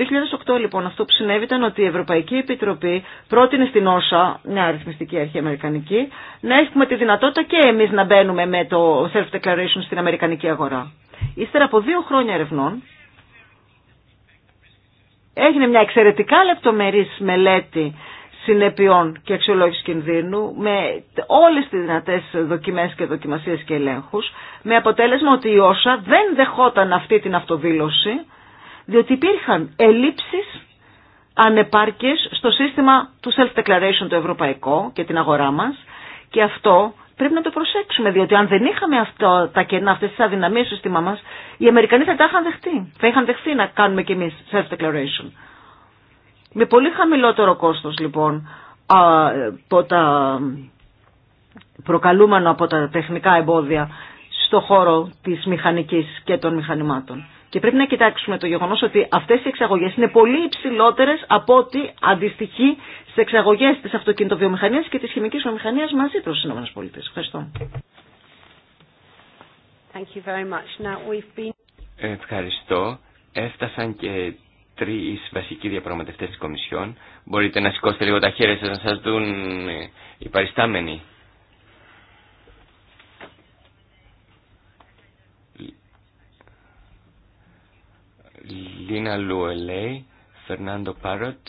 2008 λοιπόν αυτό που συνέβη ήταν ότι η Ευρωπαϊκή Επιτροπή πρότεινε στην όσα μια αριθμιστική αρχή αμερικανική, να έχουμε τη δυνατότητα και εμείς να μπαίνουμε με το self-declaration στην αμερικανική αγορά. Ύστερα από δύο χρόνια ερευνών, έγινε μια εξαιρετικά λεπτομερή μελέτη συνεπειών και αξιολόγηση κινδύνου, με όλες τις δυνατές δοκιμές και δοκιμασίες και ελέγχους, με αποτέλεσμα ότι η ΩΣΑ δεν δεχόταν αυτή την αυτοδήλωση, διότι υπήρχαν ελλείψεις ανεπάρκειες στο σύστημα του self-declaration το ευρωπαϊκό και την αγορά μας και αυτό πρέπει να το προσέξουμε, διότι αν δεν είχαμε αυτό, τα κενά, αυτές τις αδυναμίες στο σύστημα μας, οι Αμερικανοί θα τα είχαν δεχτεί. Θα είχαν δεχτεί να κάνουμε κι εμείς self-declaration. Με πολύ χαμηλότερο κόστος λοιπόν από τα προκαλούμενο από τα τεχνικά εμπόδια στο χώρο της μηχανικής και των μηχανημάτων. Και πρέπει να κοιτάξουμε το γεγονός ότι αυτές οι εξαγωγές είναι πολύ υψηλότερες από ό,τι αντιστοιχεί στι εξαγωγέ τη αυτοκινητοβιομηχανίας και της χημικής βιομηχανίας μαζί προ τι ΗΠΑ. Ευχαριστώ. Ευχαριστώ. Έφτασαν και τρει βασικοί διαπραγματευτέ τη Κομισιόν. Μπορείτε να σηκώσετε λίγο τα χέρια σα να σα δουν οι παριστάμενοι. Λίνα Λουελέη, Φερνάντο Πάροτ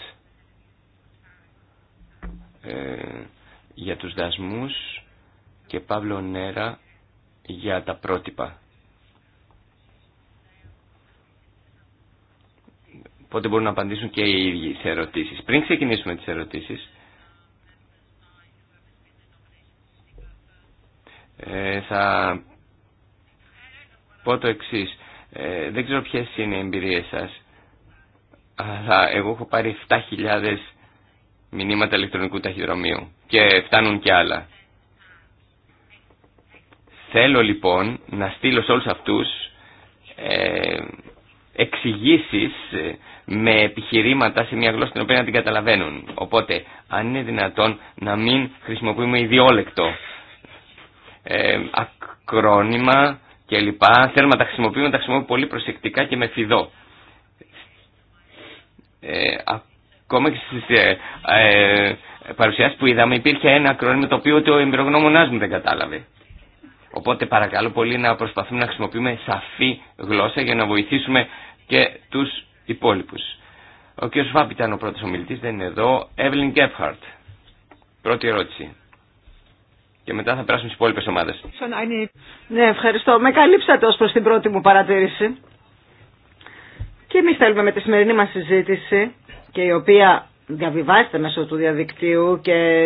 ε, για τους δασμούς και Παύλο Νέρα για τα πρότυπα. Οπότε μπορούν να απαντήσουν και οι ίδιοι σε ερωτήσεις. Πριν ξεκινήσουμε τις ερωτήσεις, ε, θα πω το εξή. Ε, δεν ξέρω ποιες είναι οι εμπειρίες σας, αλλά εγώ έχω πάρει 7.000 μηνύματα ηλεκτρονικού ταχυδρομείου και φτάνουν και άλλα. Θέλω λοιπόν να στείλω σε όλους αυτούς ε, εξηγήσει ε, με επιχειρήματα σε μια γλώσσα την οποία να την καταλαβαίνουν. Οπότε, αν είναι δυνατόν να μην χρησιμοποιούμε ιδιόλεκτο ε, ακρόνημα κλπ. Θέλουμε να τα χρησιμοποιούμε, να τα χρησιμοποιούμε πολύ προσεκτικά και με φιδό. Ε, ακόμα και στις ε, ε, παρουσιάσεις που είδαμε υπήρχε ένα ακρόνημα το οποίο ο εμπειρογνώμονάς μου δεν κατάλαβε. Οπότε παρακαλώ πολύ να προσπαθούμε να χρησιμοποιούμε σαφή γλώσσα για να βοηθήσουμε και του υπόλοιπου. Ο κ. Φάμπ ήταν ο πρώτος ομιλητή δεν είναι εδώ. Εύλιν Γκέφχαρτ. Πρώτη ερώτηση. Και μετά θα περάσουμε στι υπόλοιπε ομάδε. Ναι, ευχαριστώ. Με καλύψατε ω προ την πρώτη μου παρατήρηση. Και εμεί θέλουμε με τη σημερινή μα συζήτηση, και η οποία διαβιβάζεται μέσω του διαδικτύου και,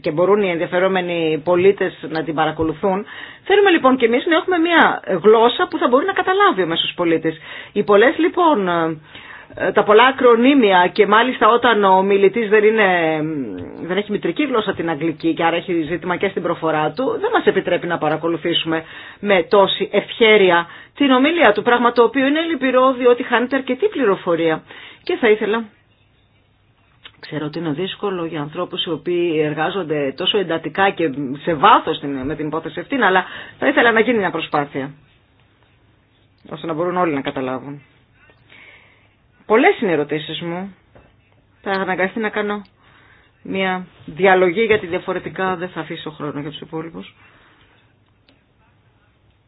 και μπορούν οι ενδιαφερόμενοι πολίτες να την παρακολουθούν. Θέλουμε λοιπόν και εμείς να έχουμε μια γλώσσα που θα μπορεί να καταλάβει ο μέσος πολίτης. Οι πολλές λοιπόν ε, τα πολλά ακρονίμια και μάλιστα όταν ο μιλητής δεν, δεν έχει μητρική γλώσσα την αγγλική και άρα έχει ζήτημα και στην προφορά του, δεν μας επιτρέπει να παρακολουθήσουμε με τόση ευχέρεια την ομιλία του, πράγμα το οποίο είναι λυπηρό διότι χάνεται αρκετή πληροφορία. Και θα ήθελα Ξέρω ότι είναι δύσκολο για ανθρώπους οι οποίοι εργάζονται τόσο εντατικά και σε βάθος με την υπόθεση αυτή, αλλά θα ήθελα να γίνει μια προσπάθεια, ώστε να μπορούν όλοι να καταλάβουν. Πολλές είναι οι ερωτήσεις μου. Θα αναγκαστεί να κάνω μια διαλογή, γιατί διαφορετικά δεν θα αφήσω χρόνο για τους υπόλοιπους.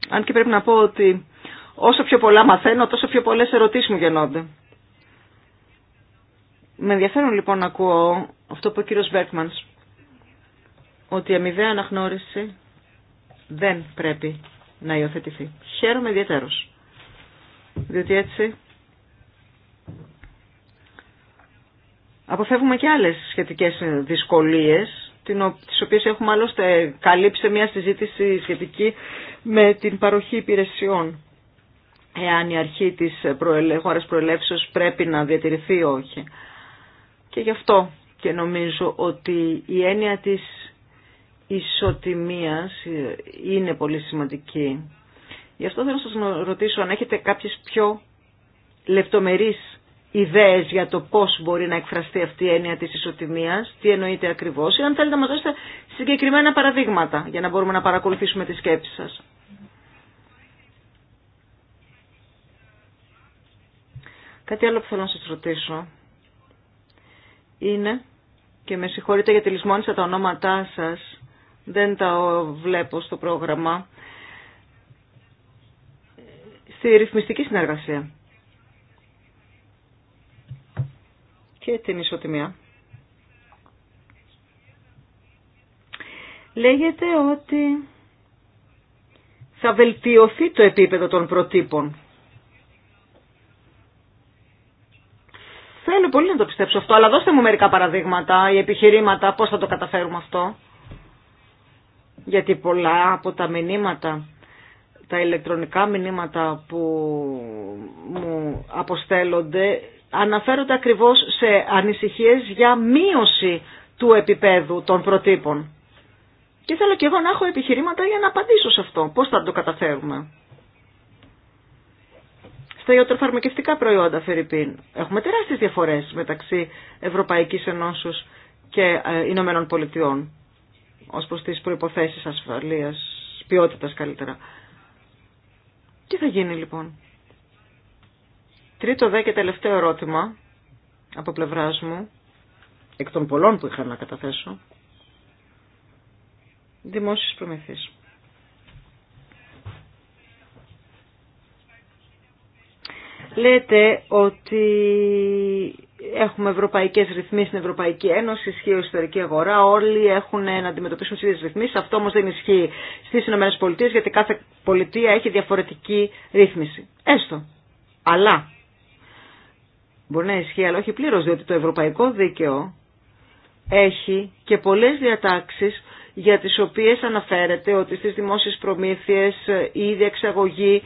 Αν και πρέπει να πω ότι όσο πιο πολλά μαθαίνω, τόσο πιο πολλές ερωτήσεις μου γεννώνται. Με ενδιαφέρον λοιπόν να ακούω αυτό που ο κύριος Μπέρκμανς, ότι η αμοιβαία αναγνώριση δεν πρέπει να υιοθετηθεί. Χαίρομαι ιδιαίτερος, διότι έτσι αποφεύγουμε και άλλες σχετικές δυσκολίες, τις οποίες έχουμε άλλωστε καλύψει μια συζήτηση σχετική με την παροχή υπηρεσιών. Εάν η αρχή της προελε... χώρας προελεύσεως πρέπει να διατηρηθεί ή όχι. Και γι' αυτό και νομίζω ότι η έννοια της ισοτιμίας είναι πολύ σημαντική. Γι' αυτό θέλω να σας ρωτήσω αν έχετε κάποιες πιο λεπτομερείς ιδέες για το πώς μπορεί να εκφραστεί αυτή η έννοια της ισοτιμίας, τι εννοείται ακριβώς, ή αν θέλετε να μας δώσετε συγκεκριμένα παραδείγματα για να μπορούμε να παρακολουθήσουμε τις σκέψεις σας. Κάτι άλλο που θέλω να σας ρωτήσω είναι, και με συγχωρείτε τη λησμόνισα τα ονόματά σας, δεν τα βλέπω στο πρόγραμμα, στη ρυθμιστική συνεργασία και την ισοτιμία. Λέγεται ότι θα βελτιωθεί το επίπεδο των προτύπων Θέλω πολύ να το πιστέψω αυτό, αλλά δώστε μου μερικά παραδείγματα, ή επιχειρήματα, πώς θα το καταφέρουμε αυτό. Γιατί πολλά από τα μηνύματα, τα ηλεκτρονικά μηνύματα που μου αποστέλλονται, αναφέρονται ακριβώς σε ανησυχίες για μείωση του επίπεδου των προτύπων. Και θέλω και εγώ να έχω επιχειρήματα για να απαντήσω σε αυτό. Πώς θα το καταφέρουμε στα ιατροφαρμακευτικά προϊόντα, Φερρυπίν. Έχουμε τεράστιες διαφορές μεταξύ Ευρωπαϊκής Ενώσεως και ε, Ηνωμένων Πολιτειών ως προς τις προϋποθέσεις ασφαλείας, ποιότητας καλύτερα. Τι θα γίνει λοιπόν. Τρίτο δε και τελευταίο ερώτημα από πλευράς μου, εκ των πολλών που είχα να καταθέσω, δημόσιες προμηθείς. Λέτε ότι έχουμε ευρωπαϊκέ ρυθμίσει στην Ευρωπαϊκή Ένωση, ισχύει η ιστορική αγορά, όλοι έχουν να αντιμετωπίσουν τι ίδιε ρυθμίσει. Αυτό όμω δεν ισχύει στι ΗΠΑ γιατί κάθε πολιτεία έχει διαφορετική ρύθμιση. Έστω. Αλλά μπορεί να ισχύει, αλλά όχι πλήρω, διότι το ευρωπαϊκό δίκαιο έχει και πολλέ διατάξει για τις οποίες αναφέρεται ότι στις δημόσιες προμήθειες η εξαγωγή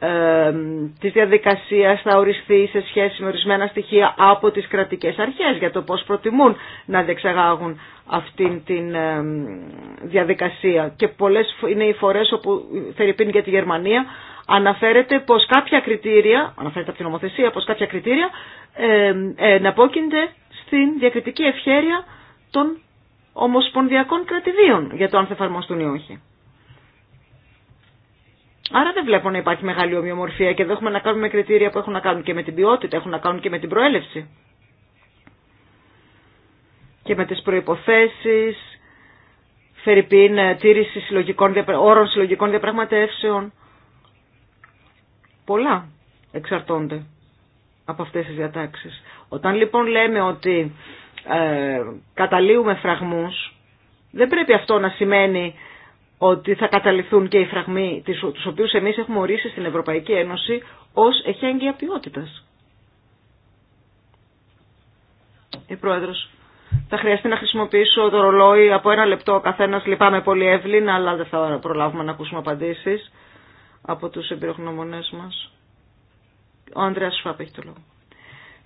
ε, της διαδικασίας θα οριστεί σε σχέση με ορισμένα στοιχεία από τις κρατικές αρχές για το πώς προτιμούν να διεξαγάγουν αυτήν την ε, διαδικασία. Και πολλές είναι οι φορές όπου θερυπίνει για τη Γερμανία αναφέρεται πως κάποια κριτήρια, αναφέρεται από την νομοθεσία, πως κάποια κριτήρια ε, ε πόκινται στην διακριτική ευχέρεια των ομοσπονδιακών κρατηδίων για το αν θα εφαρμοστούν ή όχι. Άρα δεν βλέπω να υπάρχει μεγάλη ομοιομορφία και δεν έχουμε να κάνουμε κριτήρια που έχουν να κάνουν και με την ποιότητα, έχουν να κάνουν και με την προέλευση. Και με τις προϋποθέσεις, φερειπίν, ε, τήρηση συλλογικών, όρων συλλογικών διαπραγματεύσεων. Πολλά εξαρτώνται από αυτές τις διατάξεις. Όταν λοιπόν λέμε ότι ε, καταλύουμε φραγμούς, δεν πρέπει αυτό να σημαίνει ότι θα καταληθούν και οι φραγμοί τους οποίους εμείς έχουμε ορίσει στην Ευρωπαϊκή Ένωση ως εχέγγυα ποιότητας. Η ε, Πρόεδρος. Θα χρειαστεί να χρησιμοποιήσω το ρολόι από ένα λεπτό ο καθένας. Λυπάμαι πολύ εύληνα, αλλά δεν θα προλάβουμε να ακούσουμε απαντήσεις από τους εμπειρογνωμονές μας. Ο Ανδρέας Σφάπ έχει το λόγο.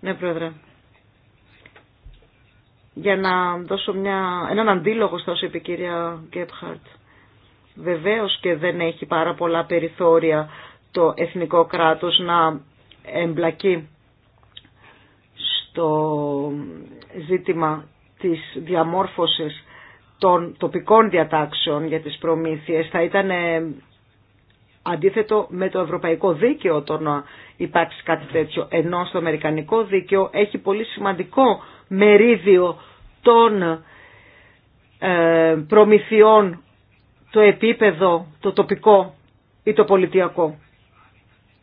Ναι, Πρόεδρε. Για να δώσω μια, έναν αντίλογο στα είπε η κυρία Γκέπχαρτ. Βεβαίως και δεν έχει πάρα πολλά περιθώρια το εθνικό κράτος να εμπλακεί στο ζήτημα της διαμόρφωσης των τοπικών διατάξεων για τις προμήθειες. Θα ήταν ε, αντίθετο με το ευρωπαϊκό δίκαιο το να υπάρξει κάτι τέτοιο, ενώ στο αμερικανικό δίκαιο έχει πολύ σημαντικό μερίδιο των ε, προμηθειών το επίπεδο, το τοπικό ή το πολιτιακό.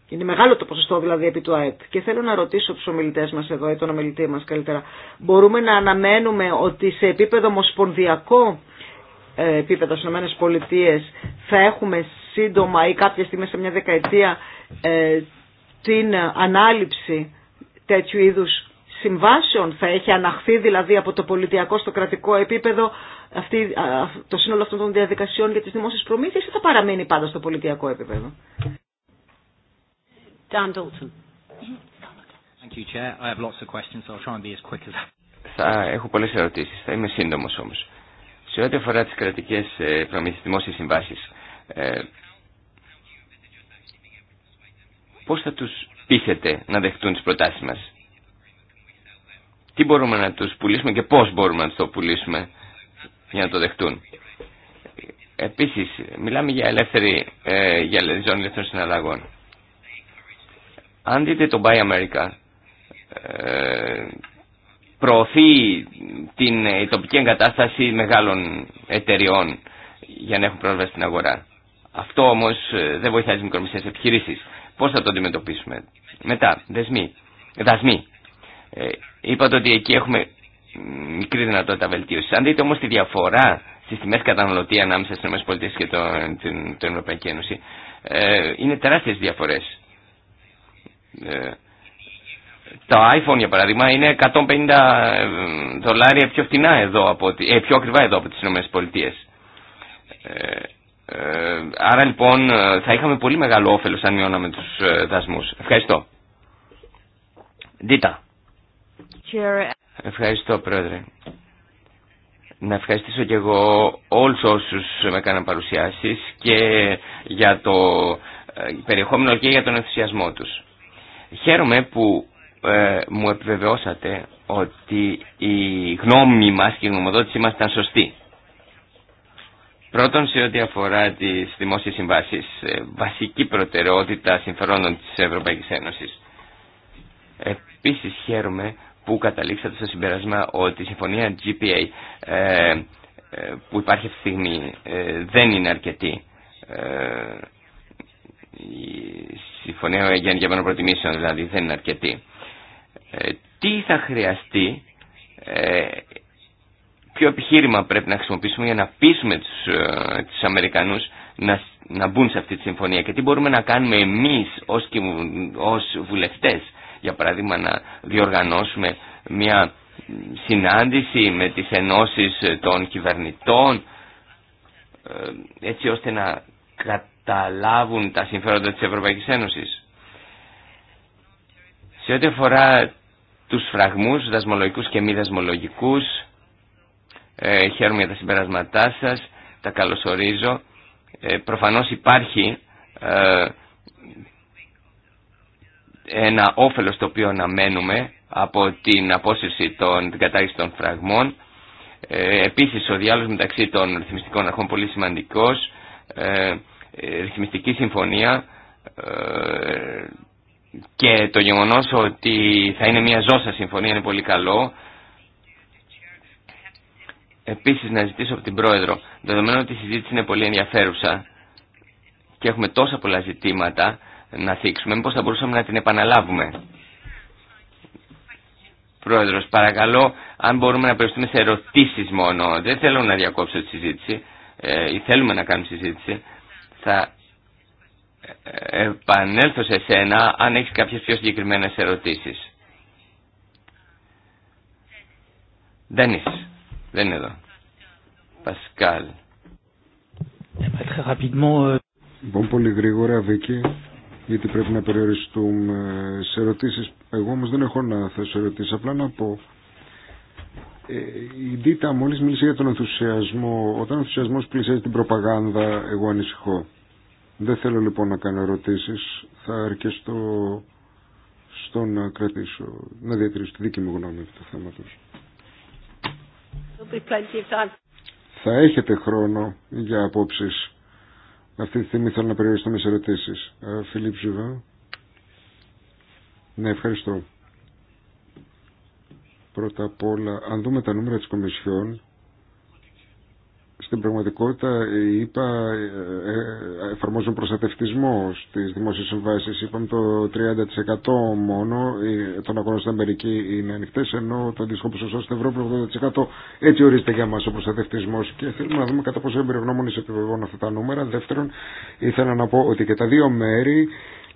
Είναι μεγάλο το ποσοστό δηλαδή επί του ΑΕΠ. Και θέλω να ρωτήσω του ομιλητέ μα εδώ ή τον ομιλητή μα καλύτερα. Μπορούμε να αναμένουμε ότι σε επίπεδο ομοσπονδιακό ε, επίπεδο στι ΗΠΑ θα έχουμε σύντομα ή κάποια στιγμή σε μια δεκαετία ε, την ανάληψη τέτοιου είδους συμβάσεων θα έχει αναχθεί δηλαδή από το πολιτιακό στο κρατικό επίπεδο αυτή, το σύνολο αυτών των διαδικασιών για τις δημόσιες προμήθειες ή θα παραμείνει πάντα στο πολιτιακό επίπεδο. Θα έχω πολλές ερωτήσεις, θα είμαι σύντομος όμως. Σε ό,τι αφορά τις κρατικές ε, προμήθειες, δημόσιες συμβάσεις, ε, πώς θα τους πείθετε να δεχτούν τις προτάσεις μας τι μπορούμε να τους πουλήσουμε και πώς μπορούμε να τους το πουλήσουμε για να το δεχτούν. Επίσης, μιλάμε για ελεύθερη ε, για ζώνη ελεύθερων συναλλαγών. Αν δείτε το Buy America, ε, προωθεί την ε, τοπική εγκατάσταση μεγάλων εταιριών για να έχουν πρόσβαση στην αγορά. Αυτό όμως ε, δεν βοηθάει τις μικρομεσαίες επιχειρήσεις. Πώς θα το αντιμετωπίσουμε. Μετά, δεσμοί. Δασμοί. Ε, είπατε ότι εκεί έχουμε μικρή δυνατότητα βελτίωση. Αν δείτε όμω τη διαφορά στι τιμέ καταναλωτή ανάμεσα στι ΗΠΑ και την, Ευρωπαϊκή Ένωση, ε, είναι τεράστιε διαφορέ. Ε, iPhone για παράδειγμα είναι 150 ε, δολάρια πιο φτηνά εδώ από, ε, πιο ακριβά εδώ από τις ΗΠΑ. Ε, ε, άρα λοιπόν θα είχαμε πολύ μεγάλο όφελος αν μειώναμε τους δασμούς. Ευχαριστώ. Δίτα. Ευχαριστώ, Πρόεδρε. Να ευχαριστήσω και εγώ όλους όσους με έκαναν παρουσιάσεις και για το ε, περιεχόμενο και για τον ενθουσιασμό τους. Χαίρομαι που ε, μου επιβεβαιώσατε ότι η γνώμη μας και η γνωμοδότησή μας ήταν σωστή. Πρώτον, σε ό,τι αφορά τις δημόσιες συμβάσεις, ε, βασική προτεραιότητα συμφερόντων της Ευρωπαϊκής Ένωσης. Επίσης χαίρομαι που καταλήξατε στο συμπέρασμα ότι η συμφωνία GPA ε, ε, που υπάρχει αυτή τη στιγμή ε, δεν είναι αρκετή. Ε, η συμφωνία για να προτιμήσεων δηλαδή δεν είναι αρκετή. Ε, τι θα χρειαστεί, ποιο επιχείρημα πρέπει να χρησιμοποιήσουμε για να πείσουμε τους, τους Αμερικανούς να, να μπουν σε αυτή τη συμφωνία και τι μπορούμε να κάνουμε εμείς ως, ως βουλευτές για παράδειγμα να διοργανώσουμε μια συνάντηση με τις ενώσεις των κυβερνητών ε, έτσι ώστε να καταλάβουν τα συμφέροντα της Ευρωπαϊκής Ένωσης. Σε ό,τι αφορά τους φραγμούς, δασμολογικούς και μη δασμολογικούς, ε, χαίρομαι για τα συμπεράσματά σας, τα καλωσορίζω. Ε, προφανώς υπάρχει ε, ένα όφελος το οποίο αναμένουμε από την απόσυρση των την κατάργηση των φραγμών. Ε, επίσης ο διάλογος μεταξύ των ρυθμιστικών αρχών πολύ σημαντικός, ε, ε ρυθμιστική συμφωνία ε, και το γεγονός ότι θα είναι μια ζώσα συμφωνία είναι πολύ καλό. Επίσης να ζητήσω από την Πρόεδρο, δεδομένου ότι η συζήτηση είναι πολύ ενδιαφέρουσα και έχουμε τόσα πολλά ζητήματα, να θίξουμε. Μήπως θα μπορούσαμε να την επαναλάβουμε. Πρόεδρος, παρακαλώ, αν μπορούμε να περιστούμε σε ερωτήσεις μόνο. Δεν θέλω να διακόψω τη συζήτηση ε, ή θέλουμε να κάνουμε συζήτηση. Θα ε, επανέλθω σε σένα αν έχεις κάποιες πιο συγκεκριμένες ερωτήσεις. Δεν Δεν είναι εδώ. Πασκάλ. Ε, ε. πολύ γρήγορα, Βίκη γιατί πρέπει να περιοριστούμε σε ερωτήσεις. Εγώ όμως δεν έχω να θέσω ερωτήσεις, απλά να πω. Ε, η Ντίτα μόλις μίλησε για τον ενθουσιασμό. Όταν ο ενθουσιασμός πλησιάζει την προπαγάνδα, εγώ ανησυχώ. Δεν θέλω λοιπόν να κάνω ερωτήσεις. Θα αρκεστώ στο να κρατήσω, να διατηρήσω τη δική μου γνώμη του θέματος. Θα έχετε χρόνο για απόψεις. Αυτή τη στιγμή θέλω να περιοριστούμε σε ερωτήσει. Ε, Φιλίπ Ζουβά. Ναι, ευχαριστώ. Πρώτα απ' όλα, αν δούμε τα νούμερα της Κομισιόν, στην πραγματικότητα, είπα, ε, ε, εφαρμόζουν προστατευτισμό στις δημόσιες συμβάσεις. Είπαμε το 30% μόνο ε, των αγώνων στην Αμερική είναι ανοιχτέ, ενώ το αντίστοιχο ποσοστό στην Ευρώπη 80%. Έτσι ορίζεται για μας ο προστατευτισμός και θέλουμε να δούμε κατά πόσο εμπειρογνώμονες επιβεβαιώνουν αυτά τα νούμερα. Δεύτερον, ήθελα να πω ότι και τα δύο μέρη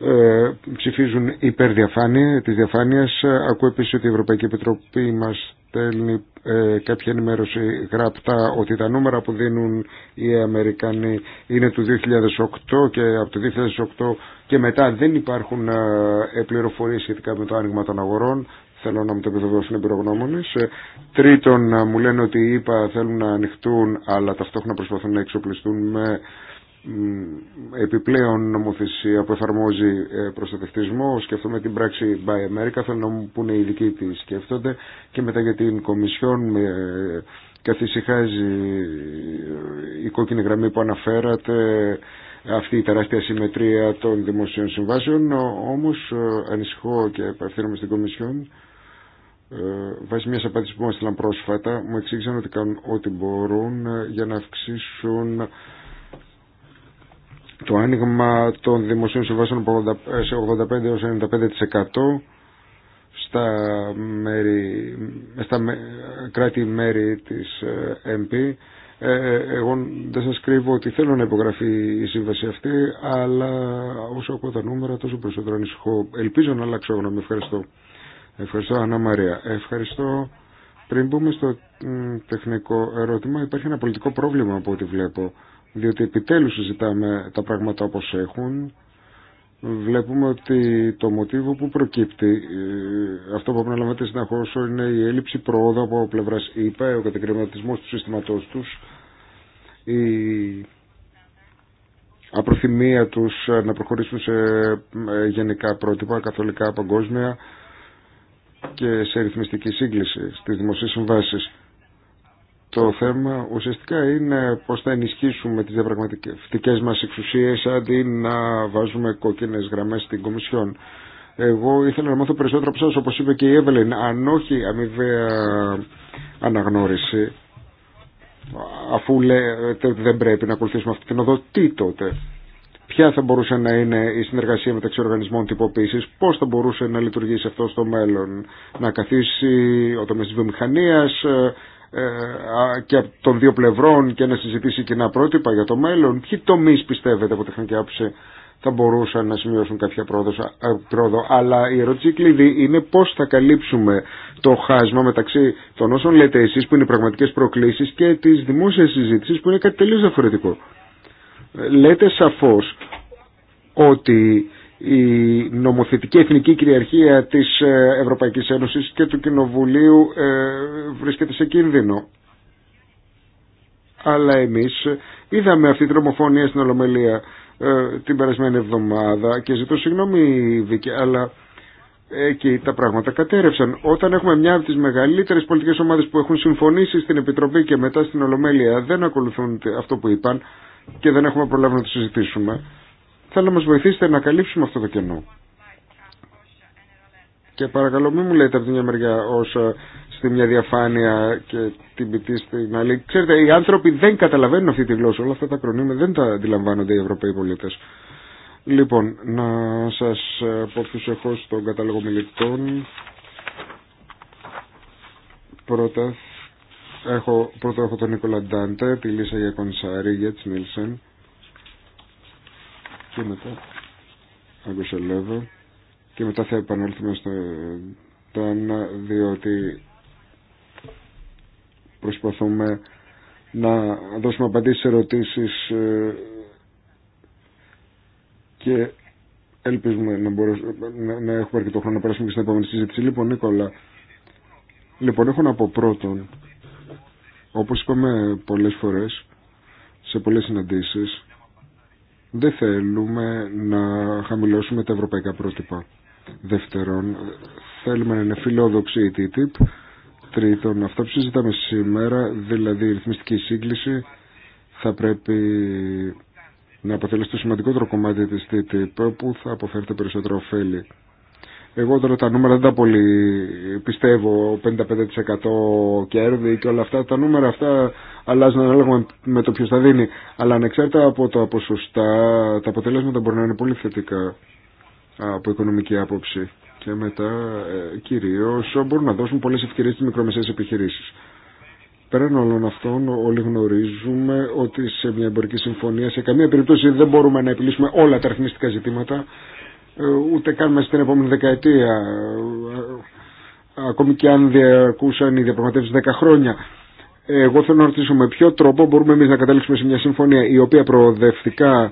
ε, ψηφίζουν υπέρ διαφάνεια, της διαφάνειας. Ε, ακούω επίσης ότι η Ευρωπαϊκή Επιτροπή μας στέλνει ε, κάποια ενημέρωση γραπτά ότι τα νούμερα που δίνουν οι Αμερικανοί είναι του 2008 και από το 2008 και μετά δεν υπάρχουν ε, πληροφορίες σχετικά με το άνοιγμα των αγορών. Θέλω να μου το επιβεβαιώσουν εμπειρογνώμονε. Τρίτον, μου λένε ότι οι ΙΠΑ θέλουν να ανοιχτούν, αλλά ταυτόχρονα προσπαθούν να εξοπλιστούν με επιπλέον νομοθεσία που εφαρμόζει ε, προστατευτισμό. σκεφτούμε την πράξη Buy America, θέλω να μου πούνε οι ειδικοί τι σκέφτονται και μετά για την Κομισιόν με καθησυχάζει ε, η κόκκινη γραμμή που αναφέρατε αυτή η τεράστια συμμετρία των δημοσίων συμβάσεων όμως ε, ανησυχώ και επαρθύνομαι στην Κομισιόν βάσει μια απάντηση που μου έστειλαν πρόσφατα μου εξήγησαν ότι κάνουν ό,τι μπορούν για να αυξήσουν το άνοιγμα των δημοσίων συμβάσεων σε 85 έως 95% στα, στα κράτη-μέρη της MP. Ε, ε, ε, εγώ δεν σας κρύβω ότι θέλω να υπογραφεί η σύμβαση αυτή, αλλά όσο ακούω τα νούμερα τόσο περισσότερο ανησυχώ. Ελπίζω να αλλάξω γνώμη. Ευχαριστώ. Ευχαριστώ Ανά Μαρία. Ευχαριστώ. Πριν μπούμε στο τεχνικό ερώτημα, υπάρχει ένα πολιτικό πρόβλημα από ό,τι βλέπω διότι επιτέλους συζητάμε τα πράγματα όπως έχουν βλέπουμε ότι το μοτίβο που προκύπτει, ε, αυτό που επαναλαμβάνεται συνεχώς, είναι η έλλειψη πρόοδο από πλευράς ΙΠΑ, ο κατεκριματισμός του συστήματός τους, η απροθυμία τους να προχωρήσουν σε ε, γενικά πρότυπα, καθολικά, παγκόσμια και σε ρυθμιστική σύγκληση στις δημοσίες συμβάσεις. Το θέμα ουσιαστικά είναι πώς θα ενισχύσουμε τις διαπραγματικές μας εξουσίες αντί να βάζουμε κόκκινες γραμμές στην Κομισιόν. Εγώ ήθελα να μάθω περισσότερο από εσάς, όπως είπε και η Εύελεν, αν όχι αμοιβαία αναγνώριση, αφού λέτε ότι δεν πρέπει να ακολουθήσουμε αυτή την οδό, τι τότε. Ποια θα μπορούσε να είναι η συνεργασία μεταξύ οργανισμών τυποποίηση, πώ θα μπορούσε να λειτουργήσει αυτό στο μέλλον, να καθίσει ο τομέα τη βιομηχανία, ε, και από των δύο πλευρών και να συζητήσει κοινά πρότυπα για το μέλλον. Ποιοι τομεί πιστεύετε από τεχνική άποψη θα μπορούσαν να σημειώσουν κάποια ε, πρόοδο. Αλλά η ερώτηση κλειδί είναι πώ θα καλύψουμε το χάσμα μεταξύ των όσων λέτε εσεί που είναι οι πραγματικέ προκλήσει και τη δημόσια συζήτηση που είναι κάτι τελείω διαφορετικό. Ε, λέτε σαφώ ότι η νομοθετική εθνική κυριαρχία της ε, Ευρωπαϊκής Ένωσης και του Κοινοβουλίου ε, βρίσκεται σε κίνδυνο. Αλλά εμείς είδαμε αυτή την ομοφωνία στην Ολομελία ε, την περασμένη εβδομάδα και ζητώ συγγνώμη Βίκη, αλλά εκεί τα πράγματα κατέρευσαν. Όταν έχουμε μια από τις μεγαλύτερες πολιτικές ομάδες που έχουν συμφωνήσει στην Επιτροπή και μετά στην Ολομέλεια δεν ακολουθούν αυτό που είπαν και δεν έχουμε προλάβει να το συζητήσουμε Θέλω να μας βοηθήσετε να καλύψουμε αυτό το κενό. Και παρακαλώ μην μου λέτε από την μια μεριά όσα ε, στη μια διαφάνεια και την ποιτή στην άλλη. Ξέρετε, οι άνθρωποι δεν καταλαβαίνουν αυτή τη γλώσσα. Όλα αυτά τα κρονίμια δεν τα αντιλαμβάνονται οι Ευρωπαίοι πολίτε. Λοιπόν, να σα ε, πω ποιου έχω στον κατάλογο μιλητών. Πρώτα έχω, πρώτα έχω τον Νίκολα Ντάντε, τη Λίσα Γιακονσάρη, Γετς Νίλσεν και μετά και μετά θα επανέλθουμε στο ένα διότι προσπαθούμε να δώσουμε απαντήσεις σε ερωτήσεις ε, και ελπίζουμε να, να έχουμε αρκετό χρόνο να περάσουμε και στην επόμενη συζήτηση. Λοιπόν, Νίκολα, λοιπόν, έχω να πω πρώτον, όπως είπαμε πολλές φορές, σε πολλές συναντήσεις, δεν θέλουμε να χαμηλώσουμε τα ευρωπαϊκά πρότυπα. Δεύτερον, θέλουμε να είναι φιλόδοξη η TTIP. Τρίτον, αυτό που συζητάμε σήμερα, δηλαδή η ρυθμιστική σύγκληση, θα πρέπει να αποτελέσει το σημαντικότερο κομμάτι της TTIP που θα αποφέρει περισσότερο περισσότερα ωφέλη εγώ τώρα τα νούμερα δεν τα πολύ πιστεύω, 55% κέρδη και όλα αυτά. Τα νούμερα αυτά αλλάζουν ανάλογα με το ποιο τα δίνει. Αλλά ανεξάρτητα από τα ποσοστά, τα αποτελέσματα μπορεί να είναι πολύ θετικά από οικονομική άποψη. Και μετά ε, κυρίω μπορούν να δώσουν πολλέ ευκαιρίε στι μικρομεσαίε επιχειρήσει. Πέραν όλων αυτών, όλοι γνωρίζουμε ότι σε μια εμπορική συμφωνία σε καμία περίπτωση δεν μπορούμε να επιλύσουμε όλα τα αριθμιστικά ζητήματα. Ε, ούτε καν μέσα στην επόμενη δεκαετία ε, ε, ακόμη και αν διακούσαν οι διαπραγματεύσεις 10 χρόνια. Εγώ θέλω να ρωτήσω με ποιο τρόπο μπορούμε εμείς να καταλήξουμε σε μια συμφωνία η οποία προοδευτικά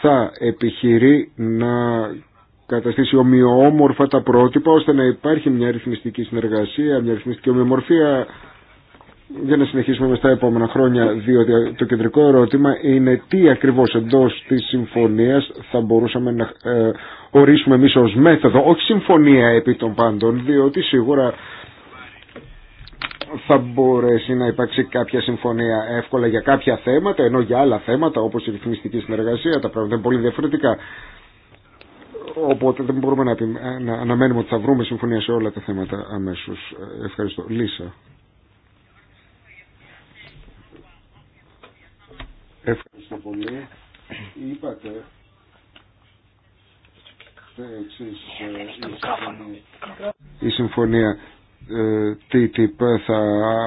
θα επιχειρεί να καταστήσει ομοιόμορφα τα πρότυπα ώστε να υπάρχει μια ρυθμιστική συνεργασία, μια ρυθμιστική ομοιομορφία για να συνεχίσουμε με στα επόμενα χρόνια, διότι το κεντρικό ερώτημα είναι τι ακριβώς εντός της συμφωνίας θα μπορούσαμε να ε, ορίσουμε εμείς ως μέθοδο, όχι συμφωνία επί των πάντων, διότι σίγουρα θα μπορέσει να υπάρξει κάποια συμφωνία εύκολα για κάποια θέματα, ενώ για άλλα θέματα όπως η ρυθμιστική συνεργασία, τα πράγματα είναι πολύ διαφορετικά. Οπότε δεν μπορούμε να, αναμένουμε ότι θα βρούμε συμφωνία σε όλα τα θέματα αμέσως. Ε, ευχαριστώ. Λίσα. Ευχαριστώ πολύ. Είπατε ε, η συμφωνία ε, TTIP θα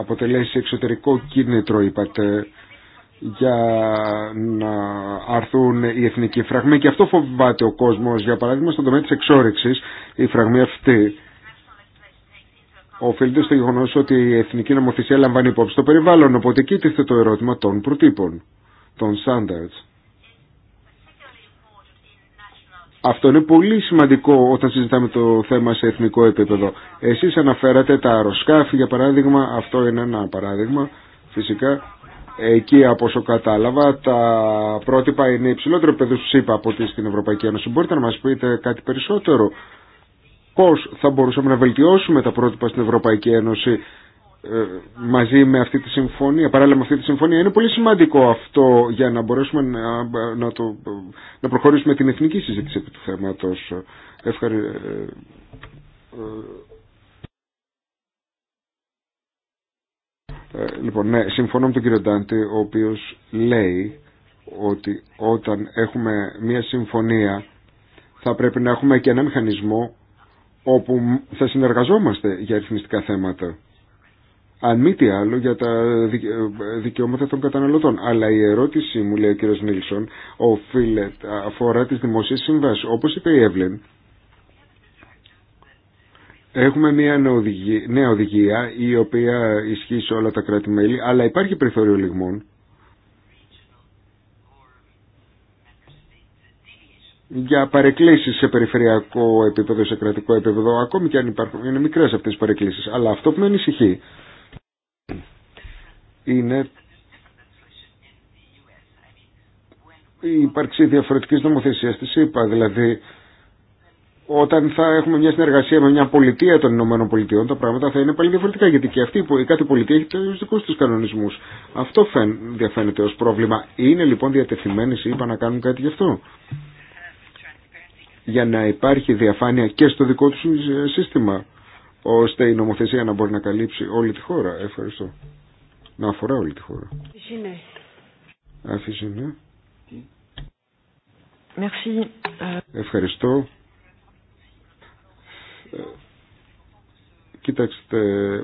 αποτελέσει εξωτερικό κίνητρο, είπατε, για να αρθούν οι εθνικοί φραγμοί και αυτό φοβάται ο κόσμος. Για παράδειγμα, στον τομέα της εξόρυξης, η φραγμή αυτή οφείλεται στο γεγονό ότι η εθνική νομοθεσία λαμβάνει υπόψη το περιβάλλον, οπότε εκεί το ερώτημα των προτύπων των standards. Αυτό είναι πολύ σημαντικό όταν συζητάμε το θέμα σε εθνικό επίπεδο. Εσείς αναφέρατε τα αεροσκάφη για παράδειγμα, αυτό είναι ένα παράδειγμα φυσικά. Εκεί από όσο κατάλαβα τα πρότυπα είναι υψηλότερο επίπεδο στους είπα από ότι στην Ευρωπαϊκή Ένωση. Μπορείτε να μας πείτε κάτι περισσότερο πώς θα μπορούσαμε να βελτιώσουμε τα πρότυπα στην Ευρωπαϊκή Ένωση ε, μαζί με αυτή τη συμφωνία, παράλληλα με αυτή τη συμφωνία. Είναι πολύ σημαντικό αυτό για να μπορέσουμε να, να, το, να προχωρήσουμε την εθνική συζήτηση επί του θέματος. Ε, ε, λοιπόν, ναι, συμφωνώ με τον κύριο Ντάντη, ο οποίος λέει ότι όταν έχουμε μία συμφωνία θα πρέπει να έχουμε και ένα μηχανισμό όπου θα συνεργαζόμαστε για αριθμιστικά θέματα αν μη τι άλλο, για τα ε, δικαιώματα των καταναλωτών. Αλλά η ερώτηση μου, λέει ο κ. Νίλσον, οφείλεται, αφορά τις δημοσίες συμβάσεις. Όπως είπε η Εύλεν, έχουμε μια νέα οδηγία, η οποία ισχύει σε όλα τα κράτη-μέλη, αλλά υπάρχει περιθώριο λιγμών. για παρεκκλήσεις σε περιφερειακό επίπεδο, σε κρατικό επίπεδο, ακόμη και αν υπάρχουν, είναι μικρές αυτές οι παρεκκλήσεις. Αλλά αυτό που με ανησυχεί είναι η ύπαρξη διαφορετική νομοθεσία τη ΕΠΑ. Δηλαδή, όταν θα έχουμε μια συνεργασία με μια πολιτεία των Ηνωμένων Πολιτειών, τα πράγματα θα είναι πάλι διαφορετικά. Γιατί και αυτή η κάθε πολιτεία έχει του δικού τη κανονισμού. Αυτό διαφαίνεται ω πρόβλημα. Είναι λοιπόν διατεθειμένε οι να κάνουν κάτι γι' αυτό. Για να υπάρχει διαφάνεια και στο δικό του ε, σύστημα, ώστε η νομοθεσία να μπορεί να καλύψει όλη τη χώρα. Ευχαριστώ να αφορά όλη τη χώρα. Αφήσε ναι. ναι. Ε. Ευχαριστώ. Ε, κοιτάξτε,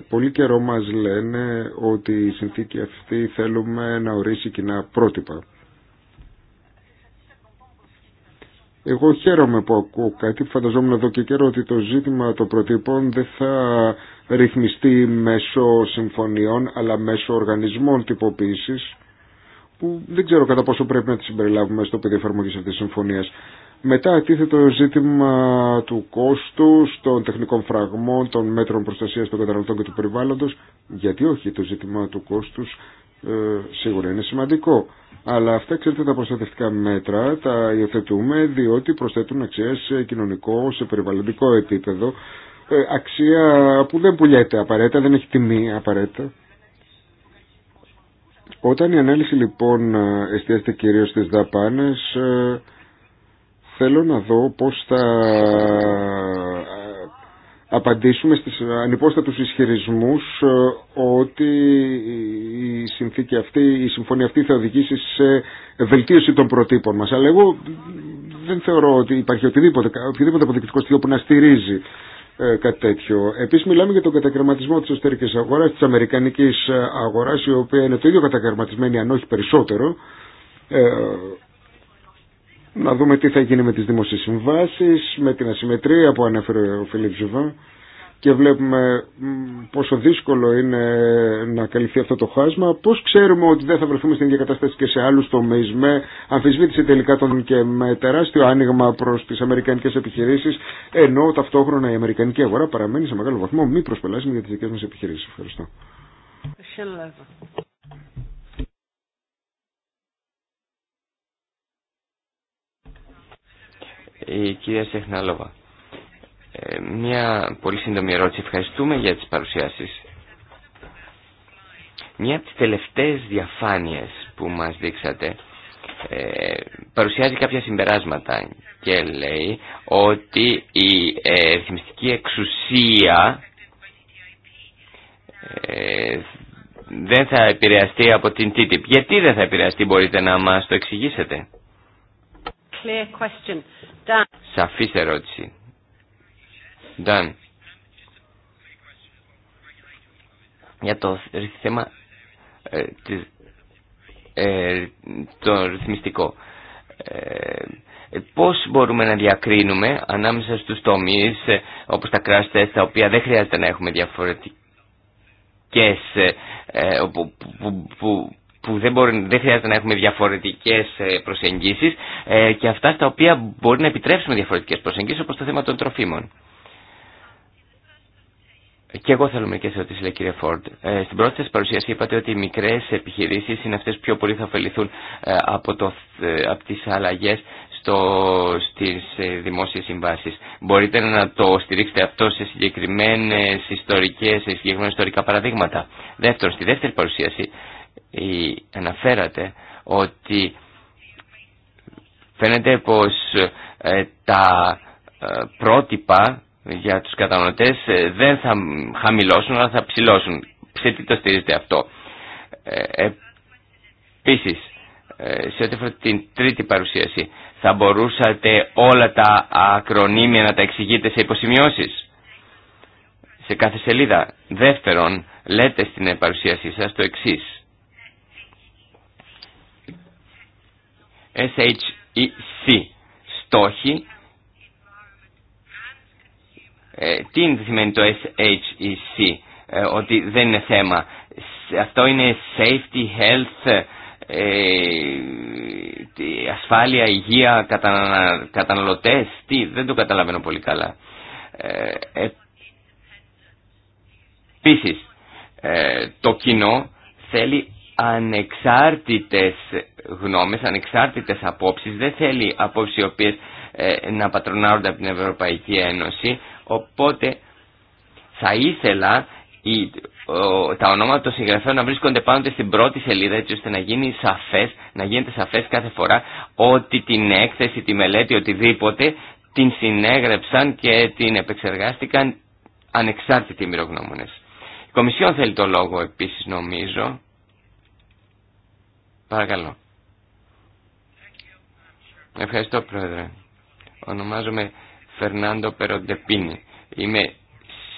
πολύ καιρό μας λένε ότι η συνθήκη αυτή θέλουμε να ορίσει κοινά πρότυπα. Εγώ χαίρομαι που ακούω κάτι, φανταζόμουν εδώ και καιρό ότι το ζήτημα των προτύπων δεν θα ρυθμιστεί μέσω συμφωνιών αλλά μέσω οργανισμών τυποποίησης που δεν ξέρω κατά πόσο πρέπει να τη συμπεριλάβουμε στο πεδίο εφαρμογή αυτή τη συμφωνία. Μετά τίθεται το ζήτημα του κόστου, των τεχνικών φραγμών, των μέτρων προστασία των καταναλωτών και του περιβάλλοντο. Γιατί όχι, το ζήτημα του κόστου ε, σίγουρα είναι σημαντικό. Αλλά αυτά, ξέρετε, τα προστατευτικά μέτρα τα υιοθετούμε διότι προσθέτουν αξία σε κοινωνικό, σε περιβαλλοντικό επίπεδο ε, αξία που δεν πουλιέται απαραίτητα, δεν έχει τιμή απαραίτητα. Όταν η ανάλυση λοιπόν εστιάζεται κυρίως στις δαπάνες, ε, θέλω να δω πώς θα ε, απαντήσουμε στις ανυπόστατους ισχυρισμούς ότι η συνθήκη αυτή, η συμφωνία αυτή θα οδηγήσει σε βελτίωση των προτύπων μας. Αλλά εγώ δεν θεωρώ ότι υπάρχει οτιδήποτε, οτιδήποτε αποδεικτικό στοιχείο που να στηρίζει ε, κάτι τέτοιο. Επίσης μιλάμε για τον κατακαιρματισμό της εσωτερική αγοράς, της αμερικανικής ε, αγοράς, η οποία είναι το ίδιο κατακαιρματισμένη αν όχι περισσότερο. Ε, να δούμε τι θα γίνει με τις δημοσίες συμβάσεις, με την ασυμμετρία που ανέφερε ο Φιλίπ Ζουβά και βλέπουμε πόσο δύσκολο είναι να καλυφθεί αυτό το χάσμα, πώς ξέρουμε ότι δεν θα βρεθούμε στην ίδια κατάσταση και σε άλλους τομείς με αμφισβήτηση τελικά των και με τεράστιο άνοιγμα προς τις αμερικανικές επιχειρήσεις, ενώ ταυτόχρονα η αμερικανική αγορά παραμένει σε μεγάλο βαθμό μη προσπελάσιμη για τις δικές μας επιχειρήσεις. Ευχαριστώ. Η κυρία Σεχνάλοβα. Ε, μια πολύ σύντομη ερώτηση. Ευχαριστούμε για τις παρουσιάσεις. Μια από τις τελευταίες διαφάνειες που μας δείξατε ε, παρουσιάζει κάποια συμπεράσματα και λέει ότι η ε, ρυθμιστική εξουσία ε, δεν θα επηρεαστεί από την TTIP. Γιατί δεν θα επηρεαστεί μπορείτε να μας το εξηγήσετε. Clear ερώτηση. Ντάν. Για το θέμα ε, ε, το ρυθμιστικό. Ε, πώς μπορούμε να διακρίνουμε ανάμεσα στους τομείς ε, όπως τα crash τα οποία δεν χρειάζεται να έχουμε διαφορετικές ε, ε, που, που, που, που δεν, μπορεί, δεν χρειάζεται να έχουμε διαφορετικές προσεγγίσεις και αυτά στα οποία μπορεί να επιτρέψουμε διαφορετικές προσεγγίσεις όπως το θέμα των τροφίμων. Και εγώ θέλω μερικέ ερωτήσει, λέει κύριε Φόρντ. Ε, στην πρώτη σα παρουσίαση είπατε ότι οι μικρέ επιχειρήσει είναι αυτέ που πιο πολύ θα ωφεληθούν από, ε, από ε, τι αλλαγέ στι ε, δημόσιε συμβάσει. Μπορείτε να το στηρίξετε αυτό σε συγκεκριμένε ιστορικέ, σε συγκεκριμένα ιστορικά παραδείγματα. Δεύτερον, στη δεύτερη παρουσίαση αναφέρατε ότι φαίνεται πω ε, τα πρότυπα για τους κατανοητέ. Ε, δεν θα χαμηλώσουν αλλά θα ψηλώσουν. Σε τι το στηρίζεται αυτό. Ε, Επίση, ε, σε ό,τι αφορά την τρίτη παρουσίαση, θα μπορούσατε όλα τα ακρονίμια να τα εξηγείτε σε υποσημειώσεις. Σε κάθε σελίδα. Δεύτερον, λέτε στην παρουσίασή σας το εξής. SHEC, στόχοι ε, τι σημαίνει το SHEC, ε, ότι δεν είναι θέμα. Αυτό είναι safety, health, ε, ασφάλεια, υγεία, καταναλωτέ. καταναλωτές, τι, δεν το καταλαβαίνω πολύ καλά. Επίση, το κοινό θέλει ανεξάρτητες γνώμες, ανεξάρτητες απόψεις, δεν θέλει απόψεις οι οποίες να πατρονάρονται από την Ευρωπαϊκή Ένωση, Οπότε θα ήθελα τα ονόματα των συγγραφέων να βρίσκονται πάντοτε στην πρώτη σελίδα έτσι ώστε να γίνει σαφές, να γίνεται σαφές κάθε φορά ότι την έκθεση, τη μελέτη, οτιδήποτε την συνέγρεψαν και την επεξεργάστηκαν ανεξάρτητοι μυρογνώμονες. Η Κομισιόν θέλει το λόγο επίσης νομίζω. Παρακαλώ. Ευχαριστώ Πρόεδρε. Ονομάζομαι Φερνάντο Περοντεπίνη. Είμαι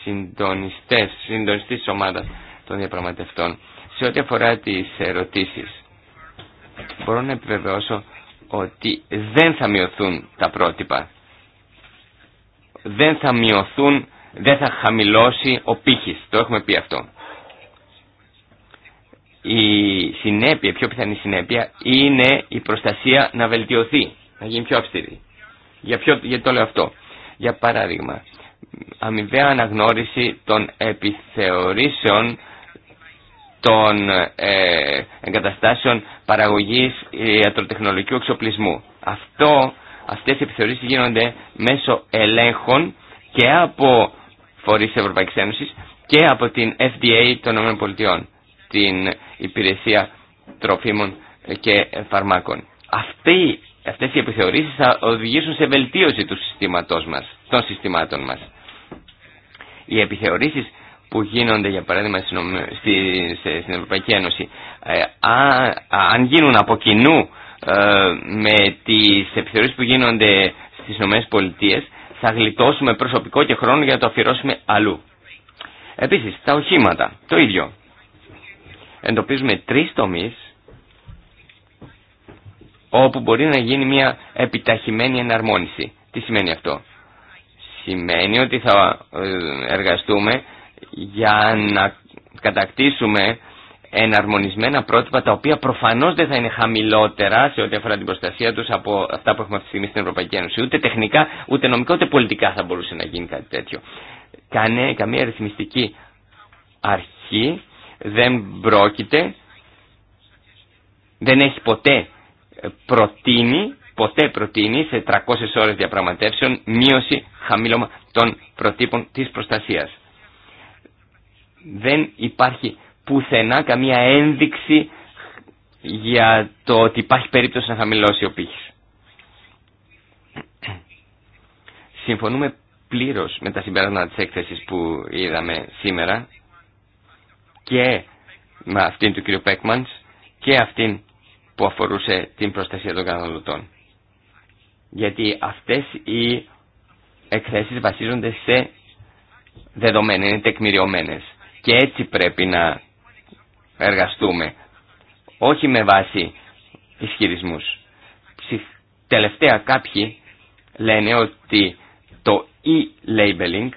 συντονιστές, συντονιστής της ομάδας των διαπραγματευτών. Σε ό,τι αφορά τις ερωτήσεις, μπορώ να επιβεβαιώσω ότι δεν θα μειωθούν τα πρότυπα. Δεν θα μειωθούν, δεν θα χαμηλώσει ο πύχης. Το έχουμε πει αυτό. Η συνέπεια, πιο πιθανή συνέπεια, είναι η προστασία να βελτιωθεί, να γίνει πιο αυστηρή. Για γιατί το λέω αυτό. Για παράδειγμα, αμοιβαία αναγνώριση των επιθεωρήσεων των ε, εγκαταστάσεων παραγωγής ιατροτεχνολογικού εξοπλισμού. Αυτό, αυτές οι επιθεωρήσεις γίνονται μέσω ελέγχων και από φορείς Ευρωπαϊκής Ένωσης και από την FDA των ΗΠΑ, την Υπηρεσία Τροφίμων και Φαρμάκων. Αυτή αυτές οι επιθεωρήσεις θα οδηγήσουν σε βελτίωση του συστήματός μας, των συστημάτων μας. Οι επιθεωρήσεις που γίνονται για παράδειγμα στην Ευρωπαϊκή Ένωση ε, αν γίνουν από κοινού ε, με τις επιθεωρήσεις που γίνονται στις ΗΠΑ θα γλιτώσουμε προσωπικό και χρόνο για να το αφιερώσουμε αλλού. Επίσης, τα οχήματα, το ίδιο. Εντοπίζουμε τρεις τομείς όπου μπορεί να γίνει μια επιταχυμένη εναρμόνιση. Τι σημαίνει αυτό. Σημαίνει ότι θα ε, εργαστούμε για να κατακτήσουμε εναρμονισμένα πρότυπα τα οποία προφανώς δεν θα είναι χαμηλότερα σε ό,τι αφορά την προστασία τους από αυτά που έχουμε αυτή τη στιγμή στην Ευρωπαϊκή Ένωση. Ούτε τεχνικά, ούτε νομικά, ούτε πολιτικά θα μπορούσε να γίνει κάτι τέτοιο. Κανέ, καμία αριθμιστική αρχή δεν πρόκειται, δεν έχει ποτέ προτείνει, ποτέ προτείνει σε 300 ώρες διαπραγματεύσεων μείωση χαμήλωμα των προτύπων της προστασίας. Δεν υπάρχει πουθενά καμία ένδειξη για το ότι υπάρχει περίπτωση να χαμηλώσει ο πύχης. Συμφωνούμε πλήρως με τα συμπεράσματα της έκθεσης που είδαμε σήμερα και με αυτήν του κ. Πέκμαντς και αυτήν που αφορούσε την προστασία των καταναλωτών. Γιατί αυτές οι εκθέσεις βασίζονται σε δεδομένα, είναι τεκμηριωμένες. Και έτσι πρέπει να εργαστούμε, όχι με βάση ισχυρισμούς. Τελευταία κάποιοι λένε ότι το e-labeling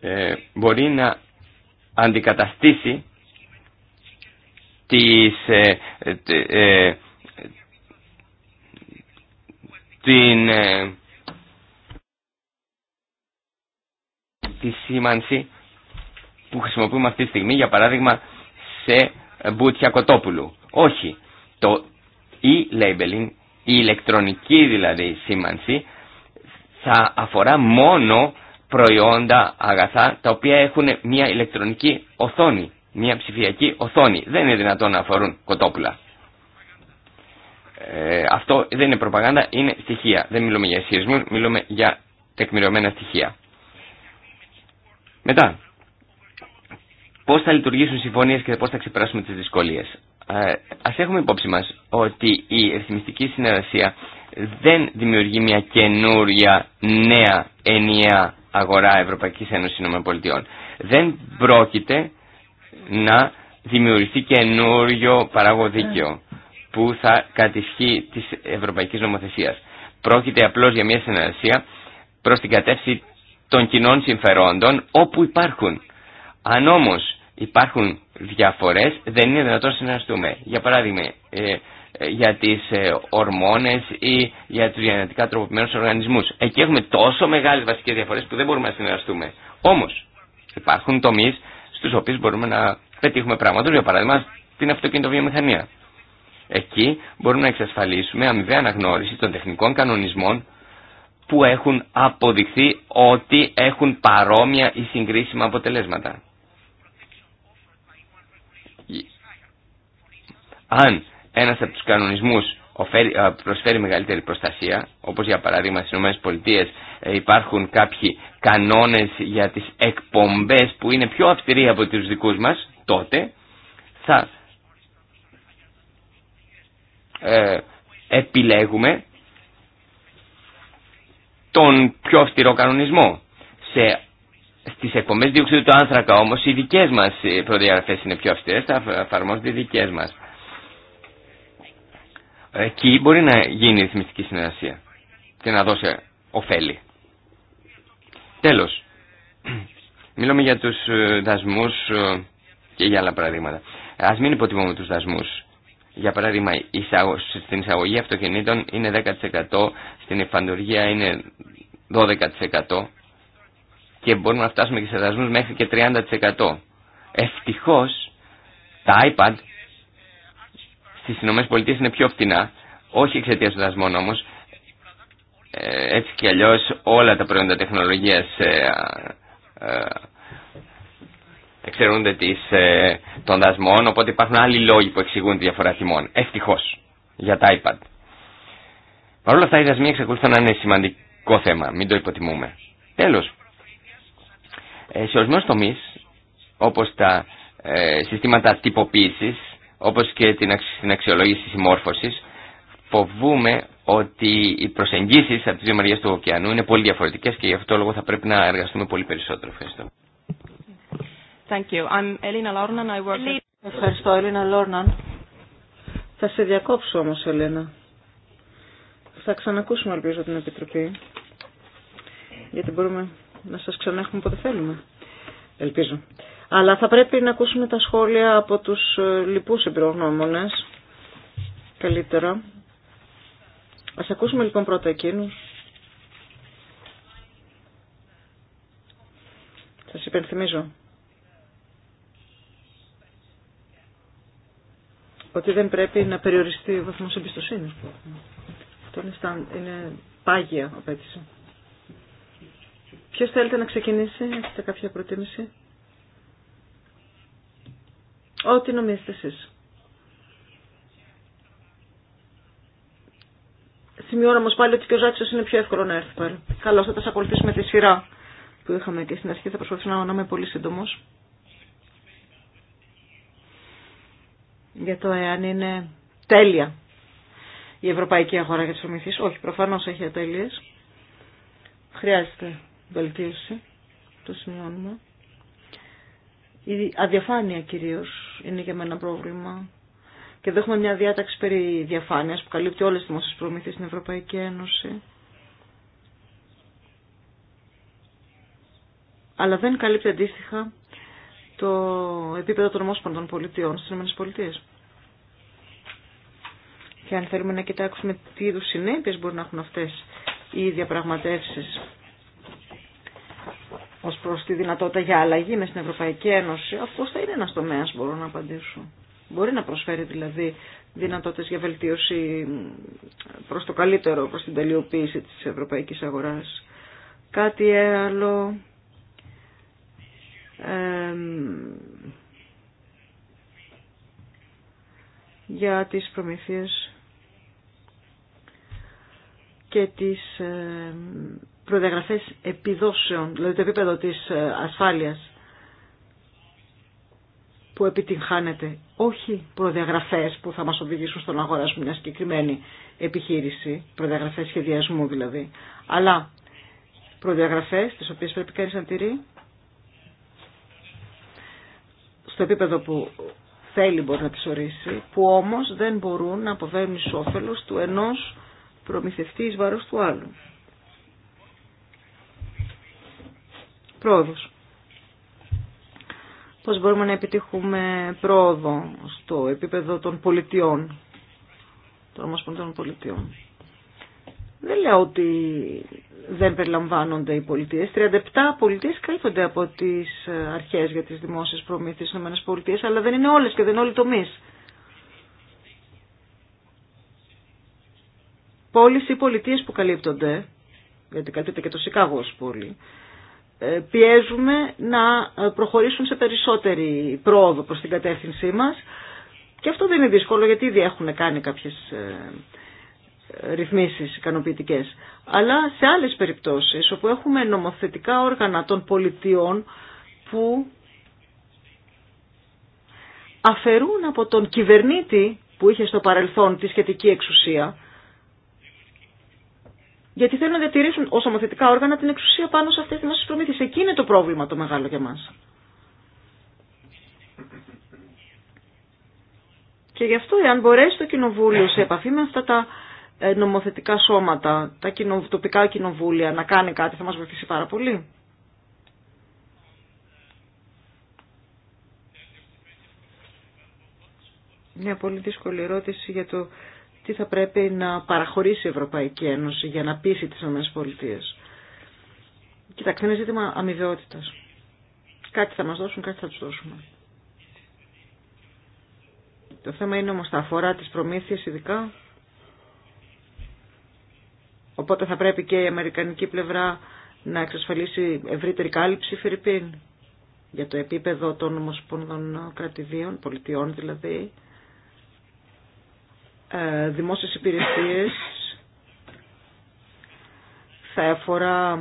ε, μπορεί να αντικαταστήσει ε, ε, την, ε, τη σήμανση που χρησιμοποιούμε αυτή τη στιγμή, για παράδειγμα, σε μπούτια κοτόπουλου. Όχι. Το e-labeling, η ηλεκτρονική δηλαδή σήμανση, θα αφορά μόνο προϊόντα, αγαθά, τα οποία έχουν μια ηλεκτρονική οθόνη, μια ψηφιακή οθόνη. Δεν είναι δυνατόν να αφορούν κοτόπουλα. Ε, αυτό δεν είναι προπαγάνδα, είναι στοιχεία. Δεν μιλούμε για σεισμούς, μιλούμε για τεκμηριωμένα στοιχεία. Μετά, πώ θα λειτουργήσουν συμφωνίε και πώ θα ξεπεράσουμε τι δυσκολίε. Ε, ας έχουμε υπόψη μα ότι η ρυθμιστική συνεργασία δεν δημιουργεί μια καινούρια νέα ενιαία αγορά Ευρωπαϊκής Ένωσης Πολιτειών. Δεν πρόκειται να δημιουργηθεί καινούριο παράγω που θα κατησχεί της ευρωπαϊκής νομοθεσίας. Πρόκειται απλώς για μια συνεργασία προς την κατεύθυνση των κοινών συμφερόντων όπου υπάρχουν. Αν όμως υπάρχουν διαφορές δεν είναι δυνατόν να συνεργαστούμε. Για παράδειγμα, ε, ε, για τις ε, ορμόνες ή για τους γενετικά τροποποιημένους οργανισμούς. Εκεί έχουμε τόσο μεγάλες βασικές διαφορές που δεν μπορούμε να συνεργαστούμε. Όμως υπάρχουν τομείς στους οποίους μπορούμε να πετύχουμε πράγματα, για παράδειγμα την αυτοκινητοβιομηχανία. Εκεί μπορούμε να εξασφαλίσουμε αμοιβαία αναγνώριση των τεχνικών κανονισμών που έχουν αποδειχθεί ότι έχουν παρόμοια ή συγκρίσιμα αποτελέσματα. Αν ένας από τους κανονισμούς προσφέρει μεγαλύτερη προστασία, όπως για παράδειγμα στις ΗΠΑ ε, υπάρχουν κάποιοι κανόνες για τις εκπομπές που είναι πιο αυστηροί από τους δικούς μας, τότε θα ε, επιλέγουμε τον πιο αυστηρό κανονισμό. Σε, στις εκπομπές διοξείδου του άνθρακα όμως οι δικές μας ε, προδιαγραφές είναι πιο αυστηρές, θα εφαρμόζονται οι δικές μας εκεί μπορεί να γίνει ρυθμιστική συνεργασία και να δώσει ωφέλη. Τέλος, μιλάμε για τους ε, δασμούς ε, και για άλλα παραδείγματα. Ας μην υποτιμούμε τους δασμούς. Για παράδειγμα, στην εισαγωγή αυτοκινήτων είναι 10%, στην εφαντουργία είναι 12% και μπορούμε να φτάσουμε και σε δασμούς μέχρι και 30%. Ευτυχώς, τα iPad στις ΗΠΑ είναι πιο φτηνά, όχι εξαιτία των δασμών όμως, ε, έτσι κι αλλιώς όλα τα προϊόντα τεχνολογίας ε, ε, εξαιρούνται της, των δασμών, οπότε υπάρχουν άλλοι λόγοι που εξηγούν τη διαφορά τιμών. Ευτυχώς, για τα iPad. Παρ' όλα αυτά οι δασμοί εξακολουθούν να είναι σημαντικό θέμα, μην το υποτιμούμε. Τέλος, σε ορισμένου τομεί, όπως τα συστήματα τυποποίησης, όπως και την αξιολόγηση συμμόρφωσης, φοβούμε ότι οι προσεγγίσεις από τις δύο μεριές του ωκεανού είναι πολύ διαφορετικές και γι' αυτό λόγο θα πρέπει να εργαστούμε πολύ περισσότερο. Ευχαριστώ. Thank you. I'm Elena I work Ευχαριστώ, Ελίνα Λόρναν. Θα σε διακόψω όμως, Ελίνα. Θα ξανακούσουμε, ελπίζω, την Επιτροπή. Γιατί μπορούμε να σας έχουμε πότε θέλουμε. Ελπίζω. Αλλά θα πρέπει να ακούσουμε τα σχόλια από τους ε, λοιπούς εμπειρογνώμονες. Καλύτερα. Ας ακούσουμε λοιπόν πρώτα εκείνους. Σας υπενθυμίζω. Ότι δεν πρέπει να περιοριστεί ο βαθμός εμπιστοσύνης που έχουμε. Αυτό είναι πάγια απέτηση. Ποιος θέλετε να ξεκινήσει, έχετε κάποια προτίμηση. Ό,τι νομίζετε εσείς. Σημειώνω όμω πάλι ότι και ο Ζάξος είναι πιο εύκολο να έρθει πάλι. Καλώ θα τα ακολουθήσουμε τη σειρά που είχαμε και στην αρχή. Θα προσπαθήσω να είμαι πολύ σύντομο. Για το εάν είναι τέλεια η ευρωπαϊκή αγορά για τις ομιθείς. Όχι, προφανώ έχει ατέλειε. Χρειάζεται βελτίωση, το σημειώνουμε. Η αδιαφάνεια κυρίως είναι για μένα πρόβλημα. Και εδώ έχουμε μια διάταξη περί διαφάνειας που καλύπτει όλες τις δημόσιες προμήθειες στην Ευρωπαϊκή Ένωση. Αλλά δεν καλύπτει αντίστοιχα το επίπεδο των ομόσπων των πολιτιών στις ΗΠΑ. Και αν θέλουμε να κοιτάξουμε τι είδου συνέπειε μπορεί να έχουν αυτές οι διαπραγματεύσεις ως προς τη δυνατότητα για αλλαγή με στην Ευρωπαϊκή Ένωση, αυτό θα είναι ένα τομέας μπορώ να απαντήσω. Μπορεί να προσφέρει δηλαδή δυνατότητες για βελτίωση προς το καλύτερο, προς την τελειοποίηση της ευρωπαϊκής αγοράς. Κάτι άλλο... για τις προμηθείες και τις προδιαγραφές επιδόσεων, δηλαδή το επίπεδο της ε, ασφάλειας που επιτυγχάνεται, όχι προδιαγραφές που θα μας οδηγήσουν στον να αγοράσουμε μια συγκεκριμένη επιχείρηση, προδιαγραφές σχεδιασμού δηλαδή, αλλά προδιαγραφές τις οποίες πρέπει κανείς να τηρεί στο επίπεδο που θέλει μπορεί να τις ορίσει, που όμως δεν μπορούν να αποβαίνουν εις όφελος του ενός προμηθευτή του άλλου. πρόοδος. Πώς μπορούμε να επιτύχουμε πρόοδο στο επίπεδο των πολιτιών, των ομοσπονδιών πολιτιών. Δεν λέω ότι δεν περιλαμβάνονται οι πολιτείες. 37 πολιτείες καλύπτονται από τις ε, αρχές για τις δημόσιες προμήθειες στις ΗΠΑ, αλλά δεν είναι όλες και δεν είναι όλοι τομείς. Πόλεις ή πολιτείες που καλύπτονται, γιατί καλύπτεται και το Σικάγο ως πόλη, ε, πιέζουμε να ε, προχωρήσουν σε περισσότερη πρόοδο προς την κατεύθυνσή μας και αυτό δεν είναι δύσκολο γιατί ήδη έχουν κάνει κάποιες ε, ρυθμίσεις ικανοποιητικέ. Αλλά σε άλλες περιπτώσεις όπου έχουμε νομοθετικά όργανα των πολιτιών που αφαιρούν από τον κυβερνήτη που είχε στο παρελθόν τη σχετική εξουσία γιατί θέλουν να διατηρήσουν ως ομοθετικά όργανα την εξουσία πάνω σε αυτές τις προμήθειες. Εκεί είναι το πρόβλημα το μεγάλο για μα. Και γι' αυτό εάν μπορέσει το Κοινοβούλιο σε επαφή με αυτά τα ε, νομοθετικά σώματα, τα τοπικά κοινοβούλια να κάνει κάτι θα μας βοηθήσει πάρα πολύ. Μια πολύ δύσκολη ερώτηση για το τι θα πρέπει να παραχωρήσει η Ευρωπαϊκή Ένωση για να πείσει τις ΗΠΑ. Κοιτάξτε, είναι ζήτημα αμοιβαιότητας. Κάτι θα μας δώσουν, κάτι θα τους δώσουμε. Το θέμα είναι όμως τα αφορά της προμήθειας ειδικά. Οπότε θα πρέπει και η αμερικανική πλευρά να εξασφαλίσει ευρύτερη κάλυψη Φιρυπίν για το επίπεδο των ομοσπονδών κρατηδίων, πολιτιών δηλαδή, ε, δημόσιες υπηρεσίες θα αφορά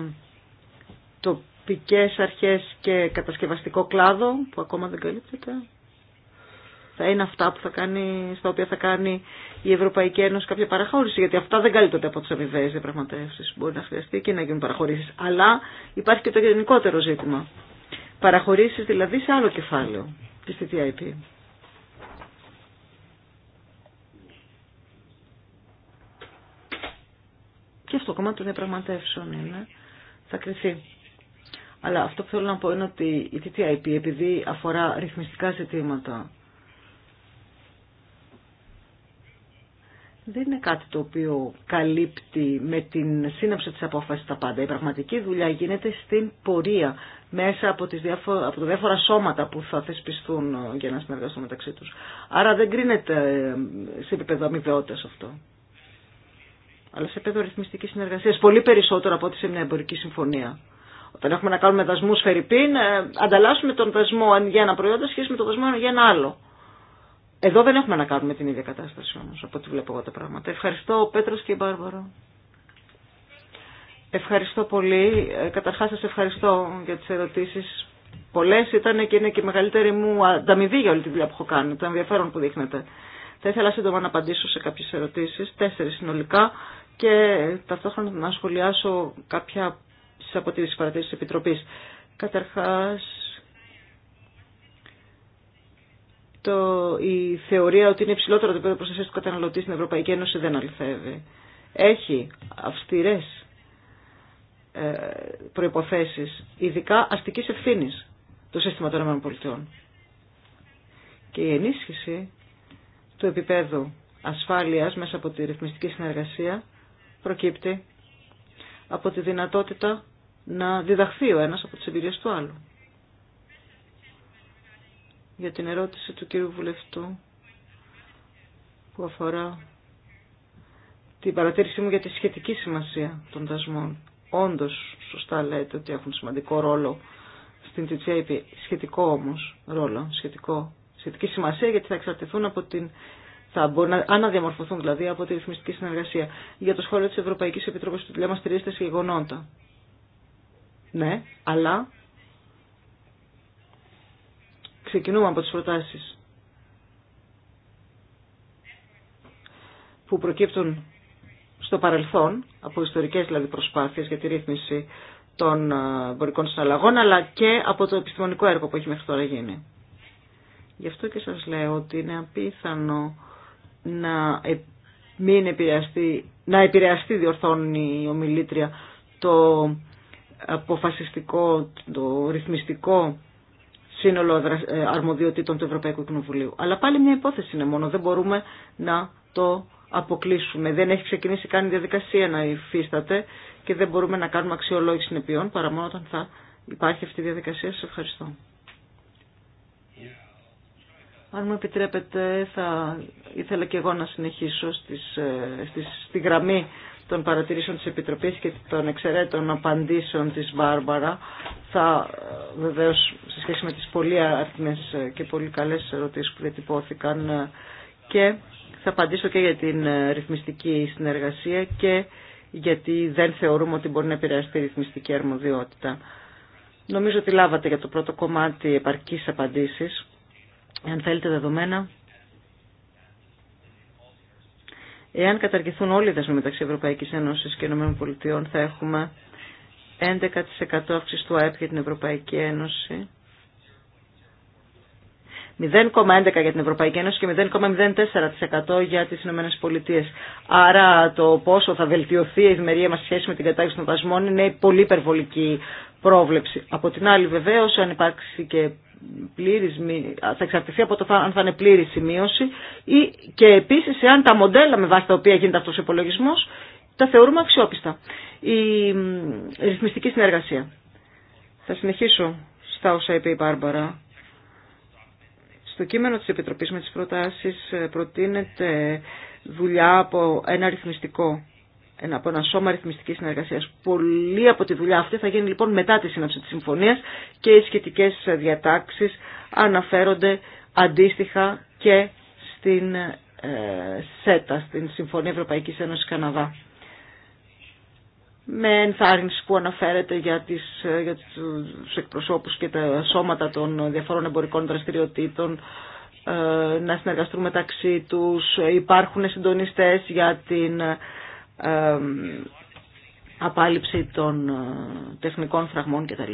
τοπικές αρχές και κατασκευαστικό κλάδο που ακόμα δεν καλύπτεται. Θα είναι αυτά που θα κάνει, στα οποία θα κάνει η Ευρωπαϊκή Ένωση κάποια παραχώρηση, γιατί αυτά δεν καλύπτονται από τι αμοιβαίε διαπραγματεύσει. Μπορεί να χρειαστεί και να γίνουν παραχωρήσει. Αλλά υπάρχει και το γενικότερο ζήτημα. Παραχωρήσει δηλαδή σε άλλο κεφάλαιο τη TTIP. και αυτό κομμάτι των διαπραγματεύσεων είναι, θα κρυθεί. Αλλά αυτό που θέλω να πω είναι ότι η TTIP επειδή αφορά ρυθμιστικά ζητήματα δεν είναι κάτι το οποίο καλύπτει με την σύναψη της απόφασης τα πάντα. Η πραγματική δουλειά γίνεται στην πορεία μέσα από, τις από τα διάφορα σώματα που θα θεσπιστούν ε, για να συνεργαστούν μεταξύ τους. Άρα δεν κρίνεται ε, σε επίπεδο αμοιβαιότητας αυτό αλλά σε επίπεδο ρυθμιστική συνεργασία πολύ περισσότερο από ότι σε μια εμπορική συμφωνία. Όταν έχουμε να κάνουμε δασμού φερρυπίν, ε, ανταλλάσσουμε τον δασμό για ένα προϊόντα σχέση με τον δασμό για ένα άλλο. Εδώ δεν έχουμε να κάνουμε την ίδια κατάσταση όμω, από ό,τι βλέπω εγώ τα πράγματα. Ευχαριστώ Πέτρο και η Ευχαριστώ πολύ. Ε, Καταρχά σα ευχαριστώ για τι ερωτήσει. Πολλέ ήταν και είναι και η μεγαλύτερη μου ανταμοιβή για όλη τη δουλειά που έχω κάνει, το ενδιαφέρον που δείχνετε. Θα ήθελα σύντομα να απαντήσω σε κάποιε ερωτήσει, τέσσερι συνολικά, και ταυτόχρονα να σχολιάσω κάποια από τις παρατηρήσεις της Επιτροπής. Καταρχάς, το, η θεωρία ότι είναι υψηλότερο το επίπεδο προστασία του καταναλωτή στην Ευρωπαϊκή Ένωση δεν αληθεύει. Έχει αυστηρές ε, προποθέσει, ειδικά αστική ευθύνη, το σύστημα των ΗΠΑ. Και η ενίσχυση του επίπεδου ασφάλειας μέσα από τη ρυθμιστική συνεργασία προκύπτει από τη δυνατότητα να διδαχθεί ο ένας από τις εμπειρίες του άλλου. Για την ερώτηση του κύριου Βουλευτού που αφορά την παρατήρησή μου για τη σχετική σημασία των δασμών. Όντως, σωστά λέτε ότι έχουν σημαντικό ρόλο στην TTIP, σχετικό όμως ρόλο, σχετικό, σχετική σημασία γιατί θα εξαρτηθούν από την θα μπορούν να αναδιαμορφωθούν δηλαδή από τη ρυθμιστική συνεργασία. Για το σχόλιο της Ευρωπαϊκής Επιτροπής του Τηλέμα στηρίζεται σε γεγονότα. Ναι, αλλά ξεκινούμε από τις προτάσεις που προκύπτουν στο παρελθόν, από ιστορικές δηλαδή προσπάθειες για τη ρύθμιση των ε, εμπορικών συναλλαγών, αλλά και από το επιστημονικό έργο που έχει μέχρι τώρα γίνει. Γι' αυτό και σας λέω ότι είναι απίθανο να ε, μην επηρεαστεί, να επηρεαστεί διορθώνει η ομιλήτρια το αποφασιστικό, το ρυθμιστικό σύνολο ε, αρμοδιοτήτων του Ευρωπαϊκού Κοινοβουλίου. Αλλά πάλι μια υπόθεση είναι μόνο, δεν μπορούμε να το αποκλείσουμε. Δεν έχει ξεκινήσει καν η διαδικασία να υφίσταται και δεν μπορούμε να κάνουμε αξιολόγηση συνεπειών παρά μόνο όταν θα υπάρχει αυτή η διαδικασία. Σας ευχαριστώ. Αν μου επιτρέπετε, θα ήθελα και εγώ να συνεχίσω στις, ε, στις, στη γραμμή των παρατηρήσεων της Επιτροπής και των εξαιρέτων απαντήσεων της Μπάρμπαρα. Θα ε, βεβαίως σε σχέση με τις πολύ αρθινές ε, και πολύ καλές ερωτήσεις που διατυπώθηκαν και θα απαντήσω και για την ρυθμιστική συνεργασία και γιατί δεν θεωρούμε ότι μπορεί να επηρεαστεί η ρυθμιστική αρμοδιότητα. Νομίζω ότι λάβατε για το πρώτο κομμάτι επαρκείς απαντήσεις. Εάν θέλετε δεδομένα, εάν καταργηθούν όλοι οι δεσμοί μεταξύ Ευρωπαϊκής Ένωσης και ΗΠΑ θα έχουμε 11% αύξηση του ΑΕΠ για την Ευρωπαϊκή Ένωση. 0,11 για την Ευρωπαϊκή Ένωση και 0,04% για τις Ηνωμένες Πολιτείες. Άρα το πόσο θα βελτιωθεί η ευημερία μας σχέση με την κατάργηση των δασμών είναι πολύ υπερβολική πρόβλεψη. Από την άλλη βεβαίως αν υπάρξει και πλήρης, θα εξαρτηθεί από το αν θα είναι πλήρη η ρυθμιστική συνεργασία. Θα συνεχίσω στα όσα είπε η Μπάρμπαρα. Στο κείμενο της Επιτροπής με τις προτάσεις ε, προτείνεται δουλειά από ένα ρυθμιστικό ένα, από ένα σώμα ρυθμιστική συνεργασία. Πολλή από τη δουλειά αυτή θα γίνει λοιπόν μετά τη σύναψη τη συμφωνία και οι σχετικέ διατάξει αναφέρονται αντίστοιχα και στην ε, ΣΕΤΑ, στην Συμφωνία Ευρωπαϊκή Ένωση Καναδά. Με ενθάρρυνση που αναφέρεται για, τις, ε, για τους εκπροσώπους και τα σώματα των διαφορών εμπορικών δραστηριοτήτων, ε, να συνεργαστούν μεταξύ τους. Υπάρχουν συντονιστές για την απάλληψη των ε, τεχνικών φραγμών κτλ.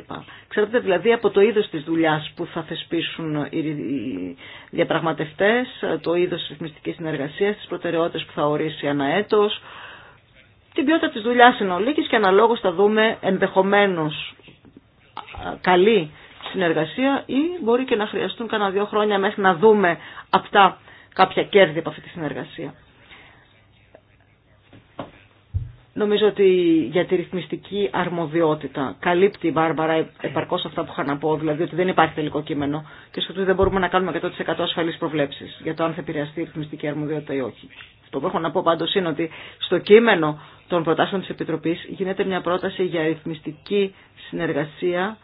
Ξέρετε δηλαδή από το είδος της δουλειάς που θα θεσπίσουν οι διαπραγματευτές, το είδος της ρυθμιστικής συνεργασίας, τις προτεραιότητες που θα ορίσει ένα έτος, την ποιότητα της δουλειάς συνολικής και αναλόγως θα δούμε ενδεχομένως καλή συνεργασία ή μπορεί και να χρειαστούν κανένα δύο χρόνια μέχρι να δούμε αυτά κάποια κέρδη από αυτή τη συνεργασία. Νομίζω ότι για τη ρυθμιστική αρμοδιότητα καλύπτει η Μπάρμπαρα επαρκώ αυτά που είχα να πω, δηλαδή ότι δεν υπάρχει τελικό κείμενο και σχεδόν δεν μπορούμε να κάνουμε 100% ασφαλεί προβλέψει για το αν θα επηρεαστεί η ρυθμιστική αρμοδιότητα ή όχι. Αυτό που έχω να πω πάντω είναι ότι στο κείμενο των προτάσεων τη Επιτροπή γίνεται μια πρόταση για ρυθμιστική συνεργασία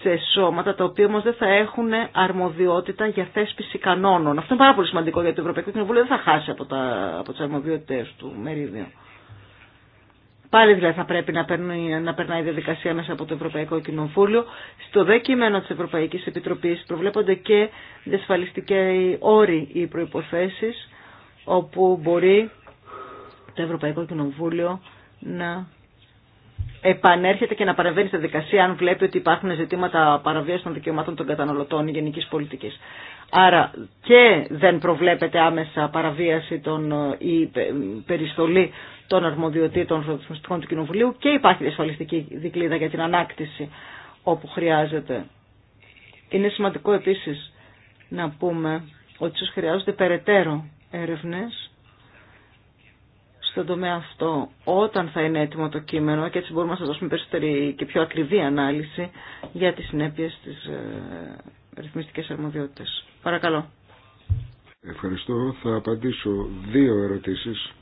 σε σώματα τα οποία όμω δεν θα έχουν αρμοδιότητα για θέσπιση κανόνων. Αυτό είναι πάρα πολύ σημαντικό γιατί το Ευρωπαϊκό Κοινοβούλιο δεν θα χάσει από, τα, από τι αρμοδιότητε του μερίδιο. Πάλι δηλαδή θα πρέπει να, περνάει, να περνάει η διαδικασία μέσα από το Ευρωπαϊκό Κοινοβούλιο. Στο δε κείμενο της Ευρωπαϊκής Επιτροπής προβλέπονται και διασφαλιστικοί όροι οι προϋποθέσεις όπου μπορεί το Ευρωπαϊκό Κοινοβούλιο να επανέρχεται και να παρεμβαίνει στη δικασία αν βλέπει ότι υπάρχουν ζητήματα παραβίαση των δικαιωμάτων των καταναλωτών γενική πολιτική. Άρα και δεν προβλέπεται άμεσα παραβίαση των, ή ε, ε, περιστολή των αρμοδιοτήτων ρυθμιστικών του Κοινοβουλίου και υπάρχει ασφαλιστικη δικλίδα για την ανάκτηση όπου χρειάζεται. Είναι σημαντικό επίσης να πούμε ότι ίσως χρειάζονται περαιτέρω έρευνες στον τομέα αυτό όταν θα είναι έτοιμο το κείμενο και έτσι μπορούμε να σας δώσουμε περισσότερη και πιο ακριβή ανάλυση για τις συνέπειες της ε, ρυθμιστικές Παρακαλώ. Ευχαριστώ. Θα απαντήσω δύο ερωτήσεις.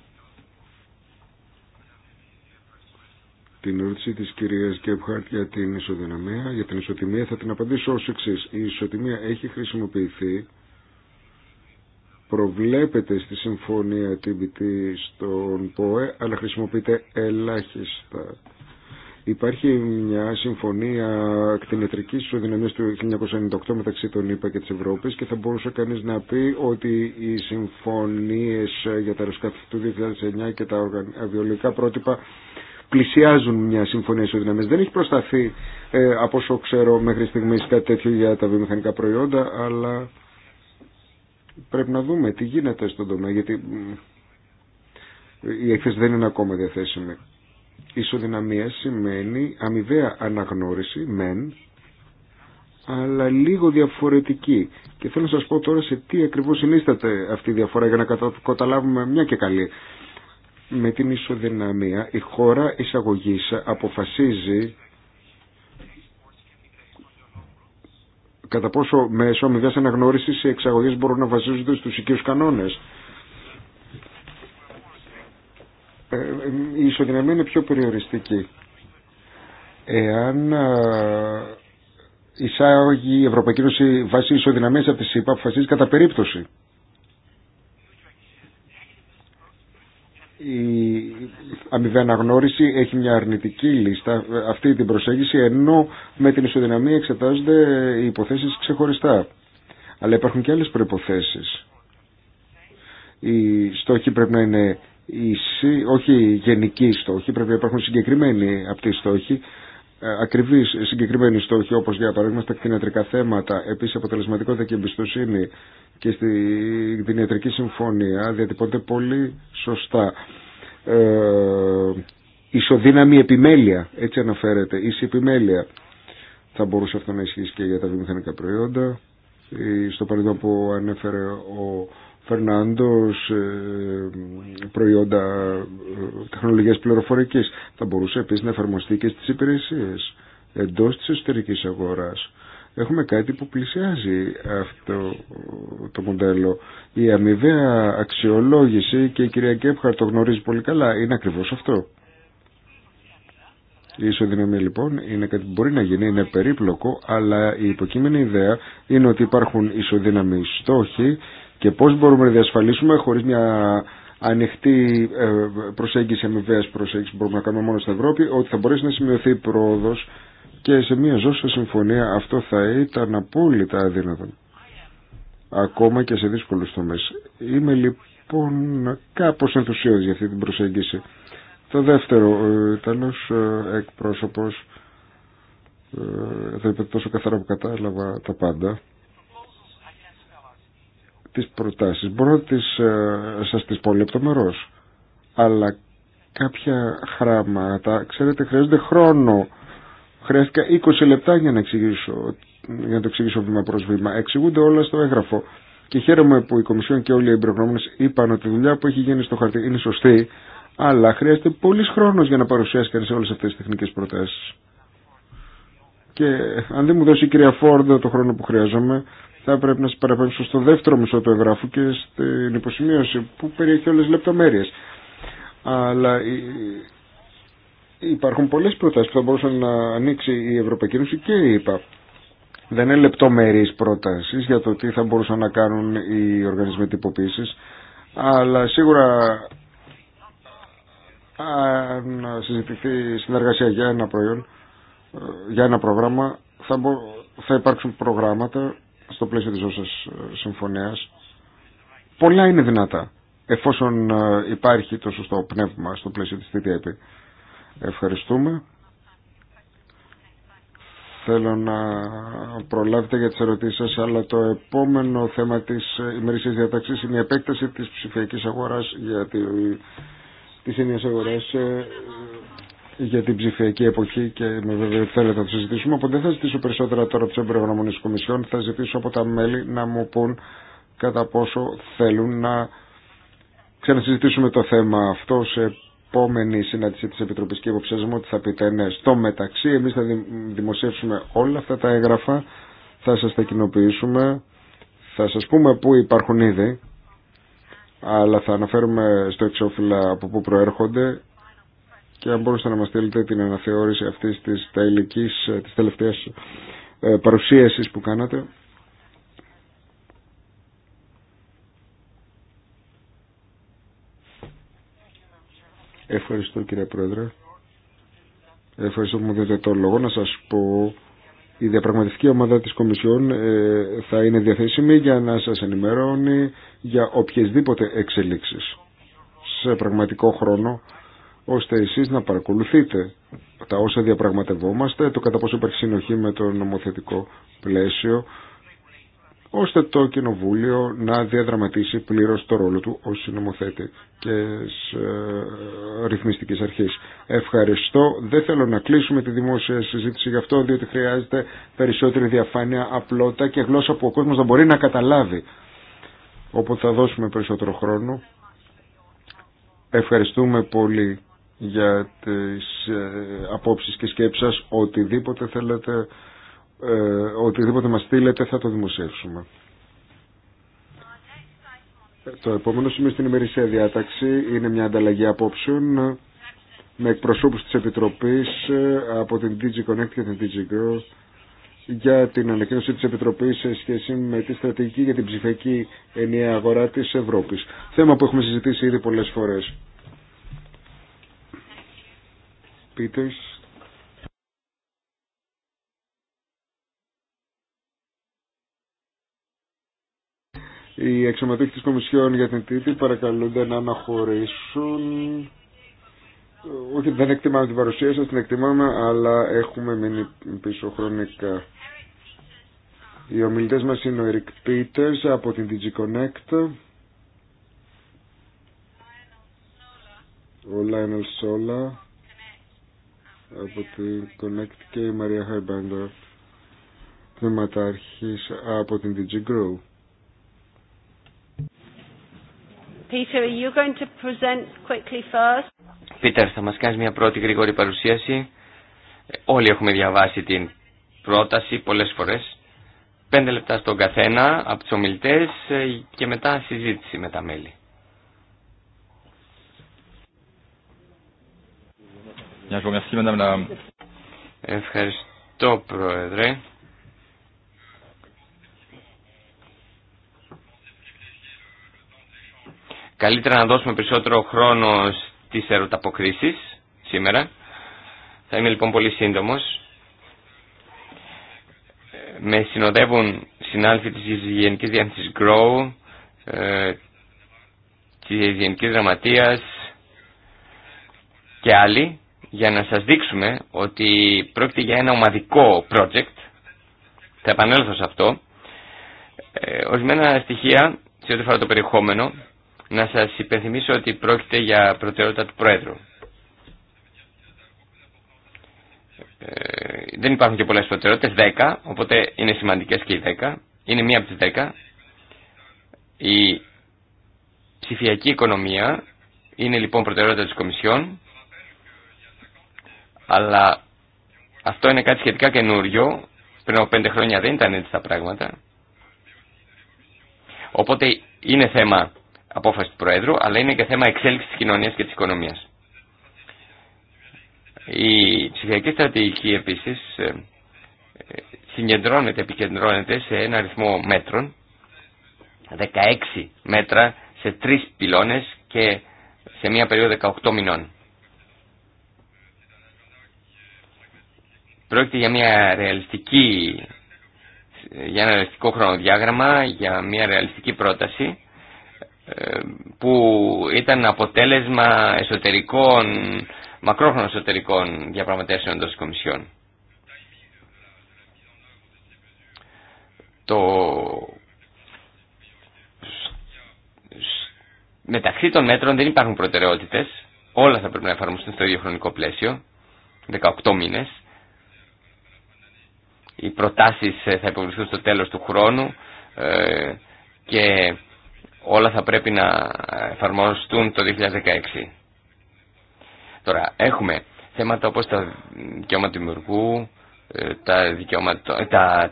Την ερώτηση της κυρίας Γκέμπχαρτ για την ισοδυναμία, για την ισοτιμία θα την απαντήσω ως εξής. Η ισοτιμία έχει χρησιμοποιηθεί προβλέπεται στη συμφωνία TBT στον ΠΟΕ αλλά χρησιμοποιείται ελάχιστα. Υπάρχει μια συμφωνία κτηνιατρική ισοδυναμία του 1998 μεταξύ των ΗΠΑ και τη Ευρώπη, και θα μπορούσε κανεί να πει ότι οι συμφωνίε για τα αεροσκάφη του 2009 και τα ε, βιολογικά πρότυπα πλησιάζουν μια συμφωνία ισοδυναμία. Δεν έχει προσταθεί ε, από όσο ξέρω μέχρι στιγμή κάτι τέτοιο για τα βιομηχανικά προϊόντα αλλά πρέπει να δούμε τι γίνεται στον τομέα, γιατί η έκθεση δεν είναι ακόμα διαθέσιμη. Ισοδυναμία σημαίνει αμοιβαία αναγνώριση, μεν, αλλά λίγο διαφορετική. Και θέλω να σας πω τώρα σε τι ακριβώς συνίσταται αυτή η διαφορά για να καταλάβουμε μια και καλή. Με την ισοδυναμία η χώρα εισαγωγής αποφασίζει κατά πόσο μέσω αμοιβέ αναγνώριση οι εξαγωγέ μπορούν να βασίζονται στου οικείου κανόνε. Ε, ε, η ισοδυναμία είναι πιο περιοριστική. Εάν εισάγει η Ευρωπαϊκή Ένωση βάσει ισοδυναμία από τη ΣΥΠΑ, αποφασίζει κατά περίπτωση η αμοιβαία αναγνώριση έχει μια αρνητική λίστα αυτή την προσέγγιση ενώ με την ισοδυναμία εξετάζονται οι υποθέσεις ξεχωριστά αλλά υπάρχουν και άλλες προϋποθέσεις οι στόχοι πρέπει να είναι ίσοι, όχι γενικοί στόχοι πρέπει να υπάρχουν συγκεκριμένοι αυτοί οι στόχοι ε, ακριβείς ε, συγκεκριμένοι στόχοι όπω για παράδειγμα στα κτηνιατρικά θέματα, επίσης αποτελεσματικότητα και εμπιστοσύνη και στη κτηνιατρική συμφωνία διατυπώνται πολύ σωστά. Ε, ισοδύναμη επιμέλεια, έτσι αναφέρεται, ίση επιμέλεια. Θα μπορούσε αυτό να ισχύσει και για τα βιομηχανικά προϊόντα. Ε, στο παρελθόν που ανέφερε ο Φερνάντος, ε, προϊόντα ε, τεχνολογίας πληροφορικής. Θα μπορούσε επίσης να εφαρμοστεί και στις υπηρεσίες εντός της εσωτερικής αγοράς. Έχουμε κάτι που πλησιάζει αυτό το μοντέλο. Η αμοιβαία αξιολόγηση και η κυρία Κέπχαρ το γνωρίζει πολύ καλά. Είναι ακριβώς αυτό. Η ισοδυναμία λοιπόν είναι κάτι που μπορεί να γίνει, είναι περίπλοκο, αλλά η υποκείμενη ιδέα είναι ότι υπάρχουν ισοδυναμοί στόχοι και πώς μπορούμε να διασφαλίσουμε χωρίς μια ανοιχτή ε, προσέγγιση, αμοιβαία προσέγγιση που μπορούμε να κάνουμε μόνο στην Ευρώπη, ότι θα μπορέσει να σημειωθεί πρόοδο και σε μια ζώσια συμφωνία αυτό θα ήταν απόλυτα αδύνατο. Ακόμα και σε δύσκολου τομές. Είμαι λοιπόν κάπω ενθουσιώδη για αυτή την προσέγγιση. Το δεύτερο, Ιταλό ε, εκπρόσωπο, θα ε, είπε τόσο καθαρά που κατάλαβα τα πάντα τις προτάσεις. Μπορώ να τις, ε, σας τις πω λεπτομερώς. Αλλά κάποια χράματα, ξέρετε, χρειάζονται χρόνο. Χρειάστηκα 20 λεπτά για να, εξηγήσω, για να το εξηγήσω βήμα προς βήμα. Εξηγούνται όλα στο έγγραφο. Και χαίρομαι που η Κομισιόν και όλοι οι εμπειρογνώμονε είπαν ότι η δουλειά που έχει γίνει στο χαρτί είναι σωστή, αλλά χρειάζεται πολλή χρόνο για να παρουσιάσει κανεί όλε αυτέ τι τεχνικέ προτάσει. Και αν δεν μου δώσει η κυρία Φόρντα το χρόνο που χρειάζομαι, θα πρέπει να σας παραπέμψω στο δεύτερο μισό του εγγράφου και στην υποσημείωση που περιέχει όλες τις λεπτομέρειες. Αλλά υπάρχουν πολλές προτάσεις που θα μπορούσαν να ανοίξει η Ευρωπαϊκή Ένωση και η ΕΠΑ. Δεν είναι λεπτομέρειες προτάσεις για το τι θα μπορούσαν να κάνουν οι οργανισμοί τυποποίησης, αλλά σίγουρα αν συζητηθεί συνεργασία για ένα προϊόν, ε, για ένα πρόγραμμα, θα, θα υπάρξουν προγράμματα στο πλαίσιο της όσας ε, συμφωνίας πολλά είναι δυνατά εφόσον ε, υπάρχει το σωστό πνεύμα στο πλαίσιο της TTIP. Ευχαριστούμε. Θέλω να προλάβετε για τις ερωτήσεις σας, αλλά το επόμενο θέμα της ε, ημερήσιας διαταξής είναι η επέκταση της ψηφιακής αγοράς για τι της ενιαίας αγοράς για την ψηφιακή εποχή και με βέβαια θέλετε να το συζητήσουμε. Οπότε δεν θα ζητήσω περισσότερα τώρα από του εμπειρογνώμονε κομισιών. Θα ζητήσω από τα μέλη να μου πούν κατά πόσο θέλουν να ξανασυζητήσουμε το θέμα αυτό σε επόμενη συνάντηση τη Επιτροπή και υποψιάζομαι ότι θα πείτε ναι. Στο μεταξύ, εμεί θα δημοσιεύσουμε όλα αυτά τα έγγραφα, θα σα τα κοινοποιήσουμε, θα σα πούμε πού υπάρχουν ήδη αλλά θα αναφέρουμε στο εξώφυλλα από πού προέρχονται και αν μπορούσατε να μας στείλετε την αναθεώρηση αυτής της, τελικής, της τελευταίας ε, παρουσίασης που κάνατε. Ευχαριστώ κύριε Πρόεδρε. Ευχαριστώ που μου δίνετε το λόγο να σας πω η διαπραγματευτική ομάδα της Κομισιόν ε, θα είναι διαθέσιμη για να σας ενημερώνει για οποιασδήποτε εξελίξεις σε πραγματικό χρόνο ώστε εσείς να παρακολουθείτε τα όσα διαπραγματευόμαστε, το κατά πόσο υπάρχει συνοχή με το νομοθετικό πλαίσιο, ώστε το Κοινοβούλιο να διαδραματίσει πλήρως το ρόλο του ως νομοθέτη και ε, ρυθμιστικής αρχής. Ευχαριστώ. Δεν θέλω να κλείσουμε τη δημόσια συζήτηση γι' αυτό, διότι χρειάζεται περισσότερη διαφάνεια, απλότητα και γλώσσα που ο κόσμος να μπορεί να καταλάβει. Οπότε θα δώσουμε περισσότερο χρόνο. Ευχαριστούμε πολύ για τις ε, απόψεις και σκέψεις σας. Οτιδήποτε θέλετε, ε, οτιδήποτε μας στείλετε θα το δημοσιεύσουμε. Το επόμενο σημείο στην ημερησία διάταξη είναι μια ανταλλαγή απόψεων με εκπροσώπους της Επιτροπής ε, από την DG Connect και την DG για την ανακοίνωση της Επιτροπής σε σχέση με τη στρατηγική για την ψηφιακή ενιαία αγορά της Ευρώπης. Θέμα που έχουμε συζητήσει ήδη πολλές φορές. Πίτερς. Οι αξιωματούχοι της Κομισιόν για την Τίτη παρακαλούνται να αναχωρήσουν. Όχι, δεν εκτιμάμε την παρουσία σας, την εκτιμάμε, αλλά έχουμε μείνει πίσω χρονικά. Οι ομιλητέ μας είναι ο Ερικ Πίτερς από την DigiConnect. Ο Lionel από την Connect και η Μαρία Χαϊμπάντορ, αρχής από την DG Grow. Peter, θα μας κάνεις μια πρώτη γρήγορη παρουσίαση. Όλοι έχουμε διαβάσει την πρόταση πολλές φορές. Πέντε λεπτά στον καθένα από τους ομιλητές και μετά συζήτηση με τα μέλη. Ευχαριστώ, Πρόεδρε. Καλύτερα να δώσουμε περισσότερο χρόνο στις ερωταποκρίσεις σήμερα. Θα είμαι λοιπόν πολύ σύντομος. Με συνοδεύουν συνάλφοι της γενική Διεύθυνσης Grow, ε, της γενική Δραματείας και άλλοι για να σας δείξουμε ότι πρόκειται για ένα ομαδικό project. Θα επανέλθω σε αυτό. Ε, ορισμένα στοιχεία, σε ό,τι φορά το περιεχόμενο, να σας υπενθυμίσω ότι πρόκειται για προτεραιότητα του Πρόεδρου. Ε, δεν υπάρχουν και πολλές προτεραιότητες, 10, οπότε είναι σημαντικές και οι 10. Είναι μία από τις 10. Η ψηφιακή οικονομία είναι λοιπόν προτεραιότητα της Κομισιόν αλλά αυτό είναι κάτι σχετικά καινούριο. Πριν από πέντε χρόνια δεν ήταν έτσι τα πράγματα. Οπότε είναι θέμα απόφαση του Προέδρου, αλλά είναι και θέμα εξέλιξη τη κοινωνία και τη οικονομία. Η ψηφιακή στρατηγική επίση ε, συγκεντρώνεται, επικεντρώνεται σε ένα αριθμό μέτρων, 16 μέτρα σε τρει πυλώνε και σε μία περίοδο 18 μηνών. Πρόκειται για, μια ρεαλιστική, για ένα ρεαλιστικό χρονοδιάγραμμα, για μια ρεαλιστική πρόταση ε, που ήταν αποτέλεσμα εσωτερικών, μακρόχρονων εσωτερικών διαπραγματεύσεων εντός της Κομισιόν. Το... Μεταξύ των μέτρων δεν υπάρχουν προτεραιότητες, όλα θα πρέπει να εφαρμοστούν στο ίδιο χρονικό πλαίσιο, 18 μήνες, οι προτάσεις ε, θα υποβληθούν στο τέλος του χρόνου ε, και όλα θα πρέπει να εφαρμοστούν το 2016. Τώρα, έχουμε θέματα όπως τα δικαιώματα του δημιουργού, ε, τα, δικαιώματα, τα,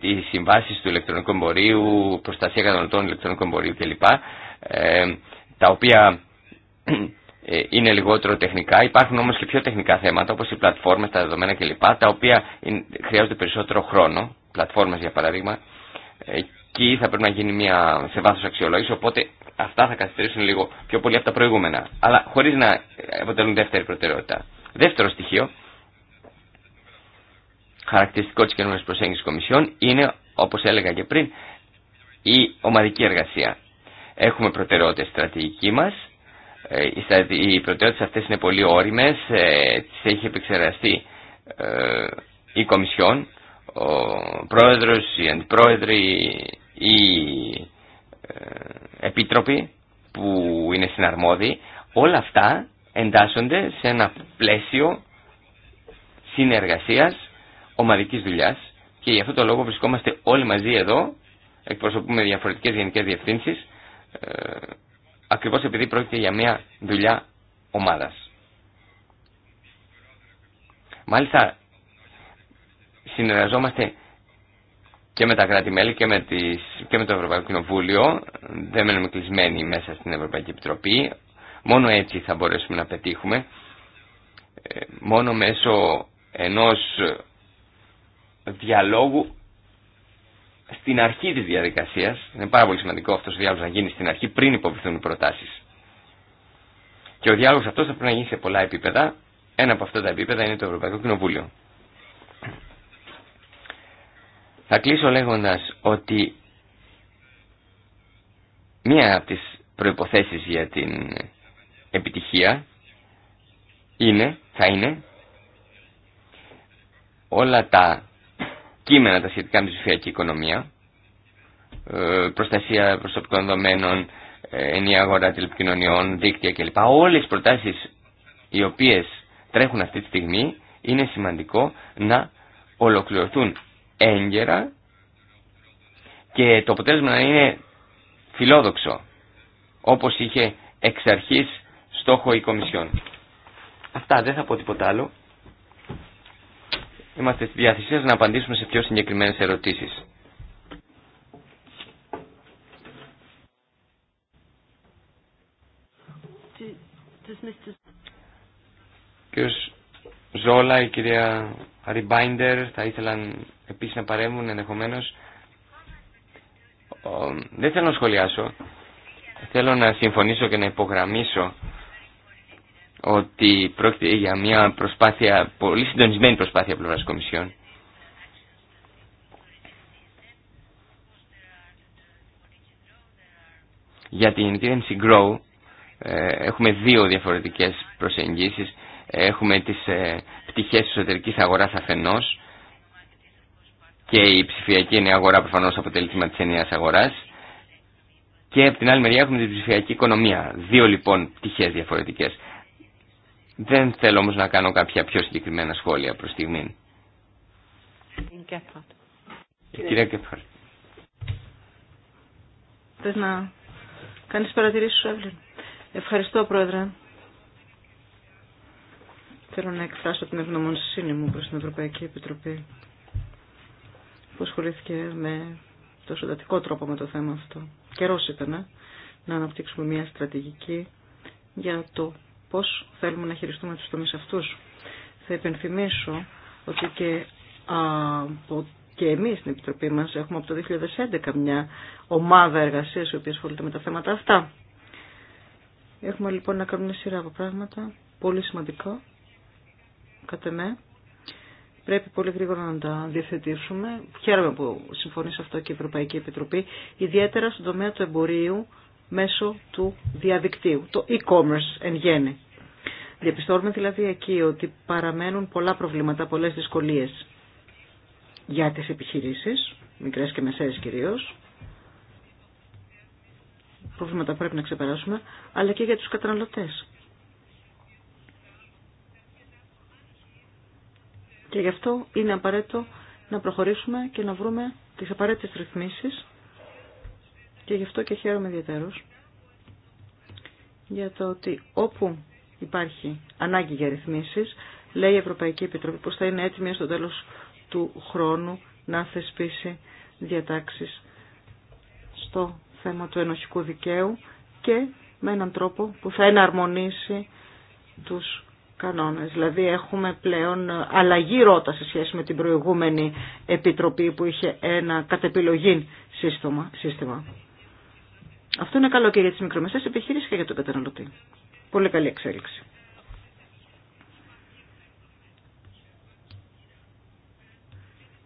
τις συμβάσεις του ηλεκτρονικού εμπορίου, προστασία καταναλωτών ηλεκτρονικού εμπορίου κλπ. τα οποία ε, είναι λιγότερο τεχνικά. Υπάρχουν όμως και πιο τεχνικά θέματα όπως οι πλατφόρμες, τα δεδομένα κλπ. Τα οποία χρειάζονται περισσότερο χρόνο, πλατφόρμες για παράδειγμα. Ε, εκεί θα πρέπει να γίνει μια σε βάθος αξιολόγηση, οπότε αυτά θα καθυστερήσουν λίγο πιο πολύ από τα προηγούμενα. Αλλά χωρίς να αποτελούν δεύτερη προτεραιότητα. Δεύτερο στοιχείο, χαρακτηριστικό της καινούργιας προσέγγισης κομισιών, είναι, όπως έλεγα και πριν, η ομαδική εργασία. Έχουμε προτεραιότητες στρατηγική μας, ε, οι προτεραιότητες αυτές είναι πολύ όριμες, ε, τις έχει επεξεργαστεί ε, η Κομισιόν, ο πρόεδρος, οι αντιπρόεδροι, οι επίτροποι που είναι συναρμόδιοι. Όλα αυτά εντάσσονται σε ένα πλαίσιο συνεργασίας, ομαδικής δουλειάς και γι' αυτό το λόγο βρισκόμαστε όλοι μαζί εδώ, εκπροσωπούμε διαφορετικές γενικές διευθύνσεις ακριβώς επειδή πρόκειται για μια δουλειά ομάδας. Μάλιστα, συνεργαζόμαστε και με τα κράτη-μέλη και, με και με το Ευρωπαϊκό Κοινοβούλιο. Δεν μένουμε κλεισμένοι μέσα στην Ευρωπαϊκή Επιτροπή. Μόνο έτσι θα μπορέσουμε να πετύχουμε. Ε, μόνο μέσω ενός διαλόγου στην αρχή της διαδικασίας, είναι πάρα πολύ σημαντικό αυτός ο διάλογος να γίνει στην αρχή πριν υποβληθούν οι προτάσεις. Και ο διάλογος αυτός θα πρέπει να γίνει σε πολλά επίπεδα. Ένα από αυτά τα επίπεδα είναι το Ευρωπαϊκό Κοινοβούλιο. Θα κλείσω λέγοντας ότι μία από τις προϋποθέσεις για την επιτυχία είναι, θα είναι όλα τα κείμενα τα σχετικά με τη ψηφιακή οικονομία, ε, προστασία προσωπικών δεδομένων, ε, ενιαία αγορά τηλεπικοινωνιών, δίκτυα κλπ. Όλες οι προτάσεις οι οποίες τρέχουν αυτή τη στιγμή είναι σημαντικό να ολοκληρωθούν έγκαιρα και το αποτέλεσμα να είναι φιλόδοξο όπως είχε εξ αρχής στόχο η Κομισιόν. Αυτά δεν θα πω τίποτα άλλο. Είμαστε στη να απαντήσουμε σε πιο συγκεκριμένες ερωτήσεις. Κύριος Ζόλα, η κυρία Ριμπάιντερ θα ήθελαν επίσης να παρέμβουν ενδεχομένως. Δεν θέλω να σχολιάσω. Θέλω να συμφωνήσω και να υπογραμμίσω ότι πρόκειται για μια προσπάθεια, πολύ συντονισμένη προσπάθεια πλευράς Κομισιόν. Για την κυβέρνηση Grow ε, έχουμε δύο διαφορετικές προσεγγίσεις. Έχουμε τις ε, πτυχές της εσωτερικής αγοράς αφενός και η ψηφιακή νέα αγορά προφανώς αποτελεί τη της ενιαίας αγοράς και από την άλλη μεριά έχουμε την ψηφιακή οικονομία. Δύο λοιπόν πτυχές διαφορετικές. Δεν θέλω όμως να κάνω κάποια πιο συγκεκριμένα σχόλια προς στιγμή. Κυρία Κέφχαρτ. Θες να κάνεις παρατηρήσεις σου, Ευχαριστώ, Πρόεδρε. Θέλω να εκφράσω την ευγνωμονησύνη μου προς την Ευρωπαϊκή Επιτροπή που ασχολήθηκε με τόσο σωτατικό τρόπο με το θέμα αυτό. Καιρός ήταν να αναπτύξουμε μια στρατηγική για το πώς θέλουμε να χειριστούμε τους τομείς αυτούς. Θα υπενθυμίσω ότι και από και εμείς στην Επιτροπή μας έχουμε από το 2011 μια ομάδα εργασίας η οποία ασχολείται με τα θέματα αυτά. Έχουμε λοιπόν να κάνουμε μια σειρά από πράγματα, πολύ σημαντικό, κατά με. Πρέπει πολύ γρήγορα να τα διευθετήσουμε. Χαίρομαι που συμφωνεί σε αυτό και η Ευρωπαϊκή Επιτροπή, ιδιαίτερα στον τομέα του εμπορίου μέσω του διαδικτύου, το e-commerce εν γέννη. Διαπιστώνουμε δηλαδή εκεί ότι παραμένουν πολλά προβλήματα, πολλές δυσκολίες για τις επιχειρήσεις, μικρές και μεσαίες κυρίως, προβλήματα που πρέπει να ξεπεράσουμε, αλλά και για τους καταναλωτές. Και γι' αυτό είναι απαραίτητο να προχωρήσουμε και να βρούμε τις απαραίτητες ρυθμίσεις και γι' αυτό και χαίρομαι ιδιαίτερως για το ότι όπου υπάρχει ανάγκη για ρυθμίσει, λέει η Ευρωπαϊκή Επιτροπή πως θα είναι έτοιμη στο τέλος του χρόνου να θεσπίσει διατάξεις στο θέμα του ενοχικού δικαίου και με έναν τρόπο που θα εναρμονίσει τους κανόνες. Δηλαδή έχουμε πλέον αλλαγή ρότα σε σχέση με την προηγούμενη επιτροπή που είχε ένα σύστημα. σύστημα. Αυτό είναι καλό και για τι μικρομεσαίες επιχειρήσει και για τον καταναλωτή. Πολύ καλή εξέλιξη.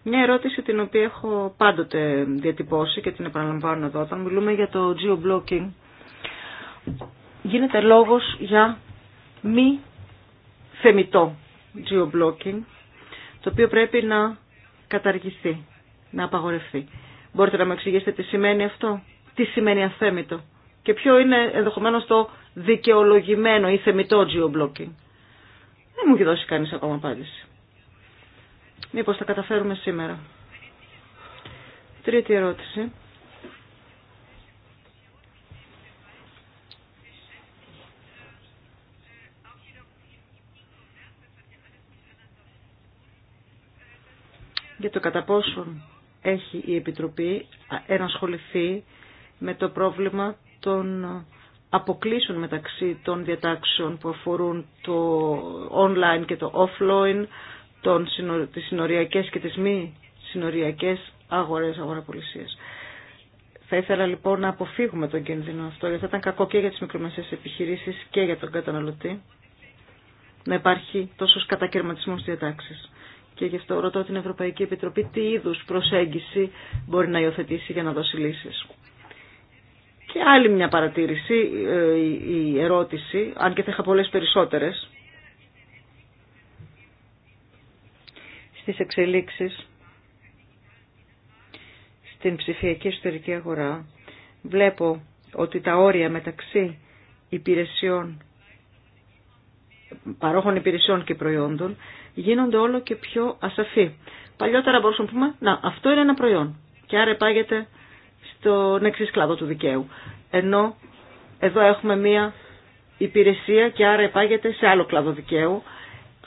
Μια ερώτηση την οποία έχω πάντοτε διατυπώσει και την επαναλαμβάνω εδώ όταν μιλούμε για το geo-blocking. Γίνεται λόγος για μη θεμητό geo-blocking, το οποίο πρέπει να καταργηθεί, να απαγορευτεί. Μπορείτε να μου εξηγήσετε τι σημαίνει αυτό τι σημαίνει αθέμητο και ποιο είναι ενδεχομένω το δικαιολογημένο ή θεμητό geo-blocking. Δεν μου έχει δώσει κανείς ακόμα απάντηση. Μήπως τα καταφέρουμε σήμερα. Τρίτη ερώτηση. Για το κατά πόσον έχει η Επιτροπή ενασχοληθεί με το πρόβλημα των αποκλήσεων μεταξύ των διατάξεων που αφορούν το online και το offline, των, τις συνοριακές και τις μη συνοριακές αγορές αγοραπολισίες. Θα ήθελα λοιπόν να αποφύγουμε τον κίνδυνο αυτό, γιατί θα ήταν κακό και για τις μικρομεσαίες επιχειρήσεις και για τον καταναλωτή να υπάρχει τόσος κατακαιρματισμός διατάξεις. Και γι' αυτό ρωτώ την Ευρωπαϊκή Επιτροπή τι είδους προσέγγιση μπορεί να υιοθετήσει για να δώσει λύσεις. Και άλλη μια παρατήρηση, ε, η ερώτηση, αν και θα είχα πολλές περισσότερες, στις εξελίξεις στην ψηφιακή εσωτερική αγορά, βλέπω ότι τα όρια μεταξύ υπηρεσιών, παρόχων υπηρεσιών και προϊόντων γίνονται όλο και πιο ασαφή. Παλιότερα μπορούσαμε να πούμε, να αυτό είναι ένα προϊόν και άρα επάγεται στον εξή κλάδο του δικαίου. Ενώ εδώ έχουμε μία υπηρεσία και άρα επάγεται σε άλλο κλάδο δικαίου.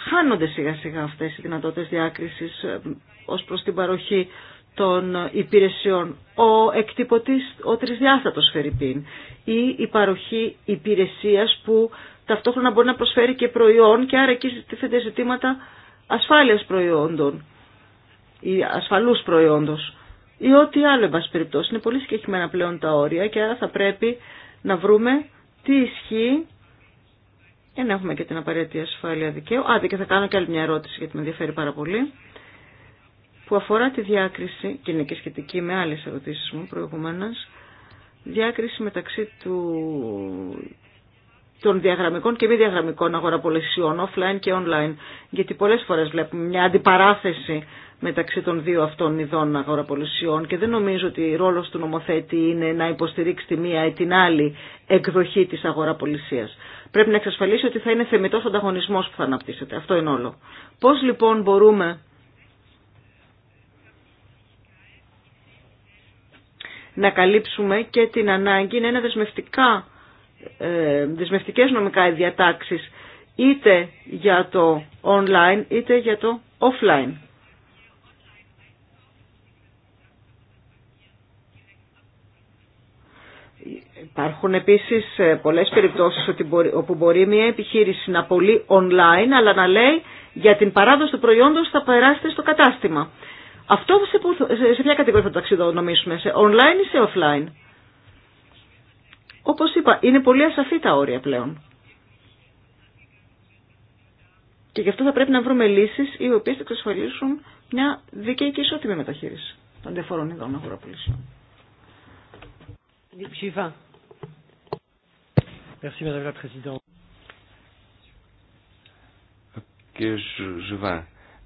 Χάνονται σιγά σιγά αυτές οι δυνατότητες διάκρισης ε, ως προς την παροχή των υπηρεσιών. Ο εκτυπωτής, ο τρισδιάστατος Φερρυπίν ή η παροχή υπηρεσίας που ταυτόχρονα μπορεί να προσφέρει και προϊόν και άρα εκεί τίθενται ζητήματα ασφάλειας προϊόντων ή ασφαλούς προϊόντος ή ό,τι άλλο εν πάση περιπτώσει. Είναι πολύ συγκεκριμένα πλέον τα όρια και άρα θα πρέπει να βρούμε τι ισχύει για να έχουμε και την απαραίτητη ασφάλεια δικαίου. Άντε και θα κάνω και άλλη μια ερώτηση γιατί με ενδιαφέρει πάρα πολύ που αφορά τη διάκριση και είναι και σχετική με άλλες ερωτήσεις μου προηγουμένως διάκριση μεταξύ του, των διαγραμμικών και μη διαγραμμικών αγοραπολισιών, offline και online. Γιατί πολλές φορές βλέπουμε μια αντιπαράθεση μεταξύ των δύο αυτών ειδών αγοραπολισιών και δεν νομίζω ότι ρόλος του νομοθέτη είναι να υποστηρίξει τη μία ή την άλλη εκδοχή της αγοραπολισίας. Πρέπει να εξασφαλίσει ότι θα είναι θεμητός ανταγωνισμός που θα αναπτύσσεται. Αυτό είναι όλο. Πώς λοιπόν μπορούμε να καλύψουμε και την ανάγκη να είναι δεσμευτικά, ε, δεσμευτικές νομικά διατάξεις είτε για το online είτε για το offline. Υπάρχουν επίσης ε, πολλές περιπτώσεις όπου μπορεί μια επιχείρηση να πωλεί online αλλά να λέει για την παράδοση του προϊόντος θα περάσετε στο κατάστημα. Αυτό σε, που, σε ποια κατηγορία θα ταξιδονομήσουμε, σε online ή σε offline. Όπως είπα, είναι πολύ ασαφή τα όρια πλέον. Και γι' αυτό θα πρέπει να βρούμε λύσεις οι οποίες θα εξασφαλίσουν μια δίκαιη και ισότιμη μεταχείριση των διαφορών ειδών Merci,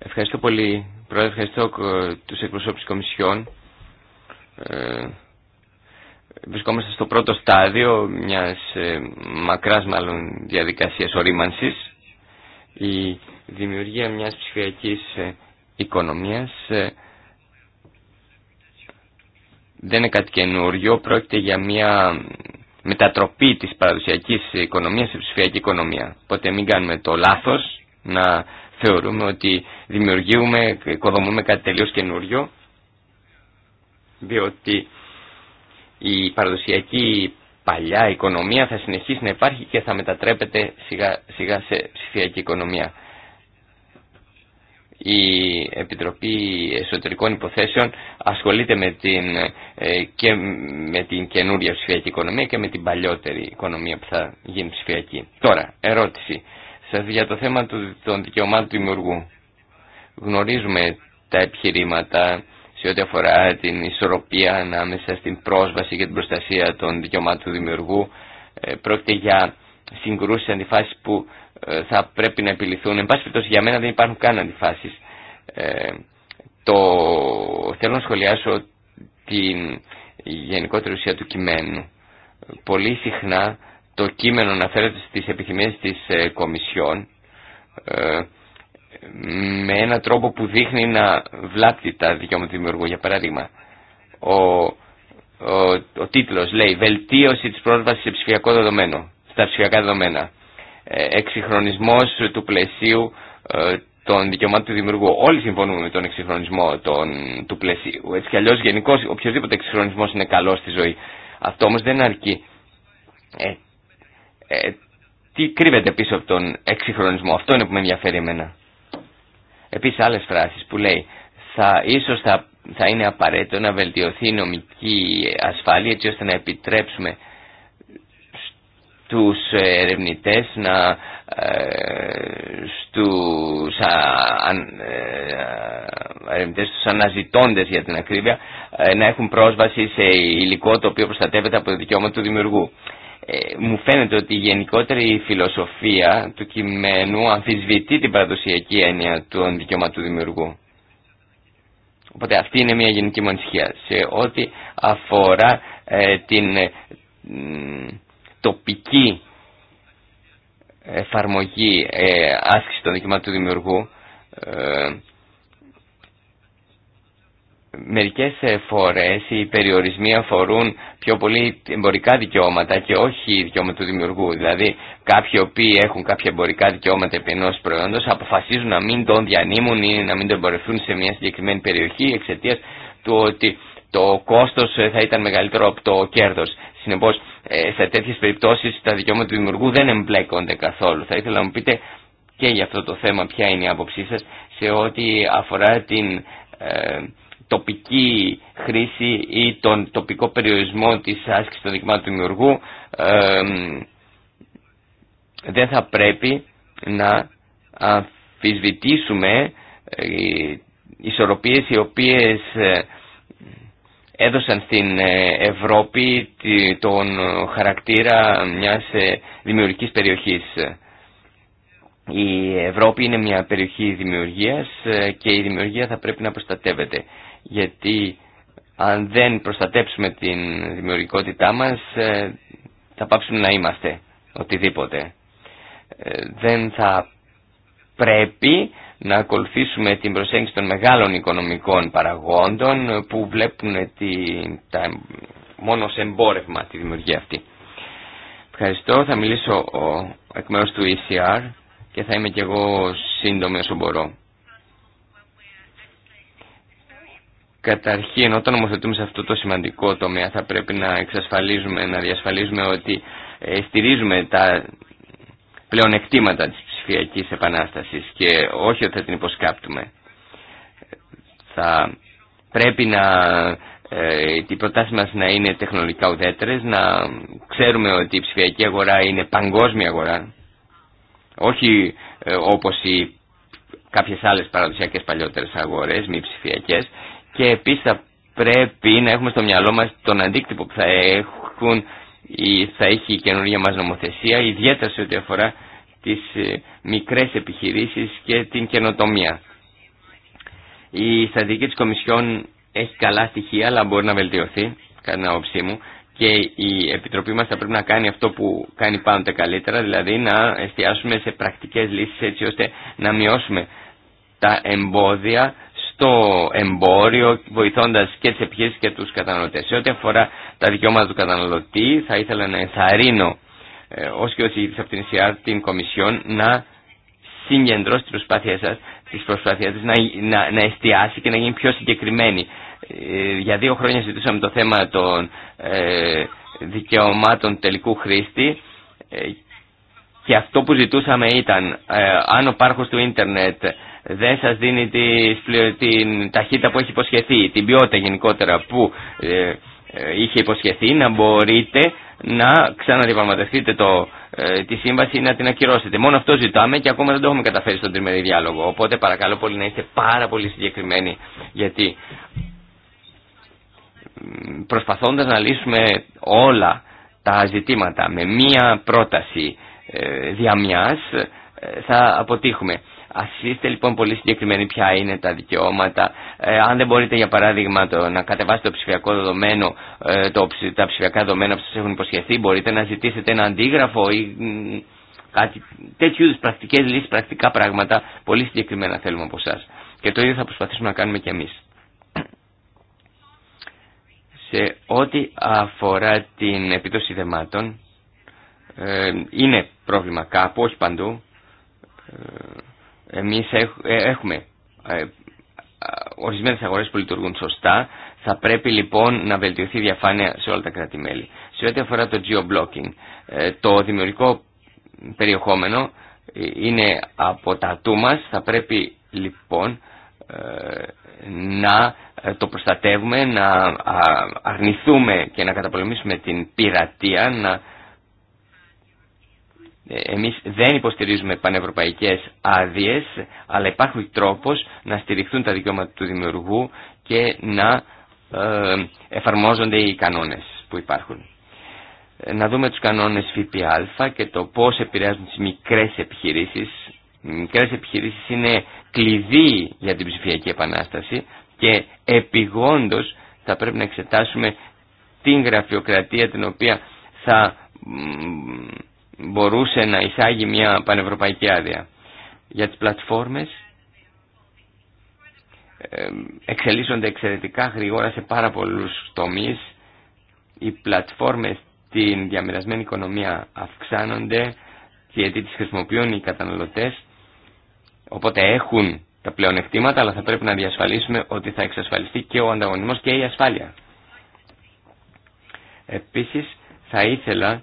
ευχαριστώ πολύ. Πρώτα ευχαριστώ τους εκπροσώπους της Κομισιόν. Ε, βρισκόμαστε στο πρώτο στάδιο μιας ε, μακράς μάλλον διαδικασίας ορίμανσης. Η δημιουργία μιας ψηφιακής ε, οικονομίας δεν είναι κάτι καινούριο, πρόκειται για μια μετατροπή της παραδοσιακής οικονομίας σε ψηφιακή οικονομία. Οπότε μην κάνουμε το λάθος να θεωρούμε ότι δημιουργούμε, οικοδομούμε κάτι τελείως καινούριο, διότι η παραδοσιακή παλιά οικονομία θα συνεχίσει να υπάρχει και θα μετατρέπεται σιγά σιγά σε ψηφιακή οικονομία. Η Επιτροπή Εσωτερικών Υποθέσεων ασχολείται με την, ε, και με την καινούρια ψηφιακή οικονομία και με την παλιότερη οικονομία που θα γίνει ψηφιακή. Τώρα, ερώτηση. Σας για το θέμα των δικαιωμάτων του δημιουργού. Γνωρίζουμε τα επιχειρήματα σε ό,τι αφορά την ισορροπία ανάμεσα στην πρόσβαση και την προστασία των δικαιωμάτων του δημιουργού. Ε, πρόκειται για συγκρούσεις αντιφάσεις που ε, θα πρέπει να επιληθούν. Εν πάση περιπτώσει για μένα δεν υπάρχουν καν αντιφάσει. Ε, το... Θέλω να σχολιάσω την γενικότερη ουσία του κειμένου. Πολύ συχνά το κείμενο αναφέρεται στις επιθυμίες της ε, Κομισιόν ε, με έναν τρόπο που δείχνει να βλάπτει τα δικαιώματα του δημιουργού. Για παράδειγμα, ο, ο, τίτλος λέει «Βελτίωση της πρόσβασης σε ψηφιακό δεδομένο, στα ψηφιακά δεδομένα». Ε, εξυγχρονισμός του πλαισίου ε, των δικαιωμάτων του δημιουργού. Όλοι συμφωνούμε με τον εξυγχρονισμό των, του πλαισίου. Έτσι κι αλλιώς γενικώς οποιοδήποτε εξυγχρονισμός είναι καλό στη ζωή. Αυτό όμως δεν αρκεί. Ε, ε, τι κρύβεται πίσω από τον εξυγχρονισμό. Αυτό είναι που με ενδιαφέρει εμένα. Επίσης άλλες φράσεις που λέει θα, ίσως θα, θα είναι απαραίτητο να βελτιωθεί η νομική ασφάλεια έτσι ώστε να επιτρέψουμε τους ε, ερευνητές, να, ε, στους ε, ερευνητές, στους αναζητώντες για την ακρίβεια, να έχουν πρόσβαση σε υλικό το οποίο προστατεύεται από το δικαιώμα του δημιουργού. Μου φαίνεται ότι η γενικότερη φιλοσοφία του κειμένου αμφισβητεί την παραδοσιακή έννοια του δικαιώματο του δημιουργού. Οπότε αυτή είναι μια γενική μου Σε ό,τι αφορά την, τοπική εφαρμογή ε, άσκηση των δικαιωμάτων του δημιουργού ε, μερικές ε, φορές οι περιορισμοί αφορούν πιο πολύ εμπορικά δικαιώματα και όχι δικαιώματα του δημιουργού δηλαδή κάποιοι οποίοι έχουν κάποια εμπορικά δικαιώματα επί ενός προϊόντος αποφασίζουν να μην τον διανύμουν ή να μην τον εμπορευτούν σε μια συγκεκριμένη περιοχή εξαιτίας του ότι το κόστος ε, θα ήταν μεγαλύτερο από το κέρδος. Συνεπώς, ε, σε τέτοιες περιπτώσεις τα δικαιώματα του δημιουργού δεν εμπλέκονται καθόλου. Θα ήθελα να μου πείτε και για αυτό το θέμα ποια είναι η άποψή σας σε ό,τι αφορά την ε, τοπική χρήση ή τον τοπικό περιορισμό της άσκησης των δικαιωμάτων του δημιουργού ε, δεν θα πρέπει να αμφισβητήσουμε ε, ισορροπίες οι οποίες έδωσαν στην ε, Ευρώπη τον χαρακτήρα μιας ε, δημιουργικής περιοχής. Η Ευρώπη είναι μια περιοχή δημιουργίας ε, και η δημιουργία θα πρέπει να προστατεύεται. Γιατί αν δεν προστατέψουμε την δημιουργικότητά μας θα πάψουμε να είμαστε οτιδήποτε. Δεν θα πρέπει να ακολουθήσουμε την προσέγγιση των μεγάλων οικονομικών παραγόντων που βλέπουν τη, τα, μόνο σε εμπόρευμα τη δημιουργία αυτή. Ευχαριστώ, θα μιλήσω ο, εκ μέρους του ECR και θα είμαι κι εγώ σύντομη όσο μπορώ. Καταρχήν, όταν ομοθετούμε σε αυτό το σημαντικό τομέα θα πρέπει να εξασφαλίζουμε, να διασφαλίζουμε ότι ε, στηρίζουμε τα πλεονεκτήματα της ψηφιακής επανάστασης και όχι ότι θα την υποσκάπτουμε. Θα πρέπει να ε, οι προτάσει μας να είναι τεχνολογικά ουδέτερες, να ξέρουμε ότι η ψηφιακή αγορά είναι παγκόσμια αγορά, όχι ε, όπως οι κάποιες άλλες παραδοσιακές παλιότερες αγορές, μη ψηφιακές, και επίσης θα πρέπει να έχουμε στο μυαλό μας τον αντίκτυπο που θα, έχουν, θα έχει η καινούργια μας νομοθεσία, ιδιαίτερα σε ό,τι αφορά τις ε, μικρές επιχειρήσεις και την καινοτομία. Η στρατηγική της Κομισιόν έχει καλά στοιχεία αλλά μπορεί να βελτιωθεί, κατά την άποψή μου, και η Επιτροπή μας θα πρέπει να κάνει αυτό που κάνει πάντοτε καλύτερα, δηλαδή να εστιάσουμε σε πρακτικές λύσεις έτσι ώστε να μειώσουμε τα εμπόδια στο εμπόριο, βοηθώντας και τις επιχείρησεις και τους καταναλωτές. Σε ό,τι αφορά τα δικαιώματα του καταναλωτή, θα ήθελα να ενθαρρύνω ε, ω και ο από την την Κομισιόν, να συγκεντρώσει τις προσπάθειές σας, τις προσπάθειές να, να, εστιάσει και να γίνει πιο συγκεκριμένη. Ε, για δύο χρόνια ζητούσαμε το θέμα των ε, δικαιωμάτων τελικού χρήστη ε, και αυτό που ζητούσαμε ήταν ε, αν ο πάρχος του ίντερνετ δεν σας δίνει την ταχύτητα που έχει υποσχεθεί, την ποιότητα γενικότερα που ε, είχε υποσχεθεί να μπορείτε να ξαναδιαπραγματευτείτε το, ε, τη σύμβαση ή να την ακυρώσετε. Μόνο αυτό ζητάμε και ακόμα δεν το έχουμε καταφέρει στον τριμερή διάλογο. Οπότε παρακαλώ πολύ να είστε πάρα πολύ συγκεκριμένοι γιατί προσπαθώντας να λύσουμε όλα τα ζητήματα με μία πρόταση ε, διαμιάς ε, θα αποτύχουμε. Ας είστε λοιπόν πολύ συγκεκριμένοι ποια είναι τα δικαιώματα. Ε, αν δεν μπορείτε για παράδειγμα το, να κατεβάσετε το ψηφιακό δεδομένο, ε, το, τα ψηφιακά δεδομένα που σας έχουν υποσχεθεί, μπορείτε να ζητήσετε ένα αντίγραφο ή κάτι, τέτοιου είδους πρακτικές λύσεις, πρακτικά πράγματα, πολύ συγκεκριμένα θέλουμε από εσά. Και το ίδιο θα προσπαθήσουμε να κάνουμε κι εμείς. Σε ό,τι αφορά την επίδοση δεμάτων, ε, είναι πρόβλημα κάπου, όχι παντού. Ε, εμείς ε, έχουμε ε, ορισμένες αγορές που λειτουργούν σωστά. Θα πρέπει λοιπόν να βελτιωθεί η διαφάνεια σε όλα τα κράτη-μέλη. Σε ό,τι αφορά το geo-blocking, ε, το δημιουργικό περιεχόμενο είναι από τα ατού Θα πρέπει λοιπόν να το προστατεύουμε, να αρνηθούμε και να καταπολεμήσουμε την πειρατεία, ε, εμείς δεν υποστηρίζουμε πανευρωπαϊκές άδειες, αλλά υπάρχουν τρόπος να στηριχθούν τα δικαιώματα του δημιουργού και να ε, εφαρμόζονται οι κανόνες που υπάρχουν. Ε, να δούμε τους κανόνες ΦΠΑ και το πώς επηρεάζουν τις μικρές επιχειρήσεις. Οι μικρές επιχειρήσεις είναι κλειδί για την ψηφιακή επανάσταση και επιγόντως θα πρέπει να εξετάσουμε την γραφειοκρατία την οποία θα μπορούσε να εισάγει μια πανευρωπαϊκή άδεια. Για τις πλατφόρμες εξελίσσονται εξαιρετικά γρήγορα σε πάρα πολλούς τομείς. Οι πλατφόρμες στην διαμερασμένη οικονομία αυξάνονται και γιατί τις χρησιμοποιούν οι καταναλωτές. Οπότε έχουν τα πλεονεκτήματα, αλλά θα πρέπει να διασφαλίσουμε ότι θα εξασφαλιστεί και ο ανταγωνισμός και η ασφάλεια. Επίσης, θα ήθελα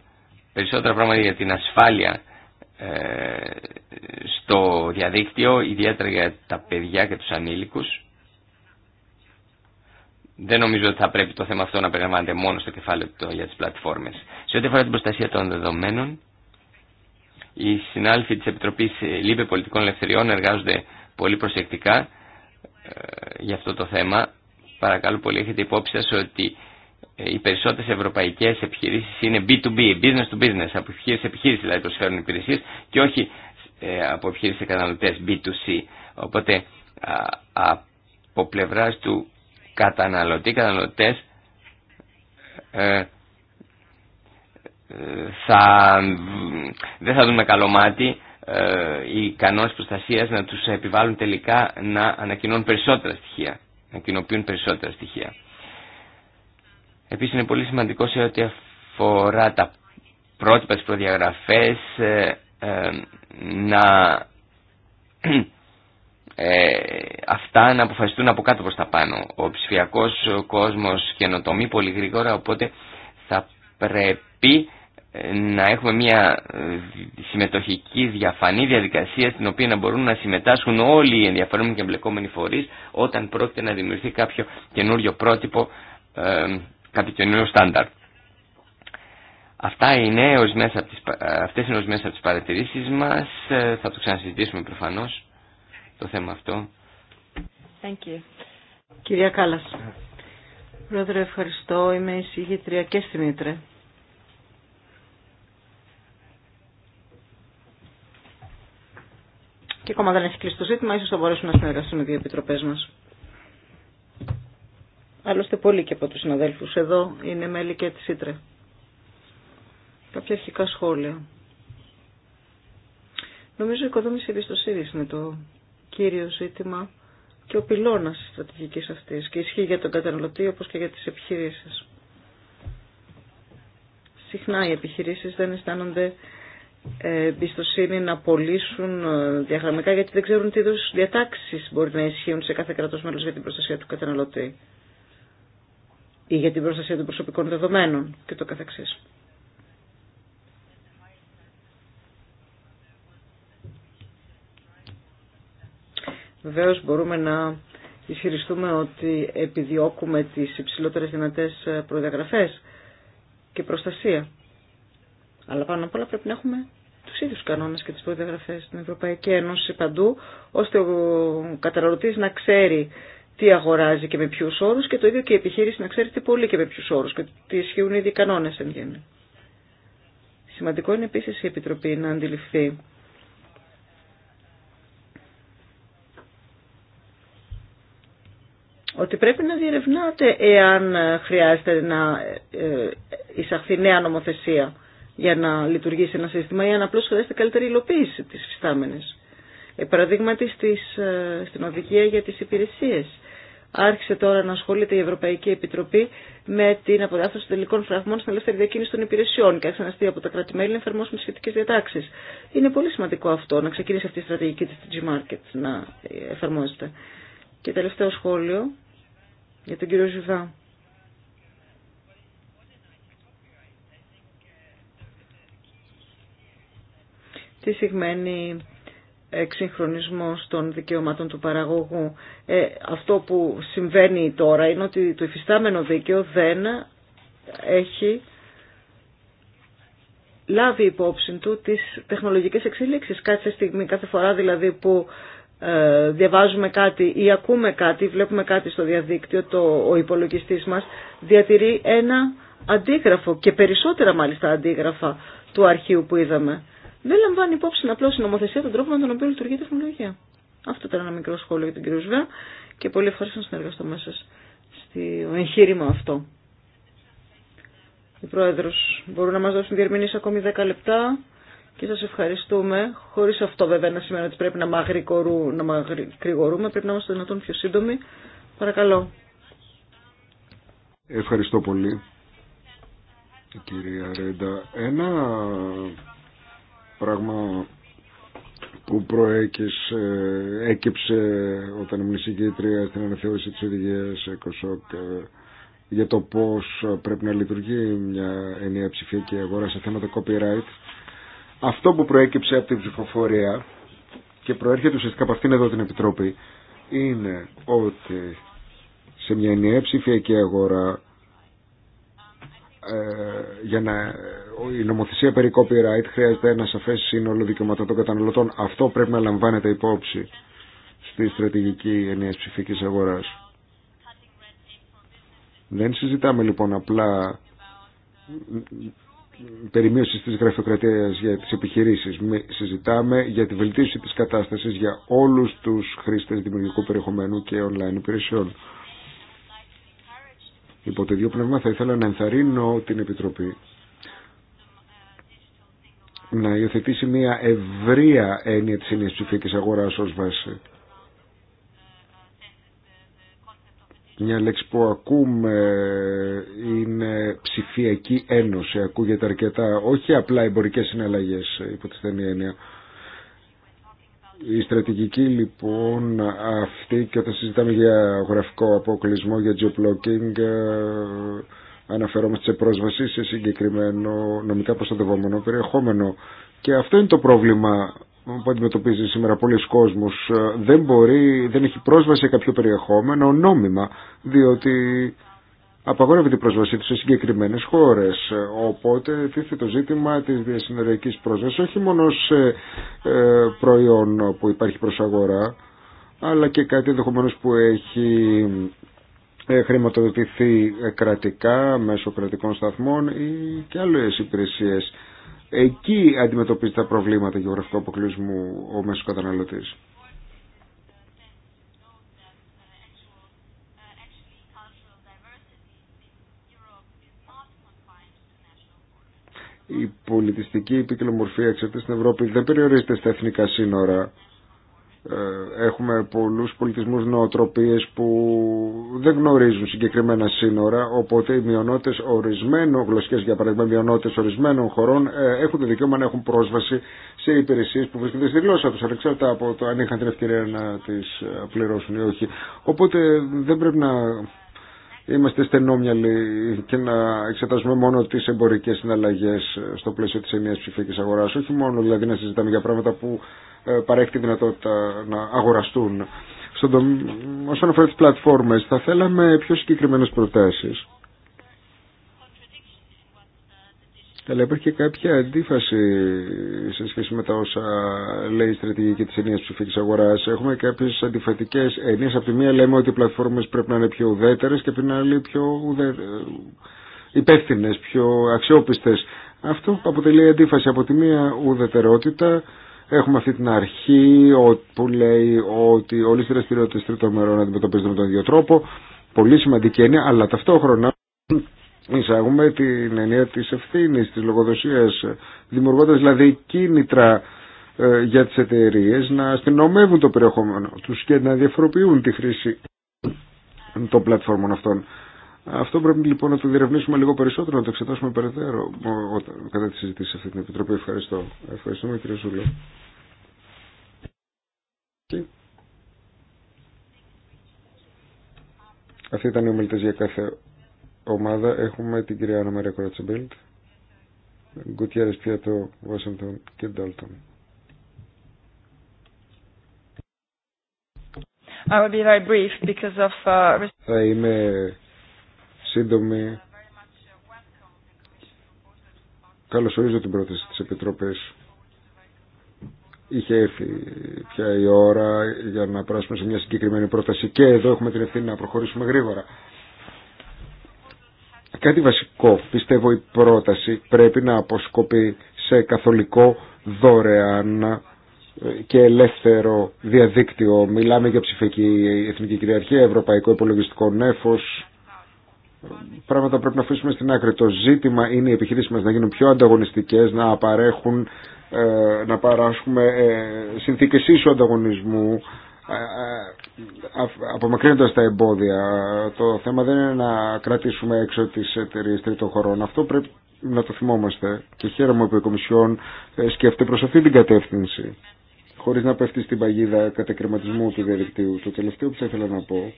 περισσότερα πράγματα για την ασφάλεια ε, στο διαδίκτυο, ιδιαίτερα για τα παιδιά και τους ανήλικους. Δεν νομίζω ότι θα πρέπει το θέμα αυτό να περιλαμβάνεται μόνο στο κεφάλαιο για τις πλατφόρμες. Σε ό,τι αφορά την προστασία των δεδομένων, οι συνάλφοι της Επιτροπής Λίμπε Πολιτικών Ελευθεριών εργάζονται πολύ προσεκτικά ε, για αυτό το θέμα. Παρακαλώ πολύ έχετε υπόψη σας ότι ε, οι περισσότερε ευρωπαϊκέ επιχειρήσεις είναι B2B, business to business, από επιχείρηση σε επιχείρηση δηλαδή προσφέρουν υπηρεσίε και όχι ε, από επιχείρηση σε καταναλωτές B2C. Οπότε από πλευρά του καταναλωτή, καταναλωτέ ε, δεν θα δούμε με καλό μάτι ε, οι κανόνες προστασία να τους επιβάλλουν τελικά να ανακοινώνουν περισσότερα στοιχεία, να κοινοποιούν περισσότερα στοιχεία. Επίσης είναι πολύ σημαντικό σε ό,τι αφορά τα πρότυπα, της προδιαγραφές, ε, ε, να, ε, αυτά να αποφασιστούν από κάτω προς τα πάνω. Ο ψηφιακός κόσμος καινοτομεί πολύ γρήγορα, οπότε θα πρέπει να έχουμε μια συμμετοχική διαφανή διαδικασία στην οποία να μπορούν να συμμετάσχουν όλοι οι ενδιαφέρομενοι και εμπλεκόμενοι φορείς όταν πρόκειται να δημιουργηθεί κάποιο καινούριο πρότυπο Κάτι καινούριο στάνταρ. Αυτά είναι μέσα από τις, αυτές είναι μέσα από τις παρατηρήσεις μας. Ε, θα το ξανασυζητήσουμε προφανώς το θέμα αυτό. Thank you. Κυρία Κάλλας. Πρόεδρε, ευχαριστώ. Είμαι εισηγήτρια και στην Μήτρε. Και ακόμα δεν έχει κλείσει το ζήτημα, ίσως θα μπορέσουμε να συνεργαστούμε οι δύο επιτροπές μας. Άλλωστε πολλοί και από τους συναδέλφους εδώ είναι μέλη και της Ήτρε. Κάποια αρχικά σχόλια. Νομίζω η οικοδόμηση εμπιστοσύνη είναι το κύριο ζήτημα και ο πυλώνας της στρατηγικής αυτής και ισχύει για τον καταναλωτή όπως και για τις επιχειρήσεις. Συχνά οι επιχειρήσεις δεν αισθάνονται ε, εμπιστοσύνη να πωλήσουν ε, διαγραμμικά γιατί δεν ξέρουν τι είδους διατάξεις μπορεί να ισχύουν σε κάθε κράτος μέλος για την προστασία του καταναλωτή ή για την προστασία των προσωπικών δεδομένων και το καθεξής. Βεβαίως μπορούμε να ισχυριστούμε ότι επιδιώκουμε τις υψηλότερες δυνατές προδιαγραφές και προστασία. Αλλά πάνω απ' όλα πρέπει να έχουμε τους ίδιους κανόνες και τις προδιαγραφές στην Ευρωπαϊκή Ένωση παντού, ώστε ο καταναλωτής να ξέρει τι αγοράζει και με ποιου όρου και το ίδιο και η επιχείρηση να ξέρει τι πολύ και με ποιου όρου. και τι ισχύουν ήδη οι κανόνε εν γέννη. Σημαντικό είναι επίση η Επιτροπή να αντιληφθεί ότι πρέπει να διερευνάτε εάν χρειάζεται να ε, εισαχθεί νέα νομοθεσία για να λειτουργήσει ένα σύστημα ή αν απλώς χρειάζεται καλύτερη υλοποίηση τη φυστάμενης. Ε, παραδείγματι στις, ε, στην οδηγία για τις υπηρεσίες άρχισε τώρα να ασχολείται η Ευρωπαϊκή Επιτροπή με την αποδάθρωση τελικών φραγμών στην ελεύθερη διακίνηση των υπηρεσιών και αστεί από τα κράτη-μέλη να εφαρμόσουν τι σχετικέ διατάξει. Είναι πολύ σημαντικό αυτό να ξεκινήσει αυτή η στρατηγική τη g Market να εφαρμόζεται. Και τελευταίο σχόλιο για τον κύριο Ζουβά. Τι σημαίνει εξυγχρονισμός των δικαιωμάτων του παραγωγού. Ε, αυτό που συμβαίνει τώρα είναι ότι το υφιστάμενο δίκαιο δεν έχει λάβει υπόψη του τις τεχνολογικές εξελίξεις. Κάθε στιγμή, κάθε φορά δηλαδή που ε, διαβάζουμε κάτι ή ακούμε κάτι, βλέπουμε κάτι στο διαδίκτυο, το, ο υπολογιστής μας διατηρεί ένα αντίγραφο και περισσότερα μάλιστα αντίγραφα του αρχείου που είδαμε δεν λαμβάνει υπόψη απλώ η νομοθεσία τον τρόπο με τον οποίο λειτουργεί η τεχνολογία. Αυτό ήταν ένα μικρό σχόλιο για την κυρία Σβέα και πολύ ευχαριστώ να συνεργαστώ μέσα στο εγχείρημα αυτό. Οι πρόεδρο, μπορούν να μας δώσουν διερμηνήσει ακόμη 10 λεπτά και σα ευχαριστούμε. Χωρί αυτό βέβαια να σημαίνει ότι πρέπει να μαγρηγορούμε, πρέπει να είμαστε δυνατόν πιο σύντομοι. Παρακαλώ. Ευχαριστώ πολύ. Κυρία Ρέντα, ένα Πράγμα που προέκυψε έκυψε όταν ήμουν εισηγήτρια στην αναθεώρηση της οδηγίας ΕΚΟΣΟΚ ε, για το πώς πρέπει να λειτουργεί μια ενιαία ψηφιακή αγορά σε θέματα copyright. Αυτό που προέκυψε από την ψηφοφορία και προέρχεται ουσιαστικά από αυτήν εδώ την Επιτροπή είναι ότι σε μια ενιαία ψηφιακή αγορά ε, για να, η νομοθεσία περί copyright χρειάζεται ένα σαφέ σύνολο δικαιωμάτων των καταναλωτών. Αυτό πρέπει να λαμβάνεται υπόψη στη στρατηγική ενιαία ψηφική αγορά. Δεν συζητάμε λοιπόν απλά περιμείωση της γραφειοκρατίας για τις επιχειρήσεις. Συζητάμε για τη βελτίωση της κατάστασης για όλους τους χρήστες δημιουργικού περιεχομένου και online υπηρεσιών. Υπό το ίδιο πνεύμα θα ήθελα να ενθαρρύνω την Επιτροπή να υιοθετήσει μια ευρεία έννοια της έννοιας ψηφιακής αγοράς ως βάση. Μια λέξη που ακούμε είναι ψηφιακή ένωση, ακούγεται αρκετά, όχι απλά εμπορικές συναλλαγές υπό τη στενή έννοια. Η στρατηγική λοιπόν αυτή και όταν συζητάμε για γραφικό αποκλεισμό, για geoblocking, ε, αναφερόμαστε σε πρόσβαση σε συγκεκριμένο νομικά προστατευόμενο περιεχόμενο. Και αυτό είναι το πρόβλημα που αντιμετωπίζει σήμερα πολλοί κόσμος. Ε, δεν μπορεί, δεν έχει πρόσβαση σε κάποιο περιεχόμενο νόμιμα, διότι απαγορεύεται η πρόσβασή του σε συγκεκριμένε χώρε. Οπότε τίθεται το ζήτημα τη διασυνοριακή πρόσβαση όχι μόνο σε ε, προϊόν που υπάρχει προ αγορά, αλλά και κάτι ενδεχομένω που έχει ε, χρηματοδοτηθεί ε, κρατικά, μέσω κρατικών σταθμών ή και άλλες υπηρεσίε Εκεί αντιμετωπίζει τα προβλήματα γεωγραφικού αποκλεισμού ο μέσος καταναλωτής. Η πολιτιστική ποικιλομορφία εξαρτάται στην Ευρώπη δεν περιορίζεται στα εθνικά σύνορα. Ε, έχουμε πολλούς πολιτισμούς νοοτροπίες που δεν γνωρίζουν συγκεκριμένα σύνορα οπότε οι μειονότητες ορισμένων για παράδειγμα μειονότητες ορισμένων χωρών ε, έχουν το δικαίωμα να έχουν πρόσβαση σε υπηρεσίες που βρίσκονται στη γλώσσα τους ανεξάρτητα από το αν είχαν την ευκαιρία να τις ε, πληρώσουν ή όχι οπότε δεν πρέπει να είμαστε στενόμυαλοι και να εξετάζουμε μόνο τις εμπορικές συναλλαγές στο πλαίσιο της ενιαίας ψηφιακής αγοράς, όχι μόνο δηλαδή να συζητάμε για πράγματα που ε, παρέχει τη δυνατότητα να αγοραστούν. Στον, όσον αφορά τις πλατφόρμες θα θέλαμε πιο συγκεκριμένες προτάσεις αλλά υπάρχει και κάποια αντίφαση σε σχέση με τα όσα λέει η στρατηγική τη ενία ψηφιακή αγορά. Έχουμε κάποιε αντιφατικέ ενίε. Από τη μία λέμε ότι οι πλατφόρμες πρέπει να είναι πιο ουδέτερε και από την άλλη πιο ουδε... υπεύθυνε, πιο αξιόπιστε. Αυτό αποτελεί αντίφαση. Από τη μία ουδετερότητα έχουμε αυτή την αρχή που λέει ότι όλε οι δραστηριότητε τρίτων μερών αντιμετωπίζονται με τον ίδιο τρόπο. Πολύ σημαντική έννοια, αλλά ταυτόχρονα εισάγουμε την έννοια της ευθύνης, της λογοδοσίας, δημιουργώντας δηλαδή κίνητρα ε, για τις εταιρείε να αστυνομεύουν το περιεχόμενο τους και να διαφοροποιούν τη χρήση των πλατφόρμων αυτών. Αυτό πρέπει λοιπόν να το διερευνήσουμε λίγο περισσότερο, να το εξετάσουμε περαιτέρω κατά τη συζήτηση σε αυτή την Επιτροπή. Ευχαριστώ. Ευχαριστούμε κύριε Σούλη. Αυτή ήταν η ομιλητή για κάθε ομάδα έχουμε την κυρία Άννα Μαρία Κορατσαμπίλτ, Γκουτιέρες Πιέτο, Βάσιντον και Ντάλτον. I will be very brief because of... Uh, Θα είμαι σύντομη. Καλωσορίζω την πρόταση της Επιτροπής. Είχε έρθει πια η ώρα για να περάσουμε σε μια συγκεκριμένη πρόταση και εδώ έχουμε την ευθύνη να προχωρήσουμε γρήγορα κάτι βασικό. Πιστεύω η πρόταση πρέπει να αποσκοπεί σε καθολικό δωρεάν και ελεύθερο διαδίκτυο. Μιλάμε για ψηφιακή εθνική κυριαρχία, ευρωπαϊκό υπολογιστικό νέφος. Πράγματα πρέπει να αφήσουμε στην άκρη. Το ζήτημα είναι οι επιχειρήσει μας να γίνουν πιο ανταγωνιστικές, να παρέχουν ε, να παράσχουμε ε, συνθήκες ίσου ανταγωνισμού απομακρύνοντα τα εμπόδια. Το θέμα δεν είναι να κρατήσουμε έξω τι εταιρείε τρίτων χωρών. Αυτό πρέπει να το θυμόμαστε και χαίρομαι που η Κομισιόν ε, σκέφτεται προ αυτή την κατεύθυνση χωρί να πέφτει στην παγίδα κατακρεματισμού του διαδικτύου. Το τελευταίο που θα ήθελα να πω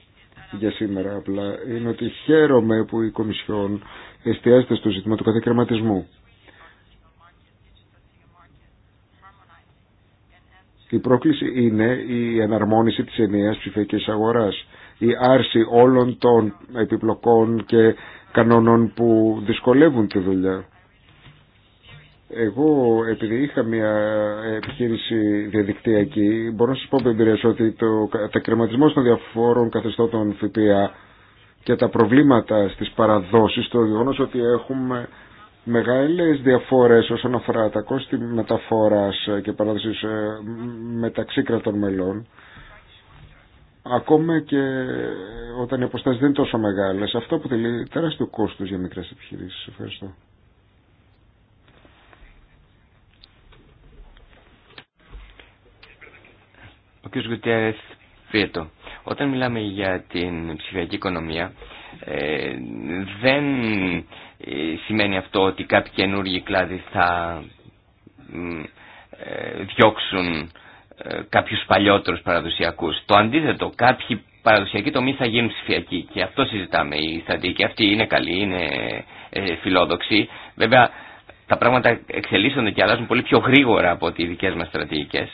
για σήμερα απλά είναι ότι χαίρομαι που η Κομισιόν εστιάζεται στο ζήτημα του κατακρεματισμού. Η πρόκληση είναι η εναρμόνιση της ενιαίας ψηφιακής αγοράς, η άρση όλων των επιπλοκών και κανόνων που δυσκολεύουν τη δουλειά. Εγώ επειδή είχα μια επιχείρηση διαδικτυακή μπορώ να σας πω εμπειρίες ότι το κατακρεματισμός των διαφόρων καθεστώτων ΦΠΑ και τα προβλήματα στις παραδόσεις το γεγονό ότι έχουμε μεγάλες διαφορές όσον αφορά τα κόστη μεταφοράς και παράδοσης ε, μεταξύ κρατών μελών ακόμα και όταν οι αποστάσεις δεν είναι τόσο μεγάλες αυτό αποτελεί τεράστιο κόστος για μικρές επιχειρήσεις ευχαριστώ Ο κ. όταν μιλάμε για την ψηφιακή οικονομία ε, δεν ε, σημαίνει αυτό ότι κάποιοι καινούργοι κλάδοι θα ε, διώξουν ε, κάποιους παλιότερους παραδοσιακούς. Το αντίθετο, κάποιοι παραδοσιακοί τομείς θα γίνουν ψηφιακοί και αυτό συζητάμε. Η στρατηγική αυτή είναι καλή, είναι ε, φιλόδοξη. Βέβαια τα πράγματα εξελίσσονται και αλλάζουν πολύ πιο γρήγορα από ότι οι δικές μας στρατηγικές.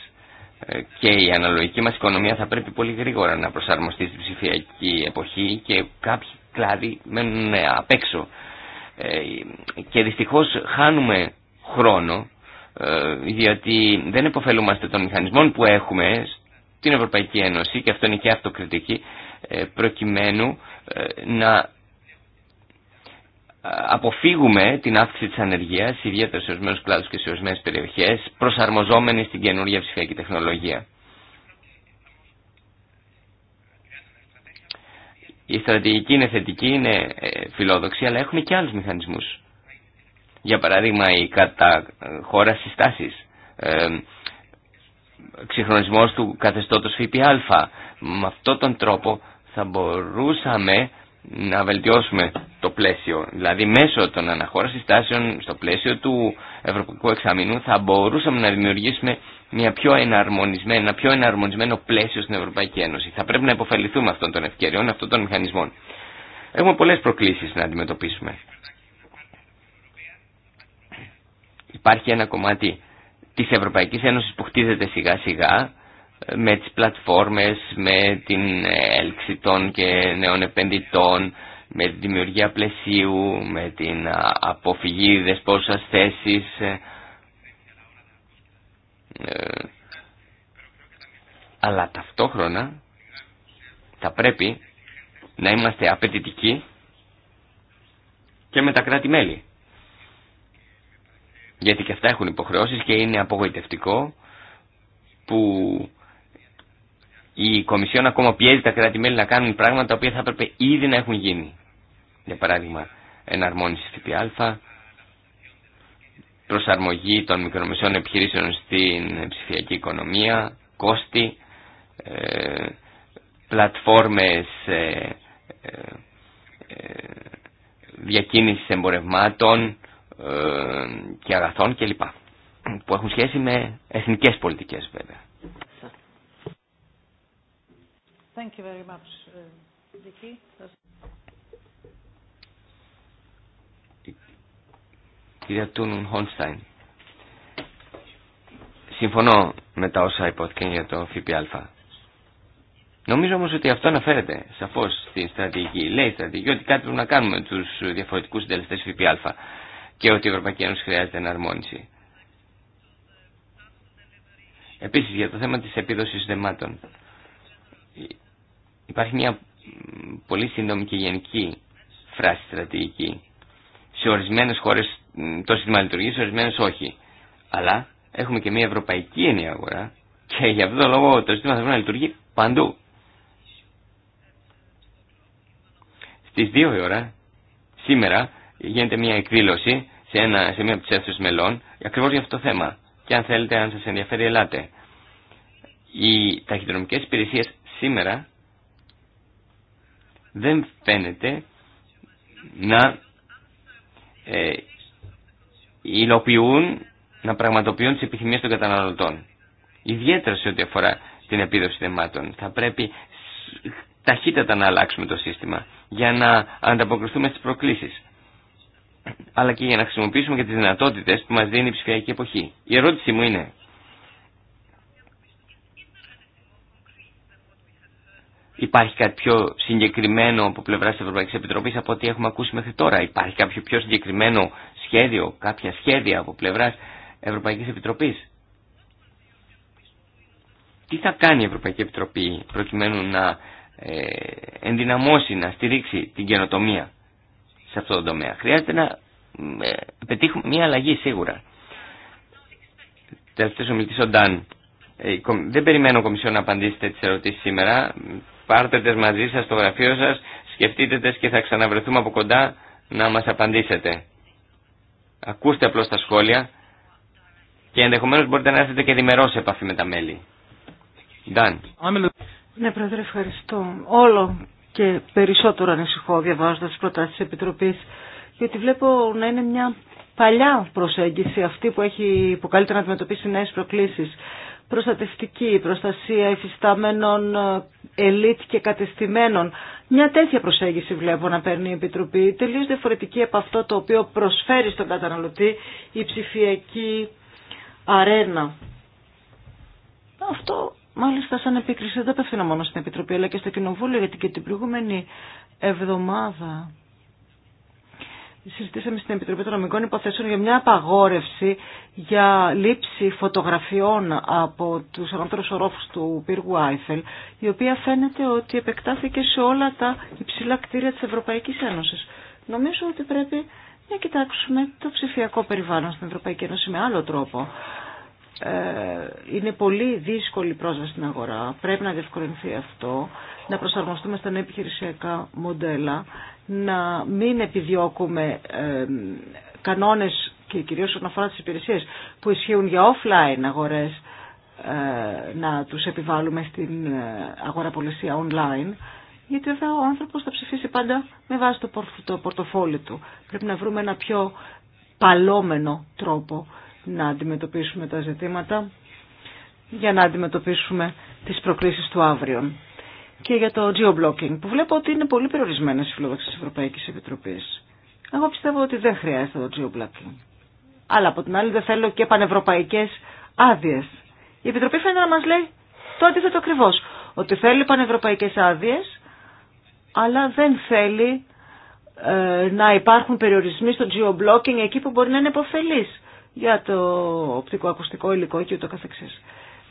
Ε, και η αναλογική μας οικονομία θα πρέπει πολύ γρήγορα να προσαρμοστεί στην ψηφιακή εποχή και κάποιοι κλάδοι μένουν ε, απ' έξω. Ε, και δυστυχώς χάνουμε χρόνο διότι δεν επωφελούμαστε των μηχανισμών που έχουμε στην Ευρωπαϊκή Ένωση και αυτό είναι και αυτοκριτική προκειμένου να αποφύγουμε την αύξηση της ανεργίας, ιδιαίτερα σε ορισμένους κλάδους και σε ορισμένες περιοχές, προσαρμοζόμενοι στην καινούργια ψηφιακή τεχνολογία. Η στρατηγική είναι θετική, είναι ε, φιλόδοξη, αλλά έχουμε και άλλους μηχανισμούς. Για παράδειγμα, η κατά χώρα συστάσεις, ε, ξεχρονισμός του καθεστώτος ΦΠΑ. Με αυτόν τον τρόπο θα μπορούσαμε να βελτιώσουμε το πλαίσιο. Δηλαδή μέσω των αναχώρων συστάσεων στο πλαίσιο του Ευρωπαϊκού Εξαμηνού θα μπορούσαμε να δημιουργήσουμε μια πιο εναρμονισμένη, ένα πιο εναρμονισμένο πλαίσιο στην Ευρωπαϊκή Ένωση. Θα πρέπει να υποφεληθούμε αυτών των ευκαιριών, αυτών των μηχανισμών. Έχουμε πολλές προκλήσεις να αντιμετωπίσουμε. Υπάρχει ένα κομμάτι της Ευρωπαϊκής Ένωση που χτίζεται σιγά σιγά με τις πλατφόρμες, με την έλξη των και νέων επενδυτών, με τη δημιουργία πλαισίου, με την αποφυγή δεσπόσας θέσης, ε, αλλά ταυτόχρονα θα πρέπει να είμαστε απαιτητικοί και με τα κράτη-μέλη. Γιατί και αυτά έχουν υποχρεώσεις και είναι απογοητευτικό που η Κομισιόν ακόμα πιέζει τα κράτη-μέλη να κάνουν πράγματα τα οποία θα έπρεπε ήδη να έχουν γίνει. Για παράδειγμα, εναρμόνιση ΦΠΑ, προσαρμογή των μικρομεσαίων επιχειρήσεων στην ψηφιακή οικονομία, κόστη, ε, πλατφόρμες ε, ε, διακίνησης εμπορευμάτων και αγαθών κλπ. Που έχουν σχέση με εθνικές πολιτικές βέβαια. Thank you very much, uh, Κυρία Τούνουν Συμφωνώ με τα όσα υπόθηκε για το ΦΠΑ. Νομίζω όμω ότι αυτό αναφέρεται σαφώ στην στρατηγική. Λέει η στρατηγική ότι κάτι πρέπει να κάνουμε με του διαφορετικού συντελεστέ ΦΠΑ και ότι η Ευρωπαϊκή Ένωση χρειάζεται εναρμόνιση. Επίση για το θέμα τη επίδοση δεμάτων. Υπάρχει μια πολύ σύντομη και γενική φράση στρατηγική. Σε ορισμένε χώρε το σύστημα λειτουργεί, σε ορισμένε όχι. Αλλά έχουμε και μια ευρωπαϊκή ενιαία αγορά και γι' αυτόν τον λόγο το σύστημα θα πρέπει να λειτουργεί παντού. Στι 2 η ώρα, σήμερα, γίνεται μια εκδήλωση σε, ένα, σε μια από τι αίθουσε μελών ακριβώ για αυτό το θέμα. Και αν θέλετε, αν σα ενδιαφέρει, ελάτε. Οι ταχυδρομικέ υπηρεσίε σήμερα δεν φαίνεται να ε, υλοποιούν, να πραγματοποιούν τις επιθυμίες των καταναλωτών. Ιδιαίτερα σε ό,τι αφορά την επίδοση θεμάτων. Θα πρέπει ταχύτατα να αλλάξουμε το σύστημα για να ανταποκριθούμε στις προκλήσεις. Αλλά και για να χρησιμοποιήσουμε και τις δυνατότητες που μας δίνει η ψηφιακή εποχή. Η ερώτησή μου είναι, Υπάρχει κάτι πιο συγκεκριμένο από πλευρά τη Ευρωπαϊκή Επιτροπή από ό,τι έχουμε ακούσει μέχρι τώρα. Υπάρχει κάποιο πιο συγκεκριμένο σχέδιο, κάποια σχέδια από πλευρά Ευρωπαϊκή Επιτροπή. Τι θα κάνει η Ευρωπαϊκή Επιτροπή προκειμένου να ε, ενδυναμώσει, να στηρίξει την καινοτομία σε αυτό το τομέα. Χρειάζεται να ε, πετύχουμε μια αλλαγή σίγουρα. Τελευταίο ομιλητής ο Ντάν. Ε, δεν περιμένω Κομισιόν να απαντήσετε τι ερωτήσει σήμερα. Πάρτε τες μαζί σας στο γραφείο σας, σκεφτείτε τες και θα ξαναβρεθούμε από κοντά να μας απαντήσετε. Ακούστε απλώς τα σχόλια και ενδεχομένως μπορείτε να έρθετε και διμερώς σε επαφή με τα μέλη. Ντάν. Ναι, Πρόεδρε, ευχαριστώ. Όλο και περισσότερο ανησυχώ διαβάζοντα τι προτάσει τη Επιτροπή, γιατί βλέπω να είναι μια παλιά προσέγγιση αυτή που, έχει, υποκαλύτερα να αντιμετωπίσει νέε προκλήσει προστατευτική, προστασία εφιστάμενων ε, ελίτ και κατεστημένων. Μια τέτοια προσέγγιση βλέπω να παίρνει η Επιτροπή, τελείως διαφορετική από αυτό το οποίο προσφέρει στον καταναλωτή η ψηφιακή αρένα. Αυτό μάλιστα σαν επίκριση δεν απευθύνω μόνο στην Επιτροπή αλλά και στο Κοινοβούλιο γιατί και την προηγούμενη εβδομάδα συζητήσαμε στην Επιτροπή των Νομικών Υποθέσεων για μια απαγόρευση για λήψη φωτογραφιών από τους ανώτερους ορόφους του πύργου Άιφελ, η οποία φαίνεται ότι επεκτάθηκε σε όλα τα υψηλά κτίρια της Ευρωπαϊκής Ένωσης. Νομίζω ότι πρέπει να κοιτάξουμε το ψηφιακό περιβάλλον στην Ευρωπαϊκή Ένωση με άλλο τρόπο. Ε, είναι πολύ δύσκολη πρόσβαση στην αγορά, πρέπει να διευκολυνθεί αυτό, να προσαρμοστούμε στα νέα επιχειρησιακά μοντέλα να μην επιδιώκουμε κανόνες και κυρίως όσον αφορά τις υπηρεσίες που ισχύουν για offline αγορές ε, να τους επιβάλλουμε στην ε, αγοραπολισία online γιατί εδώ ο άνθρωπος θα ψηφίσει πάντα με βάση το πορτοφόλι του. Πρέπει να βρούμε ένα πιο παλόμενο τρόπο να αντιμετωπίσουμε τα ζητήματα για να αντιμετωπίσουμε τις προκλήσεις του αύριο και για το geo-blocking, που βλέπω ότι είναι πολύ περιορισμένε οι φιλοδοξίε τη Ευρωπαϊκή Επιτροπή. Εγώ πιστεύω ότι δεν χρειάζεται το geo-blocking. Αλλά από την άλλη δεν θέλω και πανευρωπαϊκέ άδειε. Η Επιτροπή φαίνεται να μα λέει το αντίθετο ακριβώ. Ότι θέλει πανευρωπαϊκέ άδειε, αλλά δεν θέλει ε, να υπάρχουν περιορισμοί στο geo εκεί που μπορεί να είναι υποφελή για το οπτικοακουστικό υλικό και ούτω καθεξής.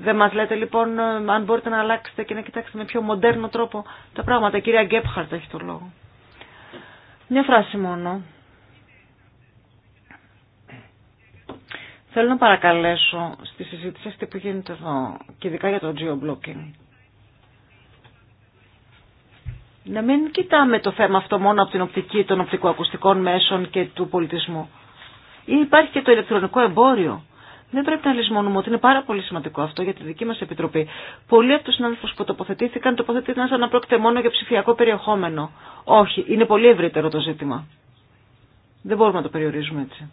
Δεν μα λέτε λοιπόν ε, αν μπορείτε να αλλάξετε και να κοιτάξετε με πιο μοντέρνο τρόπο τα πράγματα. Η κυρία Γκέπχαρτ έχει το λόγο. Μια φράση μόνο. Θέλω να παρακαλέσω στη συζήτηση αυτή που γίνεται εδώ και ειδικά για το geo-blocking. Να μην κοιτάμε το θέμα αυτό μόνο από την οπτική των οπτικοακουστικών μέσων και του πολιτισμού. Υπάρχει και το ηλεκτρονικό εμπόριο δεν πρέπει να λησμονούμε ότι είναι πάρα πολύ σημαντικό αυτό για τη δική μα Επιτροπή. Πολλοί από του συνάδελφου που τοποθετήθηκαν τοποθετήθηκαν σαν να πρόκειται μόνο για ψηφιακό περιεχόμενο. Όχι, είναι πολύ ευρύτερο το ζήτημα. Δεν μπορούμε να το περιορίζουμε έτσι.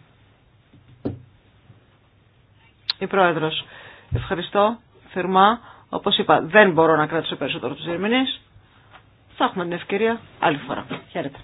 Η Πρόεδρο. Ευχαριστώ θερμά. Όπω είπα, δεν μπορώ να κρατήσω περισσότερο του ερμηνεί. Θα έχουμε την ευκαιρία άλλη φορά. Χαίρετε.